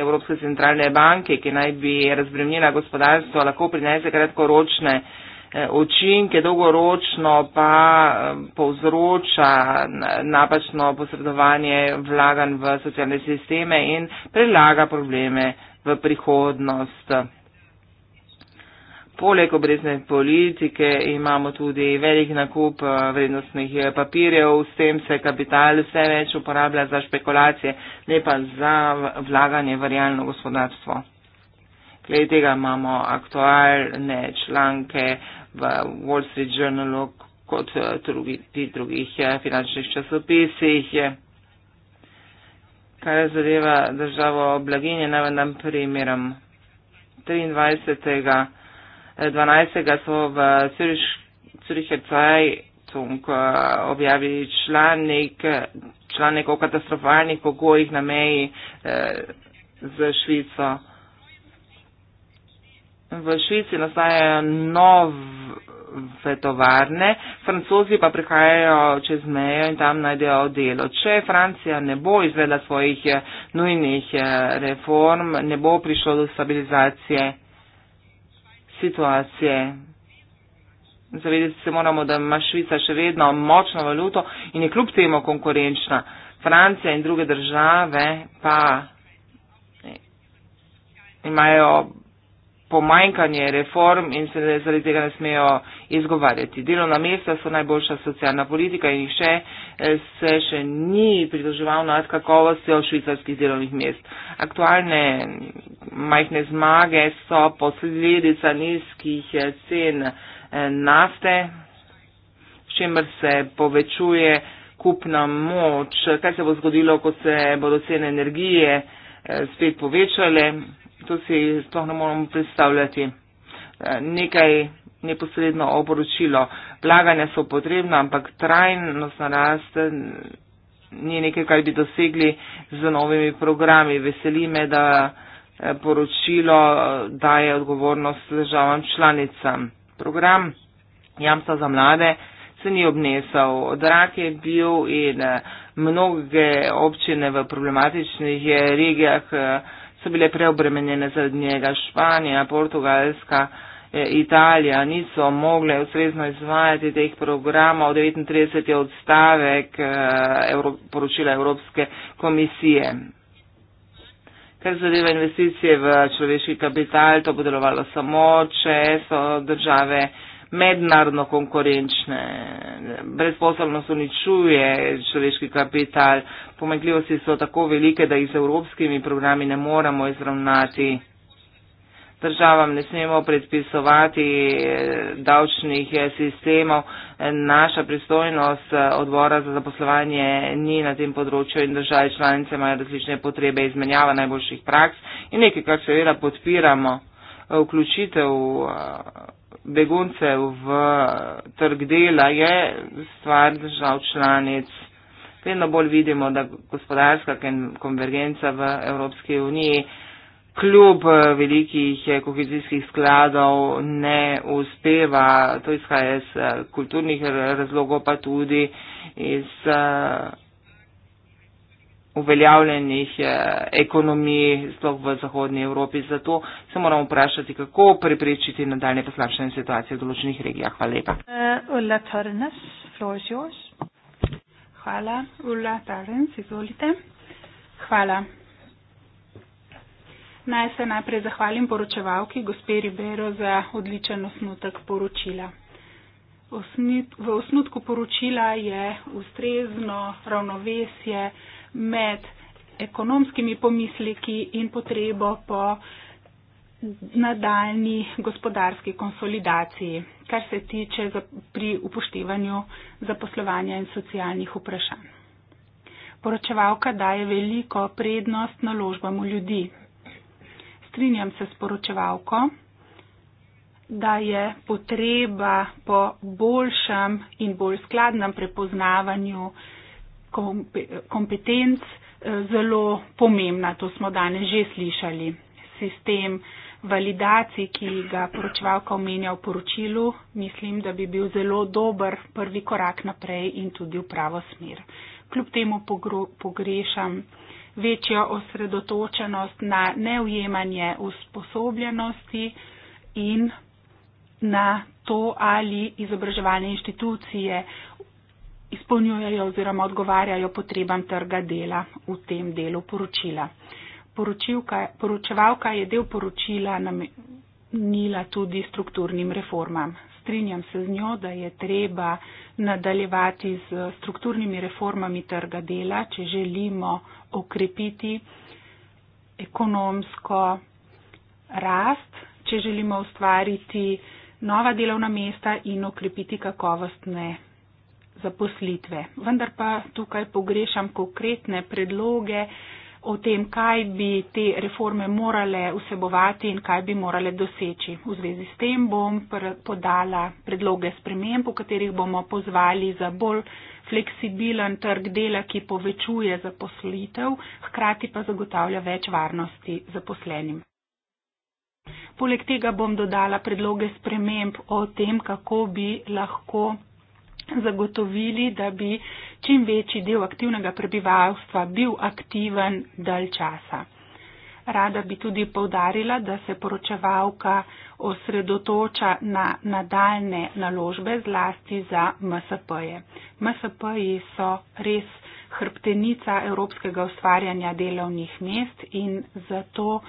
Evropske centralne banke, ki naj bi razbremnila gospodarstvo, lahko prinese kratkoročne eh, učinke, dolgoročno pa eh, povzroča napačno posredovanje vlagan v socialne sisteme in prelaga probleme v prihodnost. Poleg obrezne politike imamo tudi velik nakup eh, vrednostnih eh, papirjev, s tem se kapital vse več uporablja za špekulacije, ne pa za vlaganje v realno gospodarstvo. Glede tega imamo aktualne članke v Wall Street Journalu kot tudi eh, drugih finančnih časopisih. Kar zadeva državo blaginje, navedam primerom 23. 12. so v Züricher Zeitung eh, objavili članek, članek o katastrofalnih pogojih na meji z eh, Švico. V Švici nastajajo nove tovarne, francozi pa prihajajo čez mejo in tam najdejo delo. Če Francija ne bo izvedla svojih eh, nujnih reform, ne bo prišlo do stabilizacije situacije. Zavedati se moramo, da ima Švica še vedno močno valuto in je kljub temu konkurenčna. Francija in druge države pa imajo pomanjkanje reform in se zaradi tega ne smejo izgovarjati. Delovna mesta so najboljša socialna politika in še, eh, se še ni pridruževal nad kakovostjo švicarskih delovnih mest. Aktualne majhne zmage so posledica nizkih eh, cen eh, nafte, s čimer se povečuje kupna moč. Kaj se bo zgodilo, ko se bodo cene energije spet povečale? to si sploh ne moramo predstavljati. E, nekaj neposredno oporočilo. Vlaganja so potrebna, ampak trajnostna rast ni nekaj, kaj bi dosegli z novimi programi. Veseli me, da e, poročilo e, daje odgovornost državam članicam. Program jamstva za mlade se ni obnesel. Drak je bil in mnoge občine v problematičnih regijah so bile preobremenjene zaradi njega. Španija, Portugalska, e, Italija niso mogle ustrezno izvajati teh programov. 39 je odstavek e, evro, poročila Evropske komisije. Kar zadeva investicije v človeški kapital, to bo delovalo samo, če so države mednarodno konkurenčne, brezposobnost uničuje človeški kapital, pomegljivosti so tako velike, da jih z evropskimi programi ne moramo izravnati. Državam ne smemo predpisovati eh, davčnih eh, sistemov. Naša pristojnost eh, odbora za zaposlovanje ni na tem področju in države članice imajo različne potrebe izmenjava najboljših praks in nekaj, kar seveda podpiramo, vključitev beguncev v trg dela je stvar držav članic. Vedno bolj vidimo, da gospodarska konvergenca v Evropski uniji kljub eh, velikih eh, kohezijskih skladov ne uspeva. To izhaja iz eh, kulturnih razlogov, pa tudi iz. Uh, uveljavljenih eh, ekonomij, sploh v Zahodnji Evropi. Zato se moramo vprašati, kako preprečiti nadaljne poslabšanje situacije v določenih regijah. Hvala lepa.
Eh, Hvala. Hvala. Naj se najprej zahvalim poročevalki gospe Ribero za odličen osnutek poročila. V osnutku poročila je ustrezno ravnovesje med ekonomskimi pomisleki in potrebo po nadaljni gospodarski konsolidaciji, kar se tiče pri upoštevanju zaposlovanja in socialnih vprašanj. Poročevalka daje veliko prednost naložbam v ljudi. Strinjam se s poročevalko, da je potreba po boljšem in bolj skladnem prepoznavanju kompetenc eh, zelo pomembna, to smo danes že slišali. Sistem validacij, ki ga poročevalka omenja v poročilu, mislim, da bi bil zelo dober prvi korak naprej in tudi v pravo smer. Kljub temu pogrešam večjo osredotočenost na neujemanje usposobljenosti in na to, ali izobraževalne inštitucije izpolnjujejo oziroma odgovarjajo potrebam trga dela v tem delu poročila. Poročevalka je del poročila namenila tudi strukturnim reformam. Strinjam se z njo, da je treba nadaljevati z strukturnimi reformami trga dela, če želimo okrepiti ekonomsko rast, če želimo ustvariti nova delovna mesta in okrepiti kakovostne zaposlitve. Vendar pa tukaj pogrešam konkretne predloge o tem, kaj bi te reforme morale vsebovati in kaj bi morale doseči. V zvezi s tem bom podala predloge sprememb, v katerih bomo pozvali za bolj fleksibilen trg dela, ki povečuje zaposlitev, hkrati pa zagotavlja več varnosti zaposlenim. Poleg tega bom dodala predloge sprememb o tem, kako bi lahko zagotovili, da bi čim večji del aktivnega prebivalstva bil aktiven dalj časa. Rada bi tudi povdarila, da se poročevalka osredotoča na nadaljne naložbe zlasti za MSP-je. MSP-ji so res hrbtenica evropskega ustvarjanja delovnih mest in zato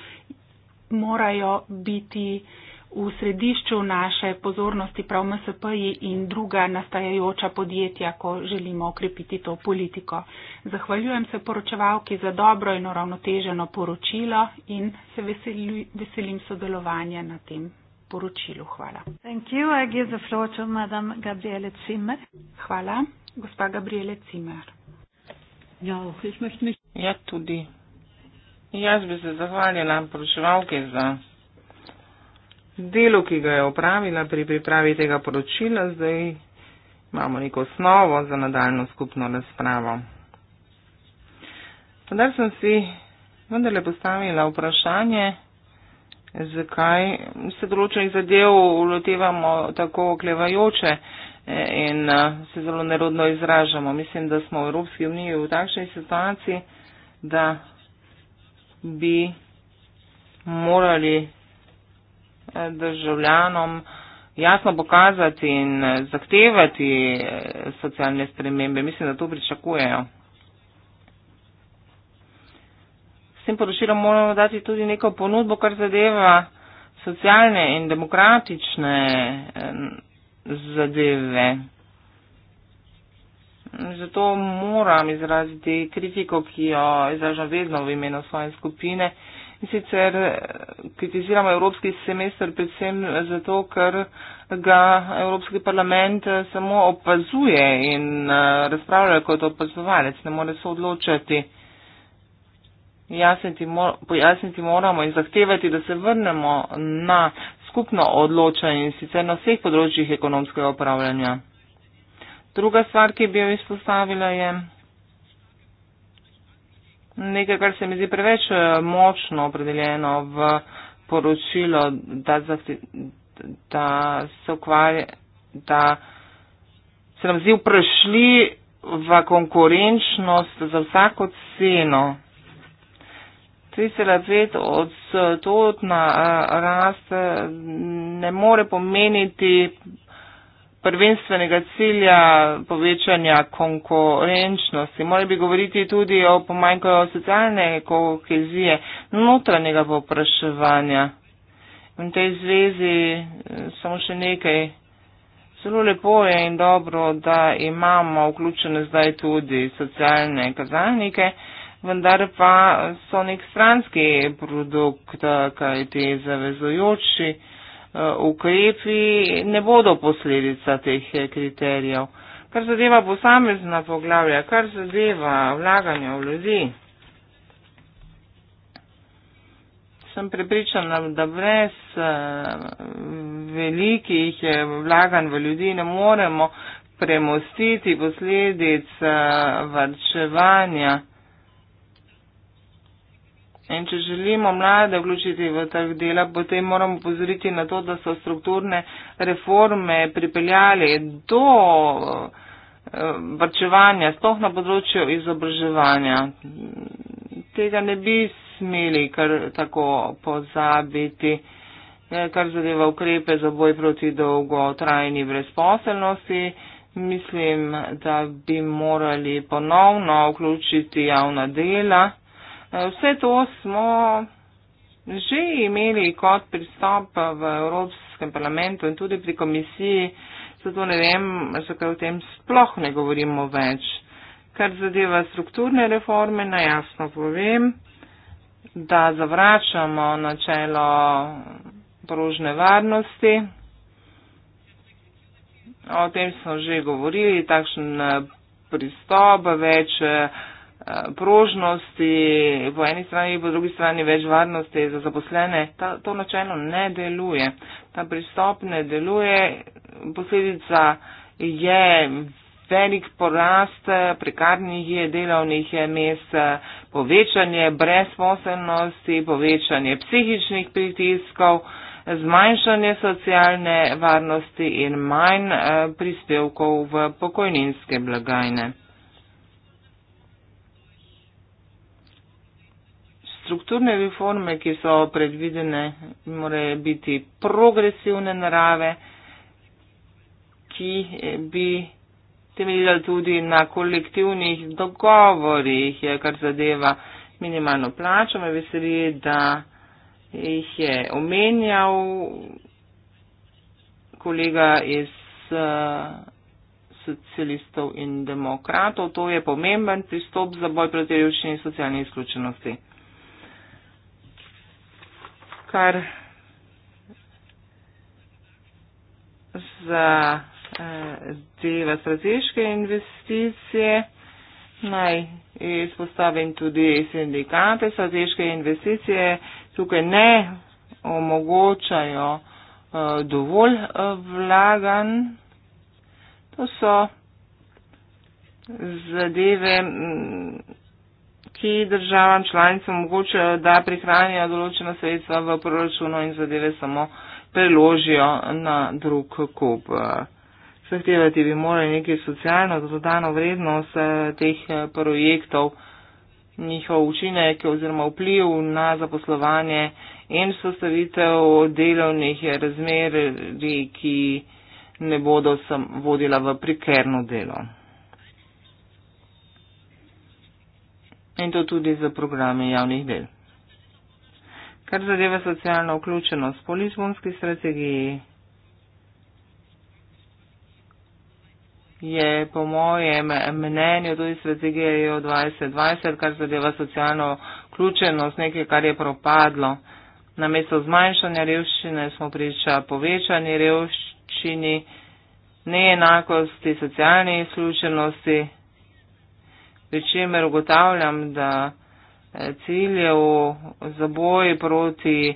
morajo biti uh, v središču naše pozornosti prav MSP-ji in druga nastajajoča podjetja, ko želimo okrepiti to politiko. Zahvaljujem se poročevalki za dobro in uravnoteženo poročilo in se veseli, veselim sodelovanja na tem. Poročilu. Hvala. Hvala, gospa Gabriele Cimer. Ja,
ja, tudi. Jaz bi se zahvalila poročevalki za delu, ki ga je opravila pri pripravi tega poročila, zdaj imamo neko osnovo za nadaljno skupno razpravo. Vendar sem si vendarle postavila vprašanje, zakaj se določenih zadev lotevamo tako oklevajoče eh, in eh, se zelo nerodno izražamo. Mislim, da smo v Evropski uniji v takšni situaciji, da bi morali državljanom jasno pokazati in zahtevati eh, socialne spremembe. Mislim, da to pričakujejo. S tem porušilom moramo dati tudi neko ponudbo, kar zadeva socialne in demokratične eh, zadeve. Zato moram izraziti kritiko, ki jo izražam vedno v imenu svoje skupine. In sicer eh, kritiziramo Evropski semester predvsem zato, ker ga Evropski parlament eh, samo opazuje in eh, razpravlja kot opazovalec, ne more se odločati. Jasniti, pojasniti moramo in zahtevati, da se vrnemo na skupno odločanje in sicer na vseh področjih ekonomskega upravljanja. Druga stvar, ki bi jo izpostavila, je nekaj, kar se mi zdi preveč eh, močno opredeljeno v poročilo, da, zahti, da se ukvarja, da se nam zdi vprašli v konkurenčnost za vsako ceno. 3,5 odstotna eh, rast eh, ne more pomeniti prvenstvenega cilja povečanja konkurenčnosti. Morali bi govoriti tudi o pomanjkajo socialne kohezije, notranjega popraševanja. In v tej zvezi eh, samo še nekaj. Zelo lepo je in dobro, da imamo vključene zdaj tudi socialne kazalnike, vendar pa so nek stranski produkt, eh, kaj ti zavezujoči. Eh, ukrepi ne bodo posledica teh eh, kriterijev. Kar zadeva posamezna poglavja, kar zadeva vlaganje v ljudi, sem prepričana, da brez eh, velikih vlaganj v ljudi ne moremo premostiti posledic varčevanja. In če želimo mlade vključiti v tak dela, potem moramo pozoriti na to, da so strukturne reforme pripeljali do eh, vrčevanja, sploh na področju izobraževanja. Tega ne bi smeli kar tako pozabiti, eh, kar zadeva ukrepe za boj proti dolgotrajni brezposelnosti. Mislim, da bi morali ponovno vključiti javna dela. Vse to smo že imeli kot pristop v Evropskem parlamentu in tudi pri komisiji, zato ne vem, zakaj o tem sploh ne govorimo več. Kar zadeva strukturne reforme, najjasno povem, da zavračamo načelo prožne varnosti. O tem smo že govorili, takšen pristop več Eh, prožnosti, po eni strani, po drugi strani več varnosti za zaposlene. Ta, to načelo ne deluje. Ta pristop ne deluje. Posledica je velik porast prekarnih delovnih mest, povečanje brezposelnosti, povečanje psihičnih pritiskov, zmanjšanje socialne varnosti in manj eh, prispevkov v pokojninske blagajne. strukturne reforme, ki so predvidene, morajo biti progresivne narave, ki bi temeljila tudi na kolektivnih dogovorih, kar zadeva minimalno plačo. Me veseli, da jih je omenjal kolega iz eh, socialistov in demokratov. To je pomemben pristop za boj proti revščini in socialni izključenosti kar za zadeve strateške investicije. Naj izpostavim tudi sindikate strateške investicije. Tukaj ne omogočajo eh, dovolj eh, vlagan. To so zadeve, mm, ki državam članicam omogočajo, da prihranijo določena sredstva v proračunu in zadeve samo preložijo na drug kup. Zahtevati bi morali neke socialno dodano vrednost eh, teh eh, projektov, njihov učinek oziroma vpliv na zaposlovanje in sostavitev delovnih razmer, ki ne bodo sem vodila v prikerno delo. in to tudi za programe javnih del. Kar zadeva socialno vključenost po Lizbonski strategiji, je po mojem mnenju tudi strategije EU 2020, kar zadeva socialno vključenost, nekaj, kar je propadlo. Namesto zmanjšanja revščine smo priča povečanje revščini, neenakosti, socialne izključenosti pri čemer ugotavljam, da eh, ciljev za boj proti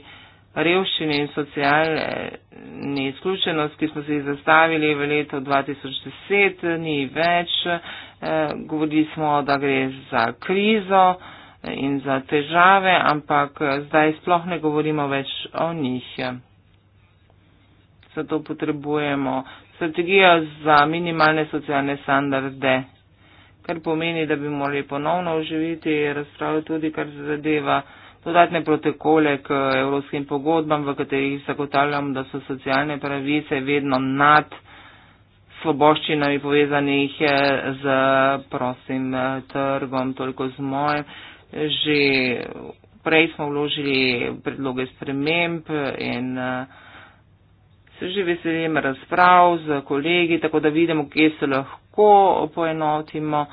revščini in socialni izključenost, ki smo si jih zastavili v letu 2010, ni več. Eh, govorili smo, da gre za krizo eh, in za težave, ampak zdaj sploh ne govorimo več o njih. Zato potrebujemo strategijo za minimalne socialne standarde kar pomeni, da bi morali ponovno oživiti razpravo tudi, kar se zadeva dodatne protokole k evropskim pogodbam, v katerih zagotavljamo, da so socialne pravice vedno nad sloboščinami povezanih eh, z prosim eh, trgom, toliko z mojim. Že prej smo vložili predloge sprememb in uh, se že veselim razprav z kolegi, tako da vidimo, kje se lahko poenotimo,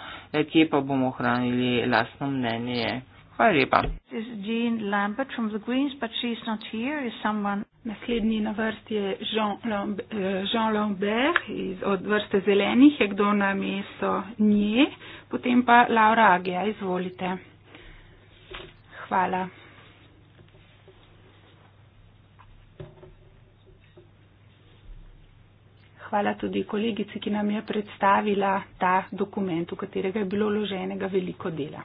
kje pa bomo ohranili lastno mnenje. Hvala lepa.
Jean Lambert from the Greens, but she's not here. Is someone... Naslednji na vrsti
je Jean eh, Lambert iz od vrste zelenih, je kdo na mesto nje, potem pa Laura Agija, izvolite. Hvala. Hvala tudi kolegici, ki nam je predstavila ta dokument, v katerega je bilo vloženega veliko dela.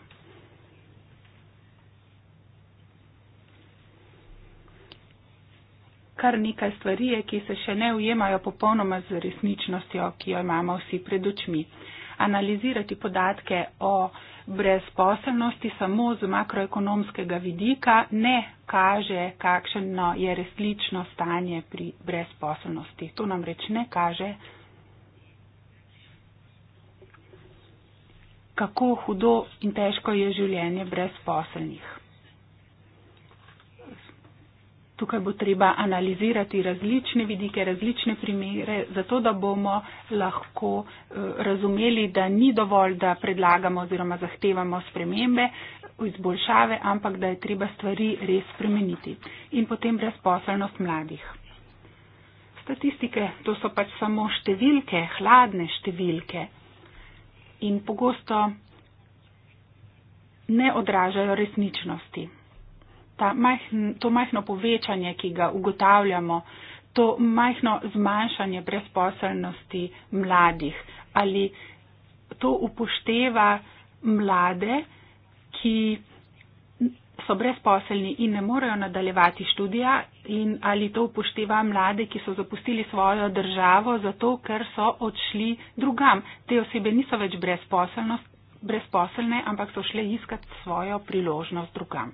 Kar nekaj stvari je, ki se še ne ujemajo popolnoma z resničnostjo, ki jo imamo vsi pred očmi. Analizirati podatke o brezposelnosti samo z makroekonomskega vidika ne kaže, kakšno je resnično stanje pri brezposelnosti. To nam reč ne kaže, kako hudo in težko je življenje brezposelnih tukaj bo treba analizirati različne vidike, različne primere, zato da bomo lahko eh, razumeli, da ni dovolj, da predlagamo oziroma zahtevamo spremembe, izboljšave, ampak da je treba stvari res spremeniti. In potem brezposelnost mladih. Statistike, to so pač samo številke, hladne številke in pogosto ne odražajo resničnosti majhn, to majhno povečanje, ki ga ugotavljamo, to majhno zmanjšanje brezposelnosti mladih. Ali to upošteva mlade, ki so brezposelni in ne morejo nadaljevati študija in ali to upošteva mlade, ki so zapustili svojo državo zato, ker so odšli drugam. Te osebe niso več brezposelne, ampak so šle iskat svojo priložnost drugam.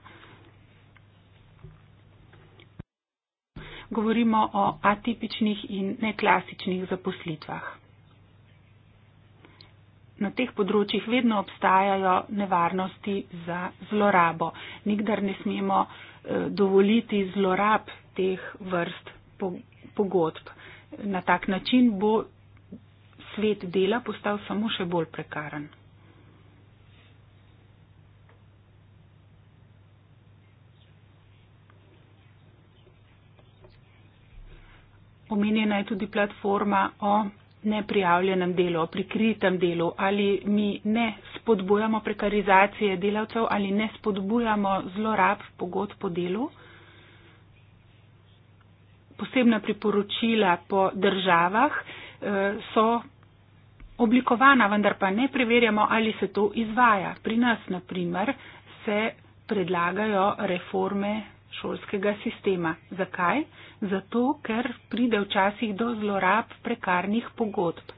govorimo o atipičnih in neklasičnih zaposlitvah. Na teh področjih vedno obstajajo nevarnosti za zlorabo. Nikdar ne smemo eh, dovoliti zlorab teh vrst pogodb. Na tak način bo svet dela postal samo še bolj prekaren. omenjena je tudi platforma o neprijavljenem delu, o prikritem delu, ali mi ne spodbujamo prekarizacije delavcev, ali ne spodbujamo zlorab pogod po delu. Posebna priporočila po državah eh, so oblikovana, vendar pa ne preverjamo, ali se to izvaja. Pri nas, na primer, se predlagajo reforme šolskega sistema. Zakaj? Zato, ker pride včasih do zlorab prekarnih pogodb.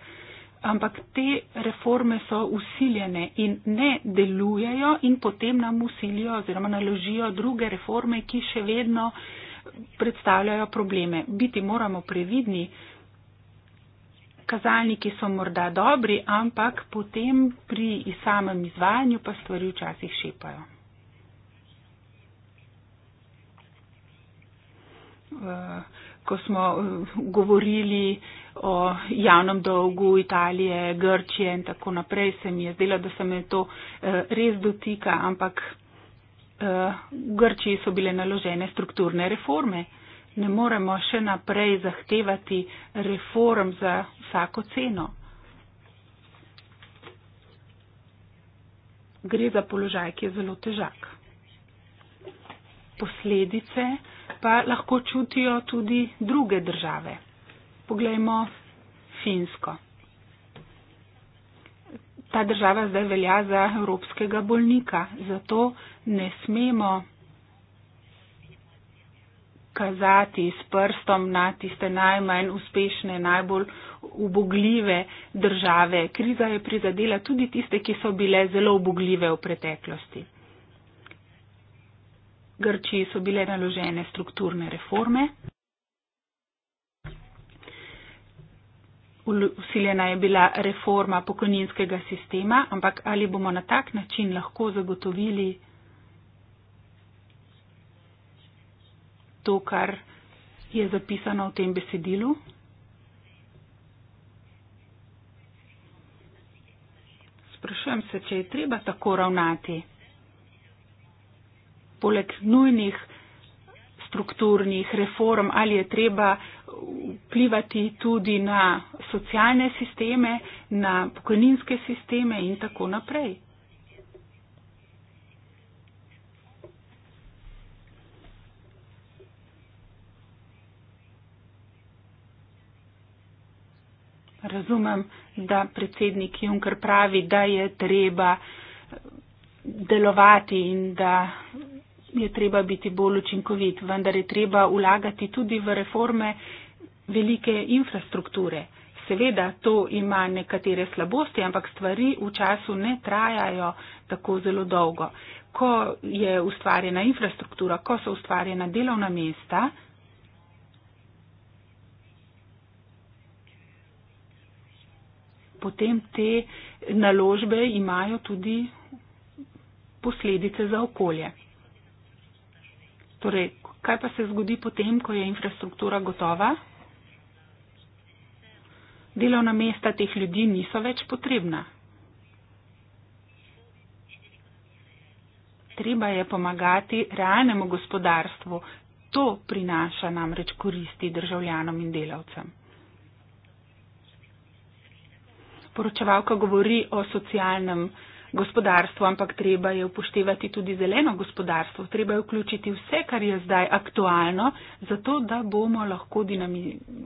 Ampak te reforme so usiljene in ne delujejo in potem nam usilijo oziroma naložijo druge reforme, ki še vedno predstavljajo probleme. Biti moramo previdni, kazalniki so morda dobri, ampak potem pri samem izvajanju pa stvari včasih šepajo. Eh, ko smo eh, govorili o javnem dolgu Italije, Grčije in tako naprej, se mi je zdela, da se me to eh, res dotika, ampak v Grčiji so bile naložene strukturne reforme. Ne moremo še naprej zahtevati reform za vsako ceno. Gre za položaj, ki je zelo težak. Posledice pa lahko čutijo tudi druge države. Poglejmo Finsko. Ta država zdaj velja za evropskega bolnika, zato ne smemo kazati s prstom na tiste najmanj uspešne, najbolj ubogljive države. Kriza je prizadela tudi tiste, ki so bile zelo ubogljive v preteklosti. Grčiji so bile naložene strukturne reforme. Usiljena je bila reforma pokojninskega sistema, ampak ali bomo na tak način lahko zagotovili to, kar je zapisano v tem besedilu? Sprašujem se, če je treba tako ravnati poleg nujnih strukturnih reform, ali je treba vplivati tudi na socialne sisteme, na pokojninske sisteme in tako naprej. Razumem, da predsednik Juncker pravi, da je treba delovati in da je treba biti bolj učinkovit, vendar je treba ulagati tudi v reforme velike infrastrukture. Seveda to ima nekatere slabosti, ampak stvari v času ne trajajo tako zelo dolgo. Ko je ustvarjena infrastruktura, ko so ustvarjena delovna mesta, potem te naložbe imajo tudi posledice za okolje. Torej, kaj pa se zgodi potem, ko je infrastruktura gotova? Delovna mesta teh ljudi niso več potrebna. Treba je pomagati realnemu gospodarstvu. To prinaša namreč koristi državljanom in delavcem. Poročevalka govori o socialnem gospodarstvo, ampak treba je upoštevati tudi zeleno gospodarstvo. Treba je vključiti vse, kar je zdaj aktualno, zato da bomo lahko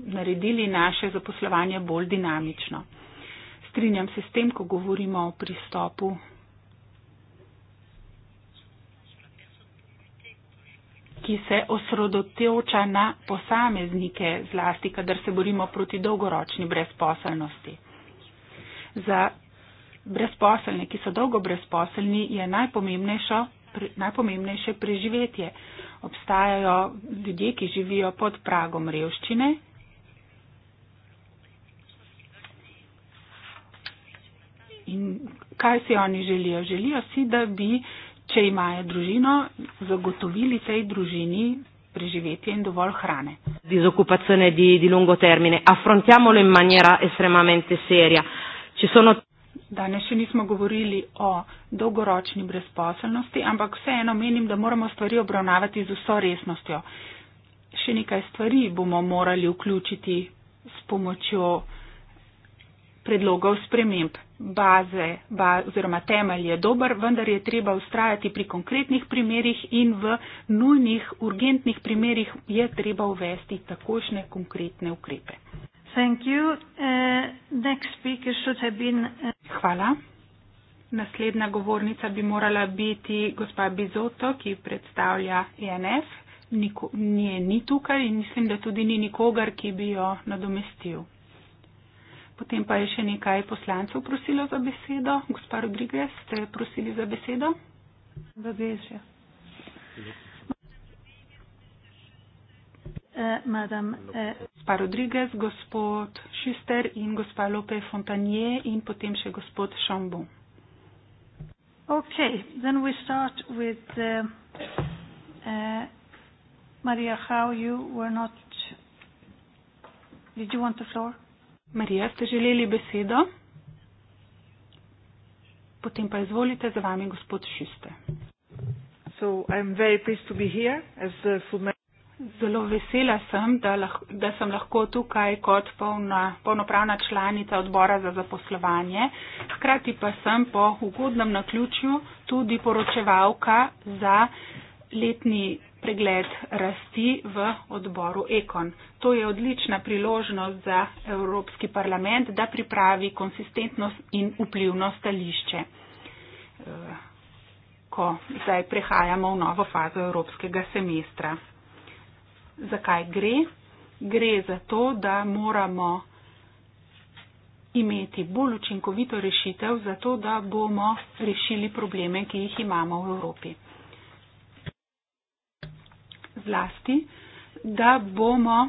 naredili naše zaposlovanje bolj dinamično. Strinjam se s tem, ko govorimo o pristopu. ki se osredotoča na posameznike, zlasti, kadar se borimo proti dolgoročni brezposelnosti. Za brezposelne, ki so dolgo brezposelni, je najpomembnejše, pre, najpomembnejše preživetje. Obstajajo ljudje, ki živijo pod pragom revščine. In kaj si oni želijo? Želijo si, da bi, če imajo družino, zagotovili tej družini preživetje in dovolj hrane.
Disokupacijo di, di lungo termine. Affrontiamolo in maniera estremamente seria. Ci sono...
Danes še nismo govorili o dolgoročni brezposelnosti, ampak vseeno menim, da moramo stvari obravnavati z vso resnostjo. Še nekaj stvari bomo morali vključiti s pomočjo predlogov sprememb. Baze ba, oziroma temelj je dober, vendar je treba ustrajati pri konkretnih primerjih in v nujnih, urgentnih primerjih je treba uvesti takošne konkretne ukrepe. Thank you. Uh, next speaker should have been. Uh, Hvala. Naslednja govornica bi morala biti gospa Bizoto, ki predstavlja INF. E Niko, nje ni tukaj in mislim, da tudi ni nikogar, ki bi jo nadomestil. Potem pa je še nekaj poslancev prosilo za besedo. Gospa Rodriguez, ste prosili za besedo? Dobro, že. Ja. Eh, Madame eh, Spa Rodriguez, gospod Šister in gospa Lope Fontanje in potem še gospod Šombo. Okay, then we start with uh,
uh, Maria How, you were not.
Did you want the floor? Marija, ste želeli besedo? Potem pa izvolite za vami, gospod Šiste. So, Zelo vesela sem, da, lahko, da sem lahko tukaj kot polna, polnopravna članica odbora za zaposlovanje. Hkrati pa sem po ugodnem naključju tudi poročevalka za letni pregled rasti v odboru Ekon. To je odlična priložnost za Evropski parlament, da pripravi konsistentnost in vplivno stališče, eh, ko zdaj prehajamo v novo fazo Evropskega semestra zakaj gre. Gre za to, da moramo imeti bolj učinkovito rešitev, zato da bomo rešili probleme, ki jih imamo v Evropi. Zlasti, da bomo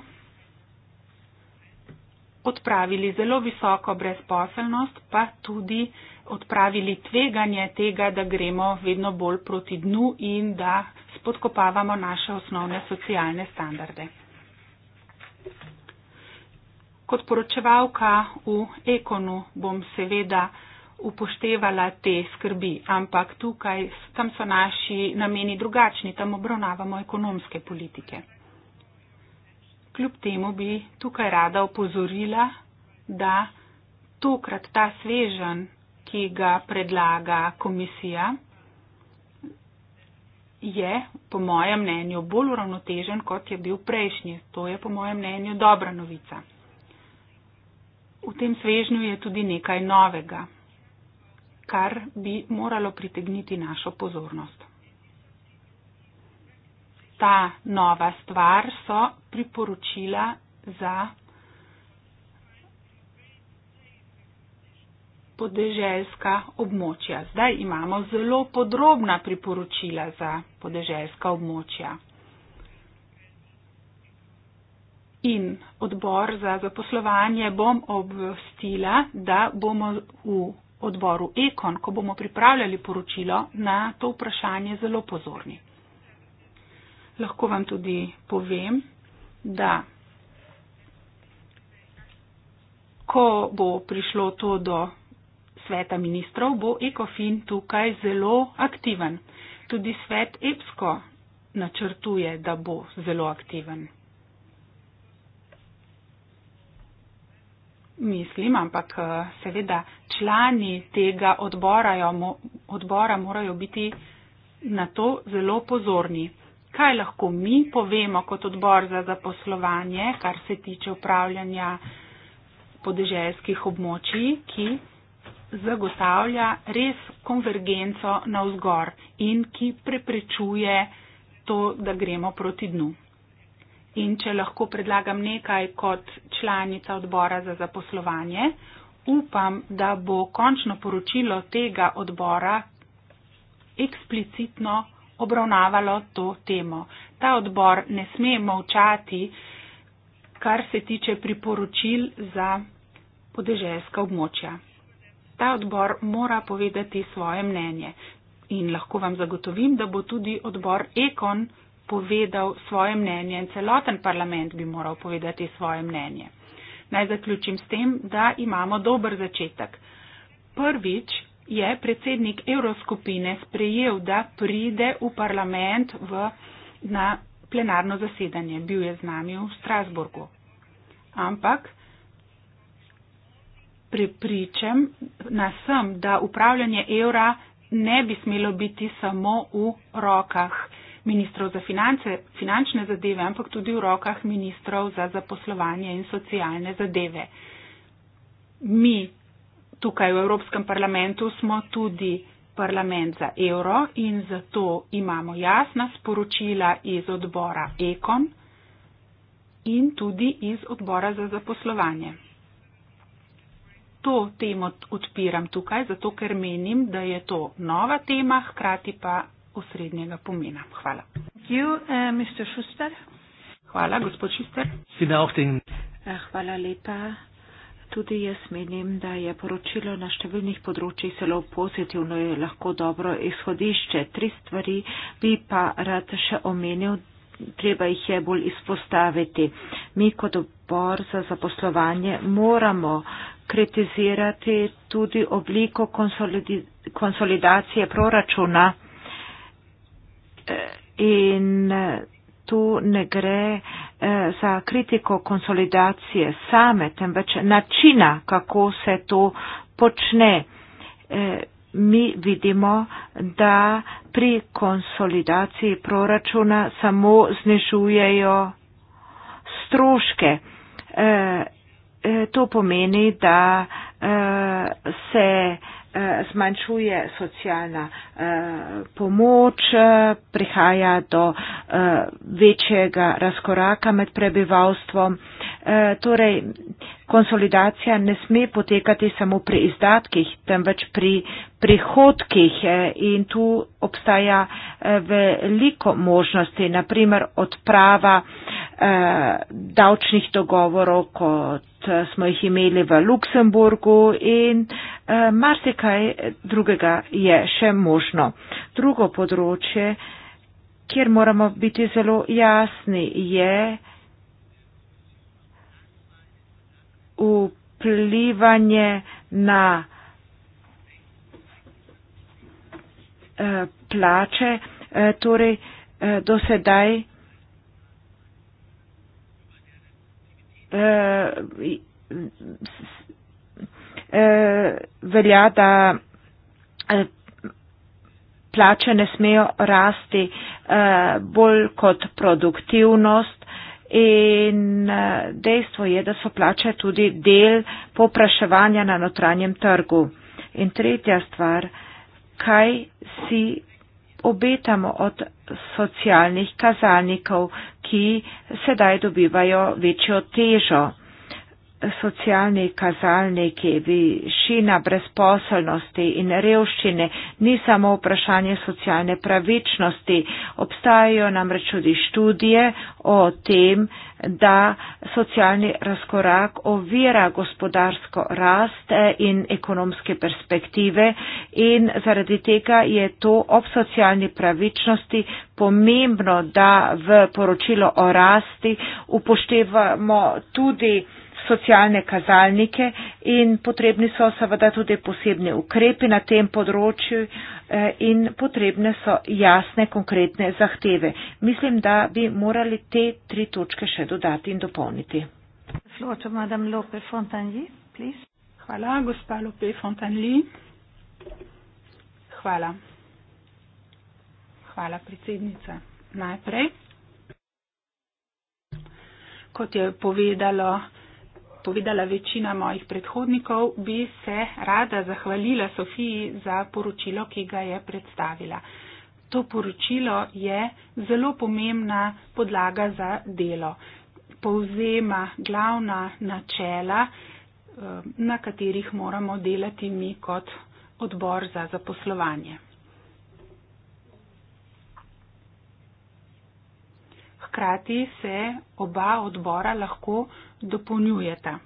odpravili zelo visoko brezposelnost, pa tudi odpravili tveganje tega, da gremo vedno bolj proti dnu in da spodkopavamo naše osnovne socialne standarde. Kot poročevalka v Ekonu bom seveda upoštevala te skrbi, ampak tukaj, tam so naši nameni drugačni, tam obravnavamo ekonomske politike. Kljub temu bi tukaj rada opozorila, da tokrat ta svežen ki ga predlaga komisija, je po mojem mnenju bolj uravnotežen, kot je bil prejšnji. To je po mojem mnenju dobra novica. V tem svežnju je tudi nekaj novega, kar bi moralo pritegniti našo pozornost. Ta nova stvar so priporočila za podeželska območja. Zdaj imamo zelo podrobna priporočila za podeželska območja. In odbor za zaposlovanje bom obvestila, da bomo v odboru Ekon, ko bomo pripravljali poročilo, na to vprašanje zelo pozorni. Lahko vam tudi povem, da ko bo prišlo to do sveta ministrov bo ECOFIN tukaj zelo aktiven. Tudi svet EPSCO načrtuje, da bo zelo aktiven. Mislim, ampak eh, seveda člani tega odbora, jo, odbora morajo biti na to zelo pozorni. Kaj lahko mi povemo kot odbor za zaposlovanje, kar se tiče upravljanja podeželskih območij, ki zagotavlja res konvergenco navzgor in ki preprečuje to, da gremo proti dnu. In če lahko predlagam nekaj kot članica odbora za zaposlovanje, upam, da bo končno poročilo tega odbora eksplicitno obravnavalo to temo. Ta odbor ne sme molčati, kar se tiče priporočil za podeželska območja. Ta odbor mora povedati svoje mnenje in lahko vam zagotovim, da bo tudi odbor Ekon povedal svoje mnenje in celoten parlament bi moral povedati svoje mnenje. Naj zaključim s tem, da imamo dober začetek. Prvič je predsednik Evroskupine sprejel, da pride v parlament v, na plenarno zasedanje. Bil je z nami v Strasburgu. Ampak prepričam, na sem, da upravljanje evra ne bi smelo biti samo v rokah ministrov za finance, finančne zadeve, ampak tudi v rokah ministrov za zaposlovanje in socialne zadeve. Mi tukaj v Evropskem parlamentu smo tudi parlament za evro in zato imamo jasna sporočila iz odbora Ekon in tudi iz odbora za zaposlovanje to temo odpiram tukaj, zato ker menim, da je to nova tema, hkrati pa osrednjega pomena. Hvala.
You, uh, Hvala, gospod Šuster. Eh, hvala lepa. Tudi jaz menim, da je poročilo na številnih področjih zelo pozitivno in lahko dobro izhodišče. Tri stvari bi pa rad še omenil, treba jih je bolj izpostaviti. Mi kot obor za zaposlovanje moramo kritizirati tudi obliko konsolidacije proračuna eh, in eh, tu ne gre eh, za kritiko konsolidacije same, temveč načina, kako se to počne. Mi vidimo, da pri konsolidaciji proračuna samo znižujejo stroške Eh, to pomeni, da eh, se eh, zmanjšuje socialna pomoč, prihaja do večjega razkoraka med prebivalstvom. Torej, konsolidacija ne sme potekati samo pri izdatkih, temveč pri prihodkih in tu obstaja veliko možnosti, naprimer odprava uh, Eh, davčnih dogovorov, kot eh, smo jih imeli v Luksemburgu in eh, marsikaj drugega je še možno. Drugo področje, kjer moramo biti zelo jasni, je vplivanje na plače, torej do sedaj uh, velja, da eh, plače ne smejo rasti uh, bolj kot produktivnost in uh, dejstvo je, da so plače tudi del popraševanja na notranjem trgu. In tretja stvar, kaj si obetamo od socialnih kazalnikov, ki sedaj dobivajo večjo težo socialni kazalniki, višina brezposelnosti in revščine ni samo vprašanje socialne pravičnosti. Obstajajo namreč tudi študije o tem, da socialni razkorak ovira gospodarsko rast eh, in ekonomske perspektive in zaradi tega je to ob socialni pravičnosti pomembno, da v poročilo o rasti upoštevamo tudi socialne kazalnike in potrebni so seveda tudi posebni ukrepi na tem področju eh, in potrebne so jasne, konkretne zahteve. Mislim, da bi morali te tri točke še dodati in dopolniti.
Hvala, gospa Lope Fontanli. Hvala. Hvala, predsednica. Najprej. Kot je povedalo povedala večina mojih predhodnikov, bi se rada zahvalila Sofiji za poročilo, ki ga je predstavila. To poročilo je zelo pomembna podlaga za delo. Povzema glavna načela, eh, na katerih moramo delati mi kot odbor za zaposlovanje. hkrati se oba odbora lahko dopolnjujeta.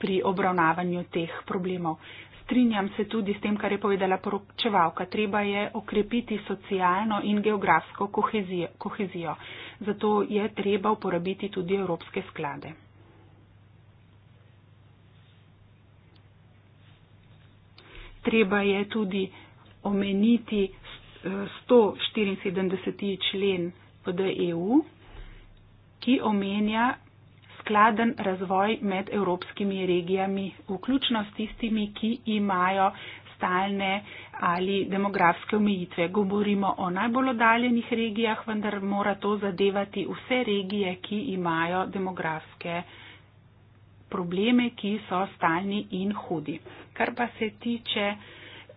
pri obravnavanju teh problemov. Strinjam se tudi s tem, kar je povedala poročevalka. Treba je okrepiti socialno in geografsko kohezijo, kohezijo. Zato je treba uporabiti tudi evropske sklade. Treba je tudi omeniti 174. člen PDEU, ki omenja skladen razvoj med evropskimi regijami, vključno s tistimi, ki imajo stalne ali demografske omejitve. Govorimo o najbolj oddaljenih regijah, vendar mora to zadevati vse regije, ki imajo demografske probleme, ki so stalni in hudi. Kar pa se tiče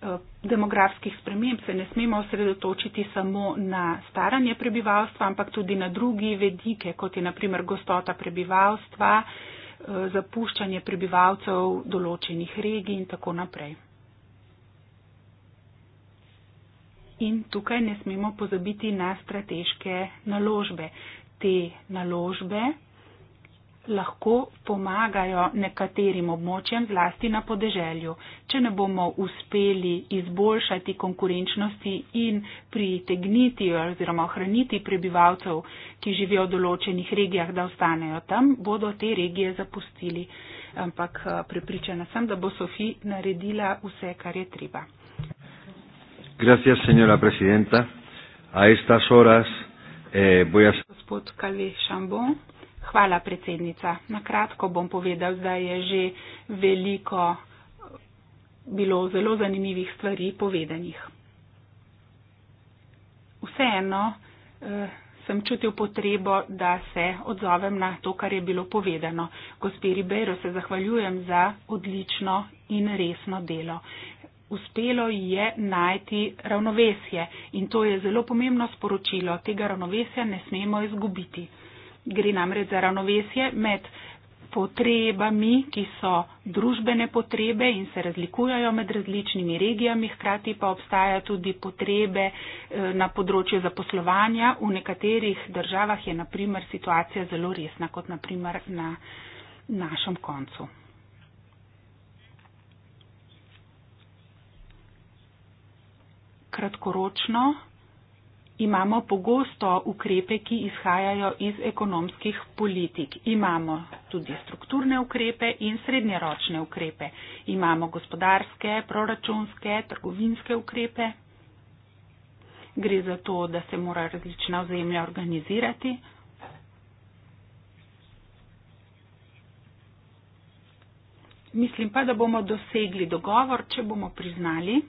Eh, demografskih sprememb se ne smemo osredotočiti samo na staranje prebivalstva, ampak tudi na drugi vedike, kot je naprimer gostota prebivalstva, eh, zapuščanje prebivalcev določenih regij in tako naprej. In tukaj ne smemo pozabiti na strateške naložbe. Te naložbe lahko pomagajo nekaterim območjem, zlasti na podeželju. Če ne bomo uspeli izboljšati konkurenčnosti in pritegniti oziroma ohraniti prebivalcev, ki živijo v določenih regijah, da ostanejo tam, bodo te regije zapustili. Ampak eh, prepričana sem, da bo Sofi naredila vse, kar je treba.
Gracias, eh,
Gospod Kalvi Šambon. Hvala, predsednica. Na kratko bom povedal, da je že veliko bilo zelo zanimivih stvari povedanih. Vseeno eh, sem čutil potrebo, da se odzovem na to, kar je bilo povedano. Gospi Ribeiro se zahvaljujem za odlično in resno delo. Uspelo je najti ravnovesje in to je zelo pomembno sporočilo. Tega ravnovesja ne smemo izgubiti. Gre namreč za ravnovesje med potrebami, ki so družbene potrebe in se razlikujajo med različnimi regijami, hkrati pa obstajajo tudi potrebe eh, na področju zaposlovanja. V nekaterih državah je naprimer situacija zelo resna, kot naprimer na našem koncu. Kratkoročno imamo pogosto ukrepe, ki izhajajo iz ekonomskih politik. Imamo tudi strukturne ukrepe in srednjeročne ukrepe. Imamo gospodarske, proračunske, trgovinske ukrepe. Gre za to, da se mora različna ozemlja organizirati. Mislim pa, da bomo dosegli dogovor, če bomo priznali,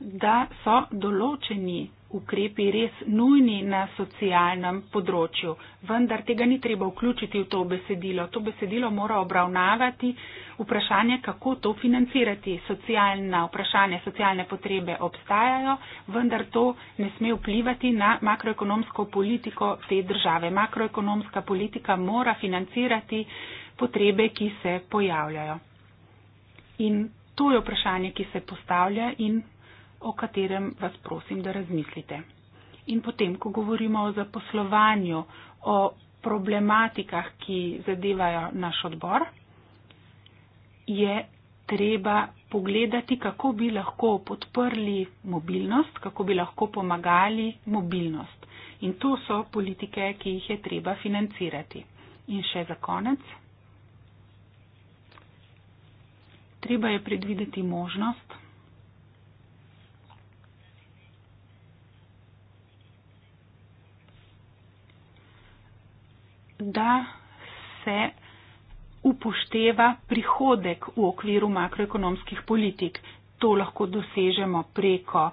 da so določeni ukrepi res nujni na socialnem področju. Vendar tega ni treba vključiti v to besedilo. To besedilo mora obravnavati vprašanje, kako to financirati. Socialna vprašanja, socialne potrebe obstajajo, vendar to ne sme vplivati na makroekonomsko politiko te države. Makroekonomska politika mora financirati potrebe, ki se pojavljajo. In to je vprašanje, ki se postavlja in o katerem vas prosim, da razmislite. In potem, ko govorimo o zaposlovanju, o problematikah, ki zadevajo naš odbor, je treba pogledati, kako bi lahko podprli mobilnost, kako bi lahko pomagali mobilnost. In to so politike, ki jih je treba financirati. In še za konec. Treba je predvideti možnost, da se upošteva prihodek v okviru makroekonomskih politik. To lahko dosežemo preko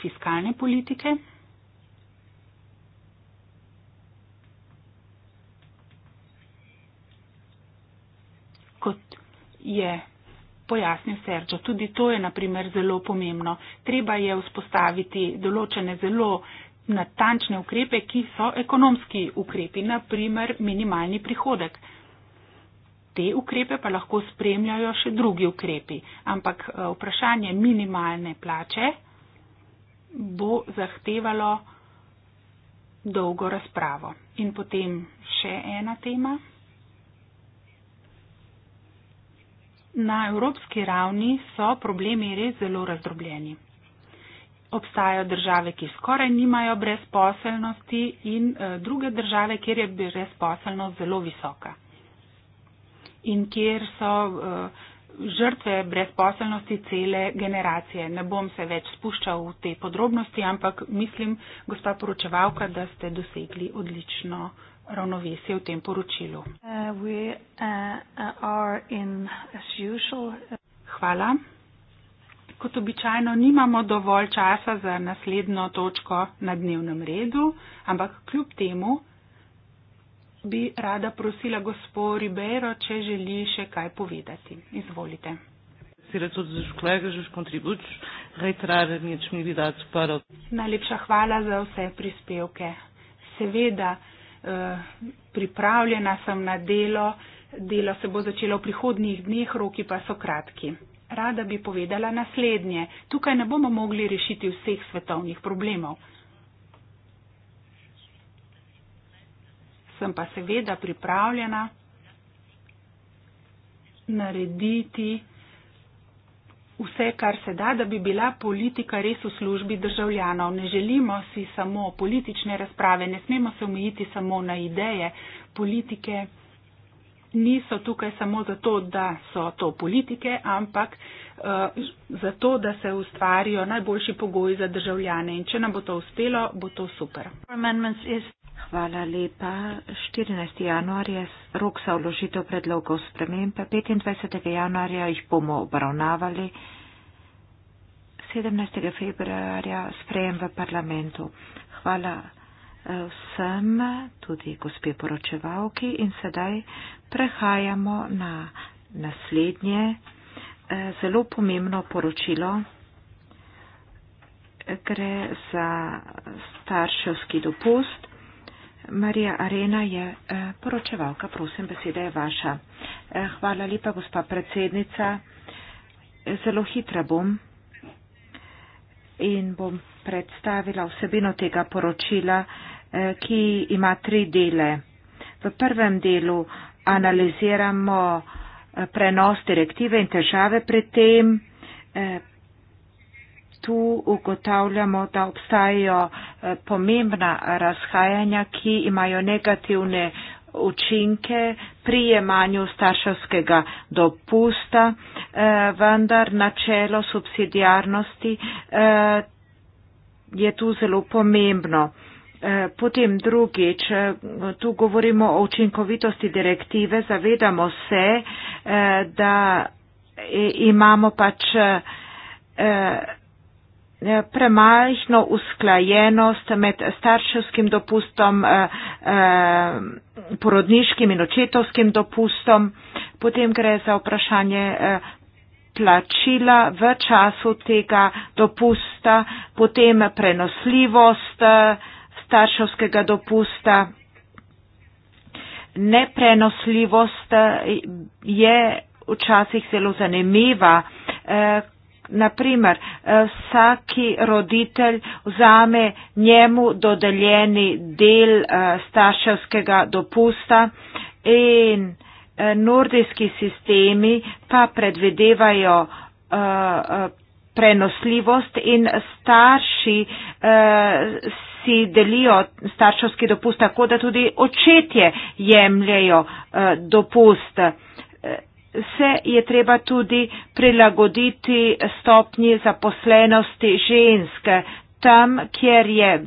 fiskalne politike. Kot je pojasnil Sergio, tudi to je naprimer zelo pomembno. Treba je vzpostaviti določene zelo natančne ukrepe, ki so ekonomski ukrepi, naprimer minimalni prihodek. Te ukrepe pa lahko spremljajo še drugi ukrepi, ampak eh, vprašanje minimalne plače bo zahtevalo dolgo razpravo. In potem še ena tema. Na evropski ravni so problemi res zelo razdrobljeni obstajajo države, ki skoraj nimajo brezposelnosti in eh, druge države, kjer je brezposelnost zelo visoka in kjer so eh, žrtve brezposelnosti cele generacije. Ne bom se več spuščal v te podrobnosti, ampak mislim, gospa poročevalka, da ste dosegli odlično ravnovesje v tem poročilu.
Uh, we, uh,
usual, uh... Hvala kot običajno nimamo dovolj časa za naslednjo točko na dnevnem redu, ampak kljub temu bi rada prosila gospo Ribeiro, če želi še kaj povedati. Izvolite. Najlepša hvala za vse prispevke. Seveda, eh, pripravljena sem na delo. Delo se bo začelo v prihodnjih dneh, roki pa so kratki rada bi povedala naslednje. Tukaj ne bomo mogli rešiti vseh svetovnih problemov. Sem pa seveda pripravljena narediti vse, kar se da, da bi bila politika res v službi državljanov. Ne želimo si samo politične razprave, ne smemo se omejiti samo na ideje politike niso tukaj samo zato, da so to politike, ampak uh, zato, da se ustvarijo
najboljši pogoji za državljane. In če nam bo to uspelo, bo to super. Hvala lepa. 14. januar je rok za vložitev predlogov sprememb, 25. januarja jih bomo obravnavali, 17. februarja sprejem v parlamentu. Hvala vsem, tudi gospe poročevalki in sedaj prehajamo na naslednje eh, zelo pomembno poročilo. Gre za starševski dopust. Marija Arena je eh, poročevalka, prosim, beseda je vaša. Eh, hvala lepa, gospa predsednica. Zelo hitra bom in bom predstavila vsebino tega poročila. Eh, ki ima tri dele. V prvem delu analiziramo eh, prenos direktive in težave pri tem. Eh, tu ugotavljamo, da obstajajo pomembna razhajanja, ki imajo negativne učinke pri jemanju starševskega dopusta, vendar načelo subsidijarnosti je tu zelo pomembno. Eh, potem drugič, eh, tu govorimo o učinkovitosti direktive, zavedamo se, eh, da imamo pač premajhno usklajenost med starševskim dopustom, porodniškim in očetovskim dopustom. Potem gre za vprašanje plačila v času tega dopusta, potem prenosljivost starševskega dopusta. Neprenosljivost eh, je včasih zelo zanimiva. Eh, Naprimer, eh, vsaki roditelj vzame njemu dodeljeni del starševskega dopusta in nordijski sistemi pa predvedevajo prenosljivost in starši otroci delijo starševski dopust, tako da tudi očetje jemljajo eh, dopust. Eh, se je treba tudi prilagoditi stopnji zaposlenosti ženske. Tam, kjer je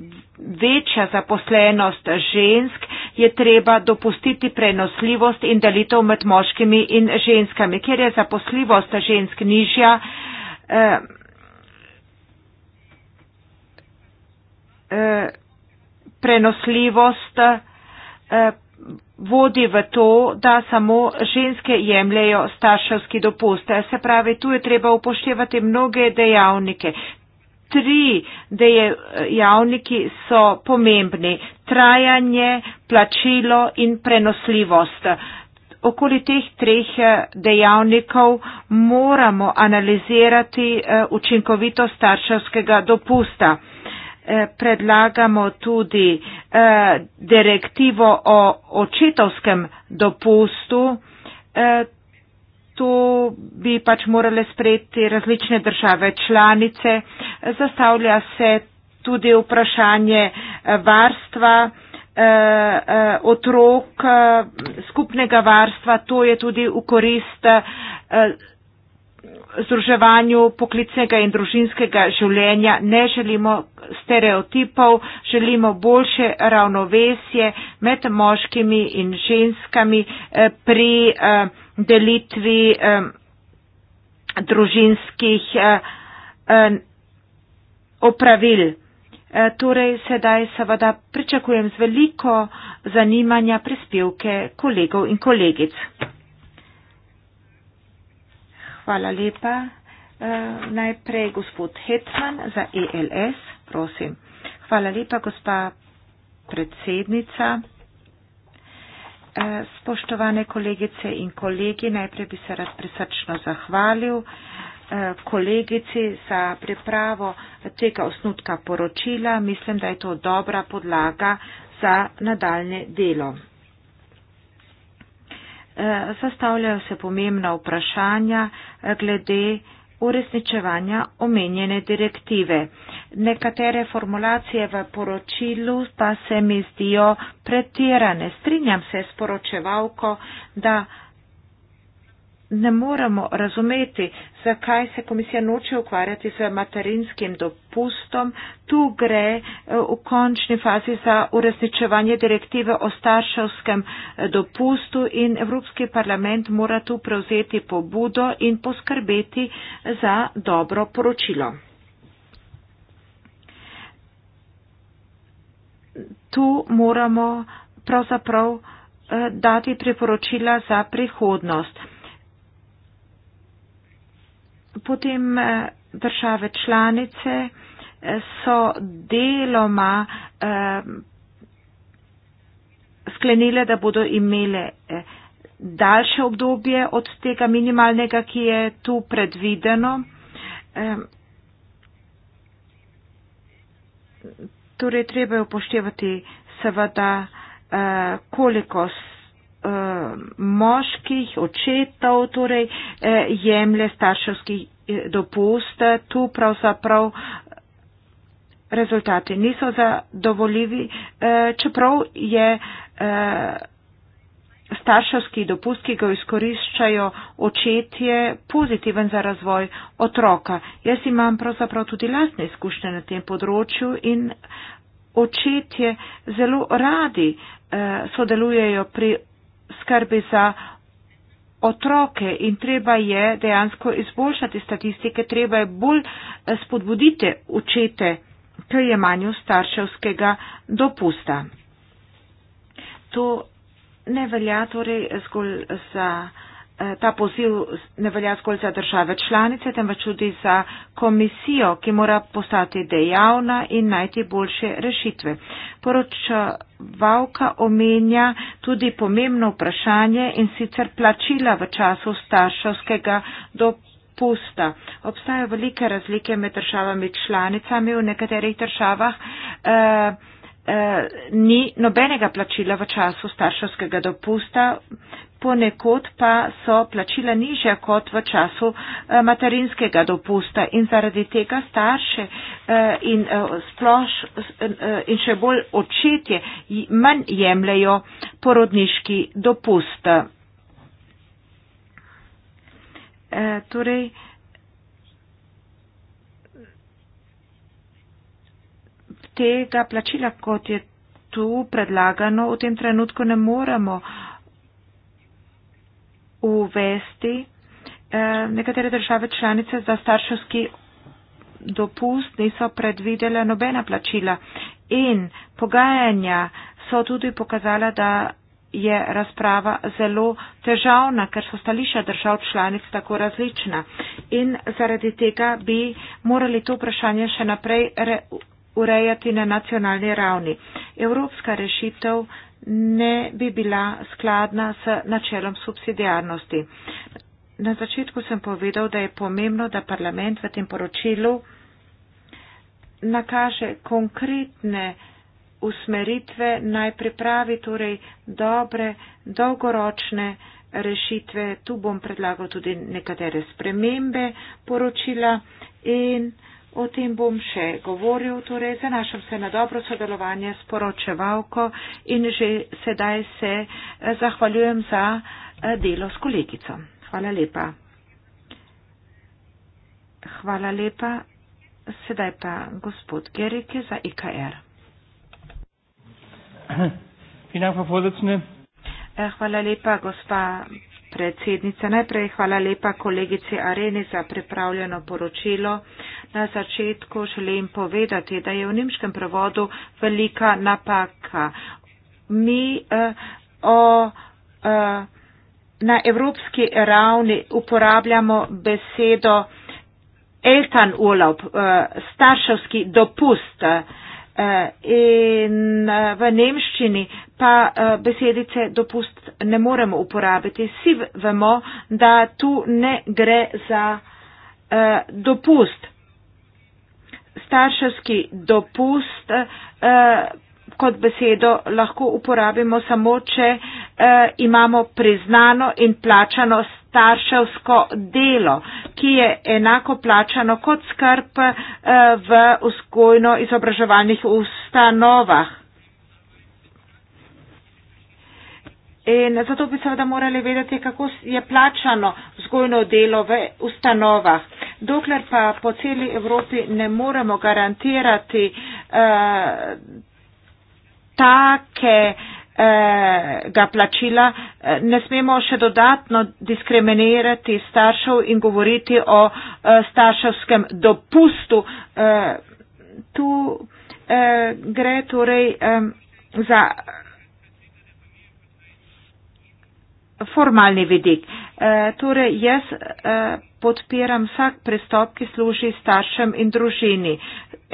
večja zaposlenost žensk, je treba dopustiti prenosljivost in delitev med moškimi in ženskami. Ker je zaposlivost žensk nižja, eh, prenosljivost eh, vodi v to, da samo ženske jemljajo starševski dopust. Eh, se pravi, tu je treba upoštevati mnoge dejavnike. Tri dejavniki so pomembni. Trajanje, plačilo in prenosljivost. Okoli teh treh eh, dejavnikov moramo analizirati učinkovito starševskega dopusta. Eh, predlagamo tudi eh, direktivo o očetovskem dopustu. Eh, tu bi pač morale sprejeti različne države članice. Zastavlja se tudi vprašanje varstva otrok, skupnega varstva. To je tudi v korist združevanju poklicnega in družinskega življenja, ne želimo stereotipov, želimo boljše ravnovesje med moškimi in ženskami eh, pri eh, delitvi eh, družinskih opravil. Torej sedaj seveda pričakujem z veliko zanimanja prispevke kolegov in kolegic. Hvala lepa. Eh, najprej gospod Hetman za ELS, prosim. Hvala lepa, gospa predsednica. Eh, spoštovane kolegice in kolegi, najprej bi se rad presrčno zahvalil eh, kolegici za pripravo tega osnutka poročila. Mislim, da je to dobra podlaga za nadaljne delo zastavljajo se pomembna vprašanja eh, glede uresničevanja omenjene direktive. Nekatere formulacije v poročilu pa se mi zdijo pretirane. Strinjam se s poročevalko, da ne moremo razumeti, zakaj se komisija noče ukvarjati z materinskim dopustom. Tu gre eh, v končni fazi za uresničevanje direktive o starševskem eh, dopustu in Evropski parlament mora tu prevzeti pobudo in poskrbeti za dobro poročilo. Tu moramo pravzaprav eh, dati priporočila za prihodnost potem eh, države članice eh, so deloma eh, sklenile, da bodo imele daljše obdobje od tega minimalnega, ki je tu predvideno. Torej, treba je upoštevati seveda, koliko Eh, moških očetov, torej eh, jemlje starševski eh, dopust. Tu pravzaprav rezultati niso zadovoljivi, čeprav je starševski dopust, ki ga izkoriščajo očetje, pozitiven za razvoj otroka. Jaz imam pravzaprav tudi lastne izkušnje na tem področju in očetje zelo radi sodelujejo pri skrbi za otroke in treba je dejansko izboljšati statistike, treba je bolj eh, spodbuditi učete k jemanju starševskega dopusta. To ne velja torej zgolj za ta poziv ne velja zgolj za države članice, temveč tudi za komisijo, ki mora postati dejavna in najti boljše rešitve. Poročevalka omenja tudi pomembno vprašanje in sicer plačila v času starševskega dopusta. Obstajajo velike razlike med državami članicami v nekaterih državah. Eh, eh Ni nobenega plačila v času starševskega dopusta, ponekod pa so plačila nižja kot v času eh, materinskega dopusta in zaradi tega starše eh, in, eh, sploš, in še bolj očetje manj jemljajo porodniški dopust. Torej, tega plačila, kot je tu predlagano, v tem trenutku ne moremo uvesti eh, nekatere države članice za starševski dopust niso predvidele nobena plačila in pogajanja so tudi pokazala, da je razprava zelo težavna, ker so stališča držav članic tako različna in zaradi tega bi morali to vprašanje še naprej urejati na nacionalni ravni. Evropska rešitev ne bi bila skladna s načelom subsidijarnosti. Na začetku sem povedal, da je pomembno, da parlament v tem poročilu nakaže konkretne usmeritve, naj pripravi torej dobre, dolgoročne rešitve. Tu bom predlagal tudi nekatere spremembe poročila in uh, O tem bom še govoril, torej zanašam se na dobro sodelovanje s poročevalko in že sedaj se eh, zahvaljujem za eh, delo s kolegico. Hvala lepa. Hvala lepa. Sedaj pa gospod Gerike za IKR.
E eh,
hvala lepa, gospa predsednica. Najprej hvala lepa kolegici Areni za pripravljeno poročilo na začetku želim povedati, da je v nemškem prevodu velika napaka. Mi uh, o, uh, na evropski ravni uporabljamo besedo Eltan urlaub, uh, starševski dopust. In v nemščini pa besedice dopust ne moremo uporabiti. Vsi vemo, da tu ne gre za dopust starševski dopust eh, kot besedo lahko uporabimo samo, če eh, imamo priznano in plačano starševsko delo, ki je enako plačano kot skrb eh, v vzgojno-izobraževalnih ustanovah. In zato bi seveda morali vedeti, kako je plačano vzgojno delo v ustanovah dokler pa po celi Evropi ne moremo garantirati eh, take eh, ga plačila, eh, ne smemo še dodatno diskriminirati staršev in govoriti o eh, starševskem dopustu. Tu gre torej za formalni vidik. Torej, jaz podpiram vsak prestop, ki služi staršem in družini.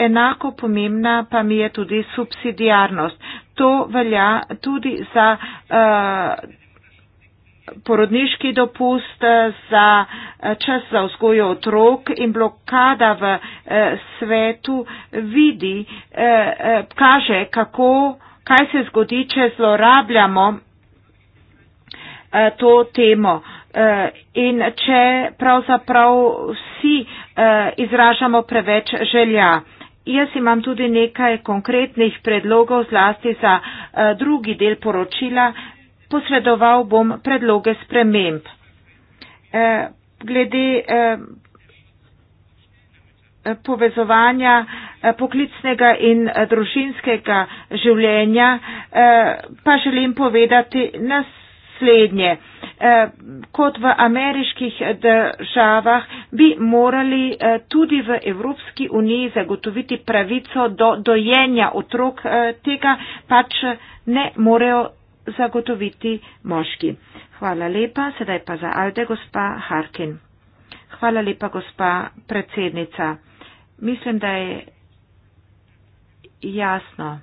Enako pomembna pa mi je tudi subsidijarnost. To velja tudi za eh, porodniški dopust za eh, čas za vzgojo otrok in blokada v eh, svetu vidi, kaže, kako, kaj se zgodi, če zlorabljamo to temo. Eh, in če pravzaprav vsi eh, izražamo preveč želja. Jaz imam tudi nekaj konkretnih predlogov zlasti za eh, drugi del poročila. Posredoval bom predloge sprememb. Glede povezovanja poklicnega in družinskega življenja, pa želim povedati naslednje. Eh, kot v ameriških državah, bi morali eh, tudi v Evropski uniji zagotoviti pravico do dojenja otrok, eh, tega pač ne morejo zagotoviti moški. Hvala lepa, sedaj pa za Alde, gospa Harkin. Hvala lepa, gospa predsednica. Mislim, da je jasno.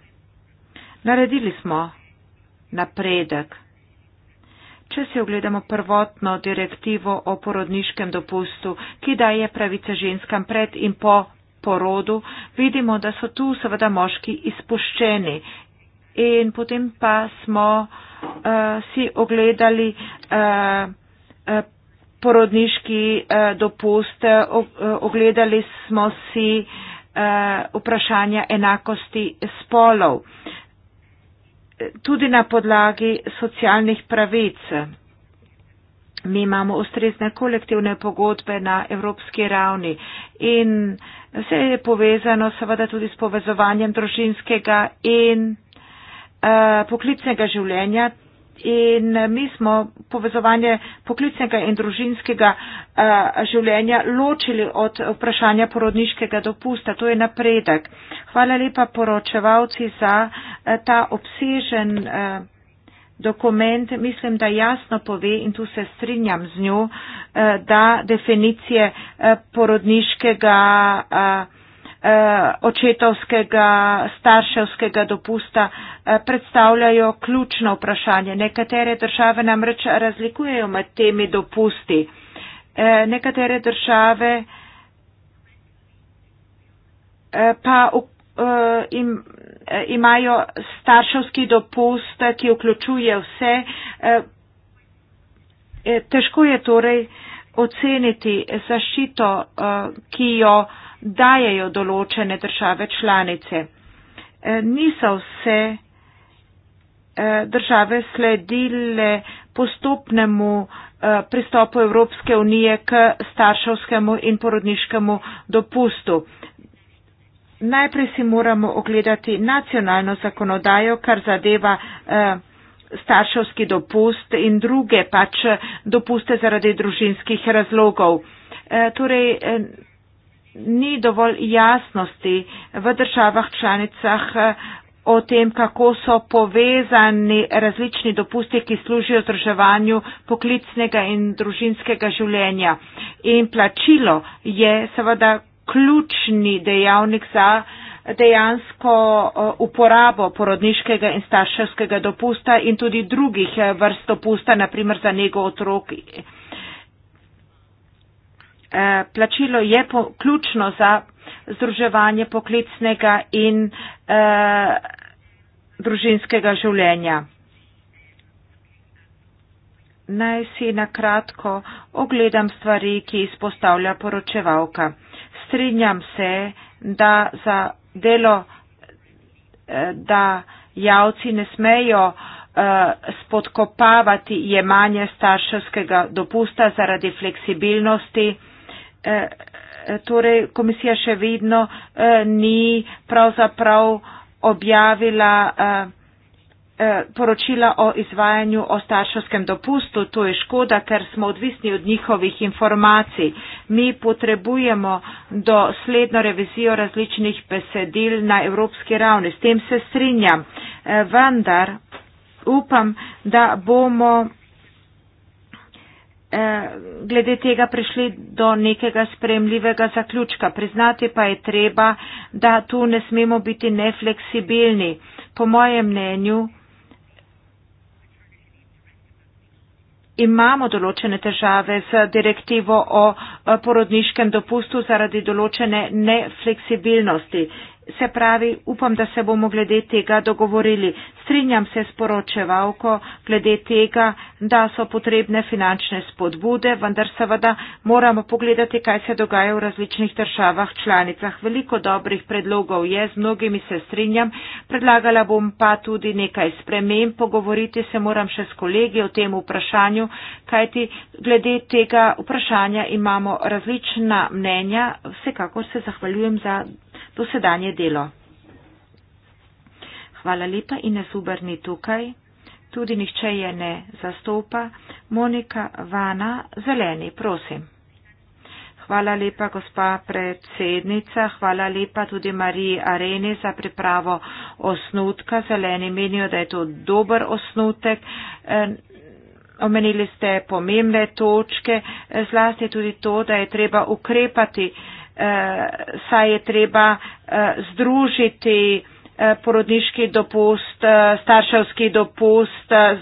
Naredili smo napredek. Če si ogledamo prvotno direktivo o porodniškem dopustu, ki daje pravice ženskam pred in po porodu, vidimo, da so tu seveda moški izpuščeni. In potem pa smo uh, si ogledali uh, uh, porodniški uh, dopust, uh, ogledali smo si uh, vprašanja enakosti spolov. Uh, tudi na podlagi socialnih pravic. Mi imamo ustrezne kolektivne pogodbe na evropski ravni in vse je povezano seveda tudi s povezovanjem družinskega in uh, poklicnega življenja, In eh, mi smo povezovanje poklicnega in družinskega eh, življenja ločili od vprašanja porodniškega dopusta. To je napredek. Hvala lepa poročevalci za eh, ta obsežen dokument. Mislim, da jasno pove in tu se strinjam z njo, da definicije porodniškega. Eh, očetovskega, starševskega dopusta eh, predstavljajo ključno vprašanje. Nekatere države namreč razlikujejo med temi dopusti. Eh, nekatere države pa imajo starševski dopust, ki vključuje vse. Težko je torej oceniti zaščito, ki jo dajejo določene države članice. E, niso vse e, države sledile postopnemu e, pristopu Evropske unije k starševskemu in porodniškemu dopustu. Najprej si moramo ogledati nacionalno zakonodajo, kar zadeva starševski dopust in druge pač dopuste zaradi družinskih razlogov. Torej, ni dovolj jasnosti v državah članicah eh, o tem, kako so povezani različni dopusti, ki služijo zdrževanju poklicnega in družinskega življenja. In plačilo je seveda ključni dejavnik za dejansko eh, uporabo porodniškega in starševskega dopusta in tudi drugih eh, vrst dopusta, naprimer za nego otroka. Eh, plačilo je po, ključno za združevanje poklicnega in eh, družinskega življenja. Naj si na kratko ogledam stvari, ki izpostavlja poročevalka. Strinjam se, da za delo, eh, da javci ne smejo eh, spodkopavati jemanje starševskega dopusta zaradi fleksibilnosti, Eh, torej komisija še vedno eh, ni pravzaprav objavila eh, poročila o izvajanju o starševskem dopustu. To je škoda, ker smo odvisni od njihovih informacij. Mi potrebujemo dosledno revizijo različnih besedil na evropski ravni. S tem se strinjam. Vendar upam, da bomo. Eh, glede tega prišli do nekega spremljivega zaključka. Priznati pa je treba, da tu ne smemo biti nefleksibilni. Po mojem mnenju imamo določene težave z direktivo o eh, porodniškem dopustu zaradi določene nefleksibilnosti. Se pravi, upam, da se bomo glede tega dogovorili. Strinjam se s poročevalko glede tega, da so potrebne finančne spodbude, vendar seveda moramo pogledati, kaj se dogaja v različnih državah članicah. Veliko dobrih predlogov je, z mnogimi se strinjam. Predlagala bom pa tudi nekaj spremem, pogovoriti se moram še s kolegi o tem vprašanju, kajti glede tega vprašanja imamo različna mnenja. Vsekakor se zahvaljujem za dosedanje delo. Hvala lepa in ne super ni tukaj. Tudi nihče je ne zastopa. Monika Vana, zeleni, prosim. Hvala lepa, gospa predsednica. Hvala lepa tudi Mariji Areni za pripravo osnutka. Zeleni menijo, da je to dober osnutek. Eh, omenili ste pomembne točke, eh, zlasti tudi to, da je treba ukrepati. Eh, saj je treba eh, združiti eh, porodniški dopust, starševski dopust z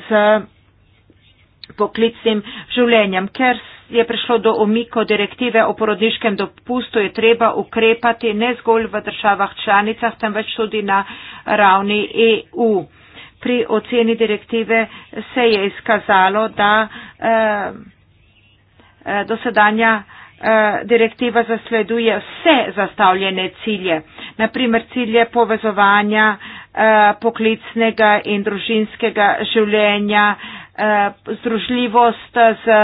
poklicnim življenjem. Ker je prišlo do omiko direktive o porodniškem dopustu, je treba ukrepati ne zgolj v državah članicah, temveč tudi na ravni EU. Pri oceni direktive se je izkazalo, da eh, dosedanja eh, Eh, direktiva zasleduje vse zastavljene cilje, naprimer cilje povezovanja eh, poklicnega in družinskega življenja, eh, združljivost z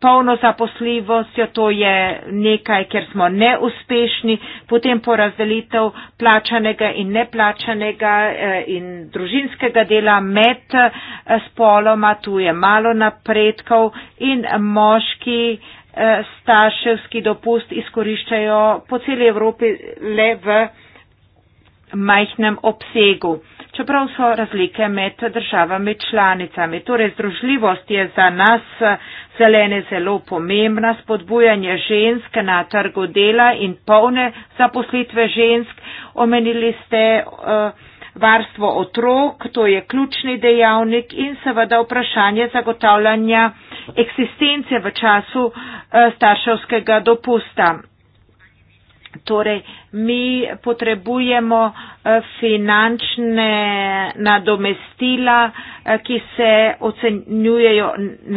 polno zaposljivostjo, to je nekaj, ker smo neuspešni, potem porazdelitev plačanega in neplačanega eh, in družinskega dela med eh, spoloma, tu je malo napredkov in moški eh, starševski dopust izkoriščajo po celi Evropi le v majhnem obsegu čeprav so razlike med državami članicami. Torej, združljivost je za nas zelene zelo pomembna, spodbujanje žensk na trgu dela in polne zaposlitve žensk. Omenili ste uh, varstvo otrok, to je ključni dejavnik in seveda vprašanje zagotavljanja eksistence v času uh, starševskega dopusta. Torej, mi potrebujemo eh, finančne nadomestila, eh, ki se ocenjujejo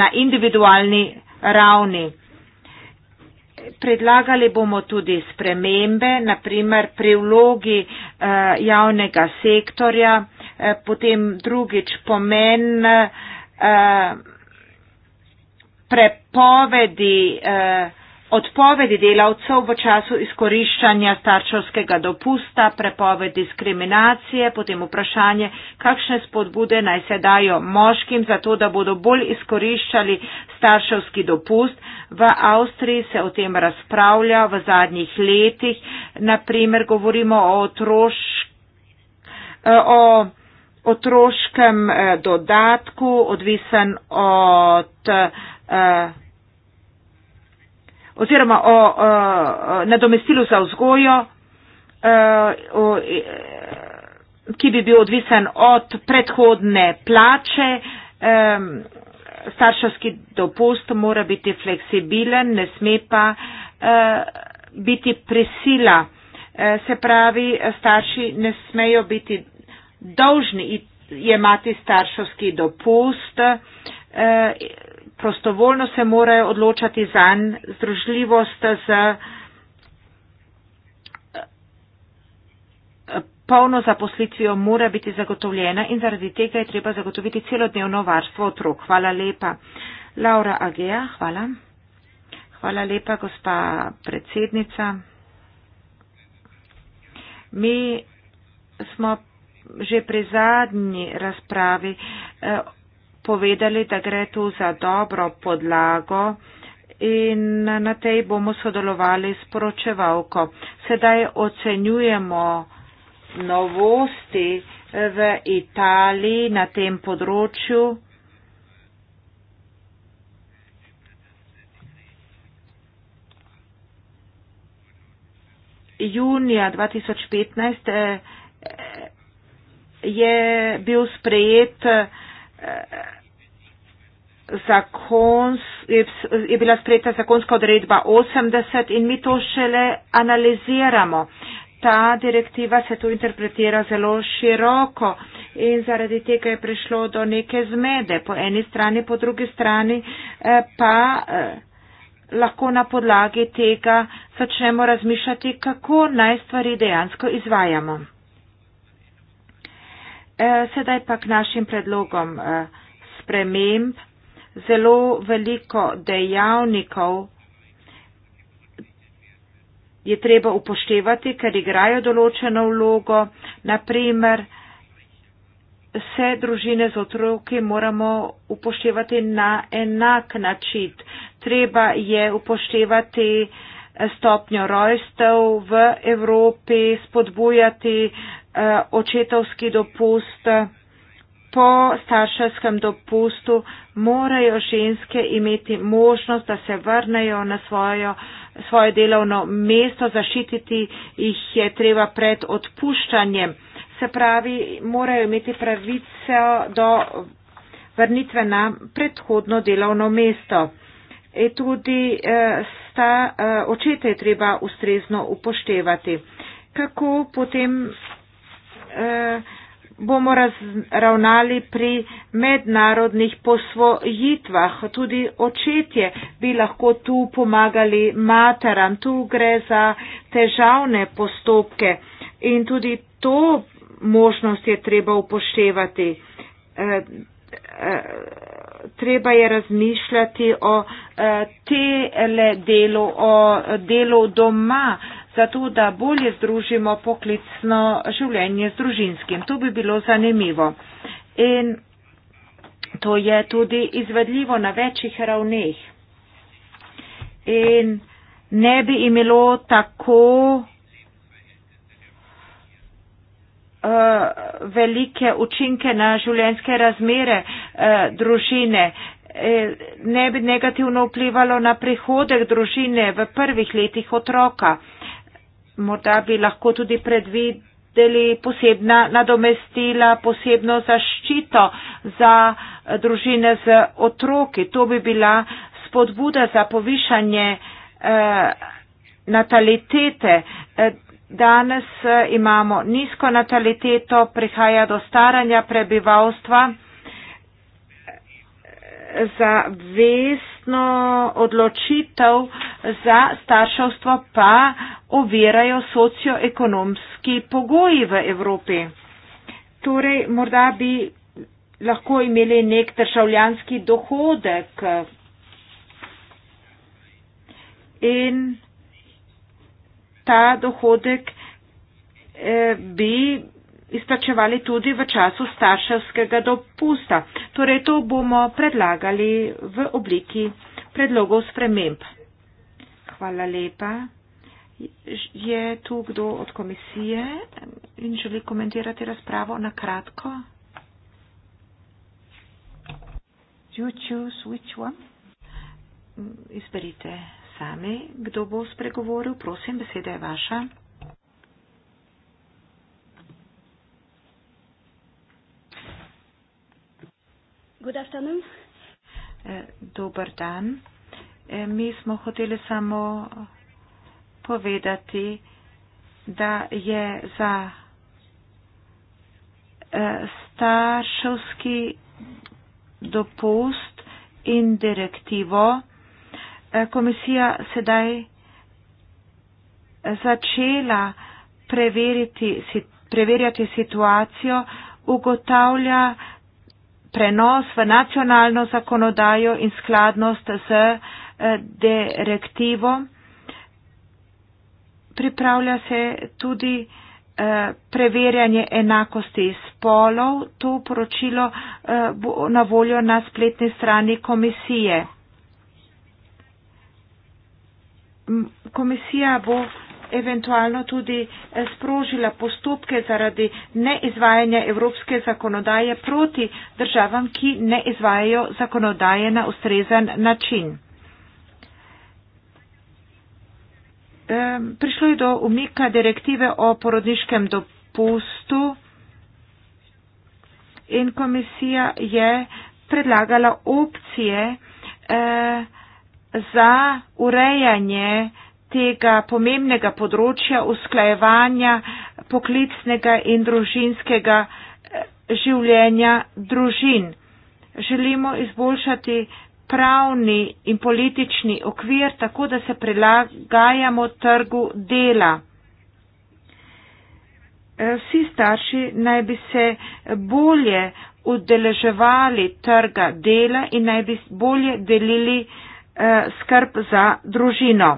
na individualni ravni. Predlagali bomo tudi spremembe, naprimer pri vlogi eh, javnega sektorja, potem drugič pomen prepovedi eh, odpovedi delavcev v času izkoriščanja starčovskega dopusta, prepoved diskriminacije, potem vprašanje, kakšne spodbude naj se dajo moškim za to, da bodo bolj izkoriščali starševski dopust. V Avstriji se o tem razpravlja v zadnjih letih, naprimer govorimo o, otrošk, eh, o otroškem eh, dodatku, odvisen od uh, oziroma o, o, o nadomestilu za vzgojo, e, o, o, e, ki bi bil odvisen od predhodne plače. O, e, starševski dopust mora biti fleksibilen, ne sme pa o, biti prisila. Se pravi, starši ne smejo biti dolžni jemati starševski dopust, prostovoljno se morajo odločati za združljivost z eh, polno zaposlitvijo mora biti zagotovljena in zaradi tega je treba zagotoviti celodnevno varstvo otrok. Hvala lepa. Laura Agea, hvala. Hvala lepa, gospa predsednica. Mi smo že pri zadnji razpravi. Eh, povedali, da gre tu za dobro podlago in na tej bomo sodelovali s poročevalko. Sedaj ocenjujemo novosti eh, v Italiji na tem področju. Junija 2015 eh, eh, je bil sprejet zakons, je, je bila sprejeta zakonska odredba 80 in mi to šele analiziramo. Ta direktiva se tu interpretira zelo široko in zaradi tega je prišlo do neke zmede po eni strani, po drugi strani eh, pa eh, lahko na podlagi tega začnemo razmišljati, kako naj stvari dejansko izvajamo. Eh, sedaj pa k našim predlogom sprememb zelo veliko dejavnikov je treba upoštevati, ker igrajo določeno vlogo. Naprimer, vse družine z otroki moramo upoštevati na enak način. Treba je upoštevati stopnjo rojstev v Evropi, spodbujati eh, očetovski dopust po starševskem dopustu morajo ženske imeti možnost, da se vrnejo na svojo, svoje delovno mesto, zaščititi jih je treba pred odpuščanjem. Se pravi, morajo imeti pravico do vrnitve na predhodno delovno mesto. E tudi e, sta, e, očete je treba ustrezno upoštevati. Kako potem eh, bomo ravnali pri mednarodnih posvojitvah. Tudi očetje bi lahko tu pomagali materam. Tu gre za težavne postopke in tudi to možnost je treba upoštevati. Eh, eh, treba je razmišljati o eh, tele delu, o delu doma zato da bolje združimo poklicno življenje z družinskim. To bi bilo zanimivo. In to je tudi izvedljivo na večjih ravneh. In ne bi imelo tako uh, velike učinke na življenjske razmere uh, družine. Eh, ne bi negativno vplivalo na prihodek družine v prvih letih otroka morda bi lahko tudi predvideli posebna nadomestila, posebno zaščito za eh, družine z otroki. To bi bila spodbuda za povišanje eh, natalitete. Eh, danes eh, imamo nizko nataliteto, prihaja do staranja prebivalstva. Za vest trenutno odločitev za starševstvo pa ovirajo socioekonomski pogoji v Evropi. Torej, morda bi lahko imeli nek državljanski dohodek in ta dohodek eh, bi izplačevali tudi v času starševskega dopusta. Torej, to bomo predlagali v obliki predlogov sprememb. Hvala lepa. Je tu kdo od komisije in želi komentirati razpravo na kratko? Izberite sami, kdo bo spregovoril. Prosim, beseda je vaša. Good afternoon. Eh, dober dan. Eh, mi smo hoteli samo povedati, da je za eh, starševski dopust in direktivo komisija sedaj začela preveriti, preverjati situacijo, ugotavlja, prenos v nacionalno zakonodajo in skladnost z eh, direktivo. Pripravlja se tudi eh, preverjanje enakosti spolov. To poročilo eh, bo na voljo na spletni strani komisije. Komisija bo eventualno tudi eh, sprožila postopke zaradi neizvajanja evropske zakonodaje proti državam, ki ne izvajajo zakonodaje na ustrezan način. Prišlo je do umika direktive o porodniškem dopustu in komisija je predlagala opcije eh, za urejanje eh, tega pomembnega področja usklajevanja poklicnega in družinskega eh, življenja družin. Želimo izboljšati pravni in politični okvir, tako da se prilagajamo trgu dela. Eh, vsi starši naj bi se bolje udeleževali trga dela in naj bi bolje delili eh, skrb za družino.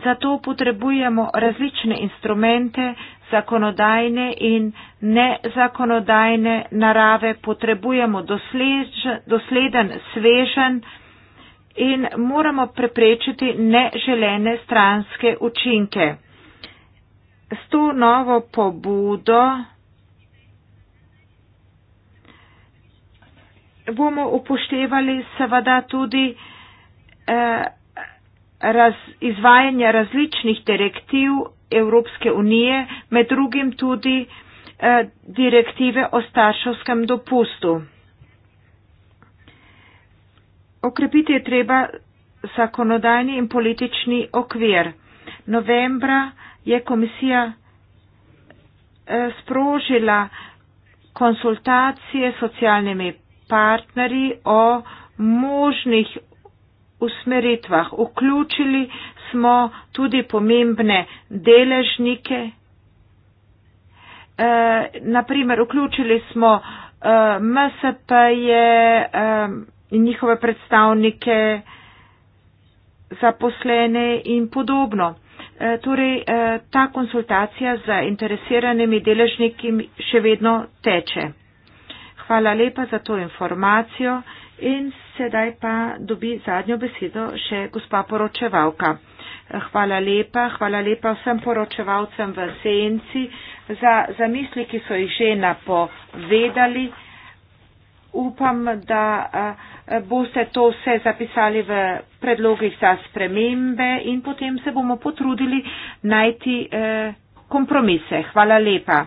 Zato potrebujemo različne instrumente zakonodajne in nezakonodajne narave, potrebujemo doslež, dosleden, svežen in moramo preprečiti neželene stranske učinke. S to novo pobudo bomo upoštevali seveda tudi eh, raz, izvajanja različnih direktiv Evropske unije, med drugim tudi eh, direktive o starševskem dopustu. Okrepiti je treba zakonodajni in politični okvir. Novembra je komisija eh, sprožila konsultacije s socialnimi partnerji o možnih usmeritvah. Vključili smo tudi pomembne deležnike. E, eh, naprimer, vključili smo e, eh, MSP-je eh, in e, njihove predstavnike, zaposlene in podobno. E, torej, e, ta konsultacija z zainteresiranimi deležniki še vedno teče. Hvala lepa za to informacijo in Sedaj pa dobi zadnjo besedo še gospa poročevalka. Hvala lepa, hvala lepa vsem poročevalcem v senci za zamisli, ki so jih že napovedali. Upam, da boste to vse zapisali v predlogih za spremembe in potem se bomo potrudili najti eh, kompromise. Hvala lepa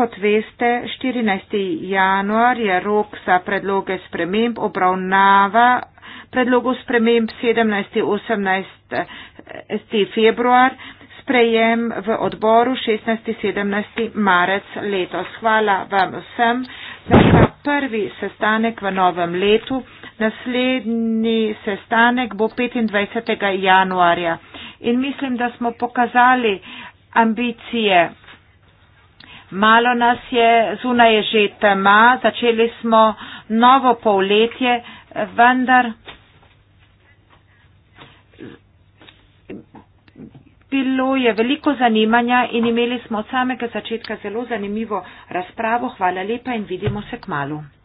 kot veste, 14. januar je rok za predloge sprememb obravnava predlogov sprememb 17. 18. februar, sprejem v odboru 16. 17. marec letos. Hvala vam vsem za ta prvi sestanek v novem letu. Naslednji sestanek bo 25. januarja. In mislim, da smo pokazali ambicije. Malo nas je, zunaj je že tema, začeli smo novo polletje, vendar bilo je veliko zanimanja in imeli smo od samega začetka zelo zanimivo razpravo. Hvala lepa in vidimo se k malu.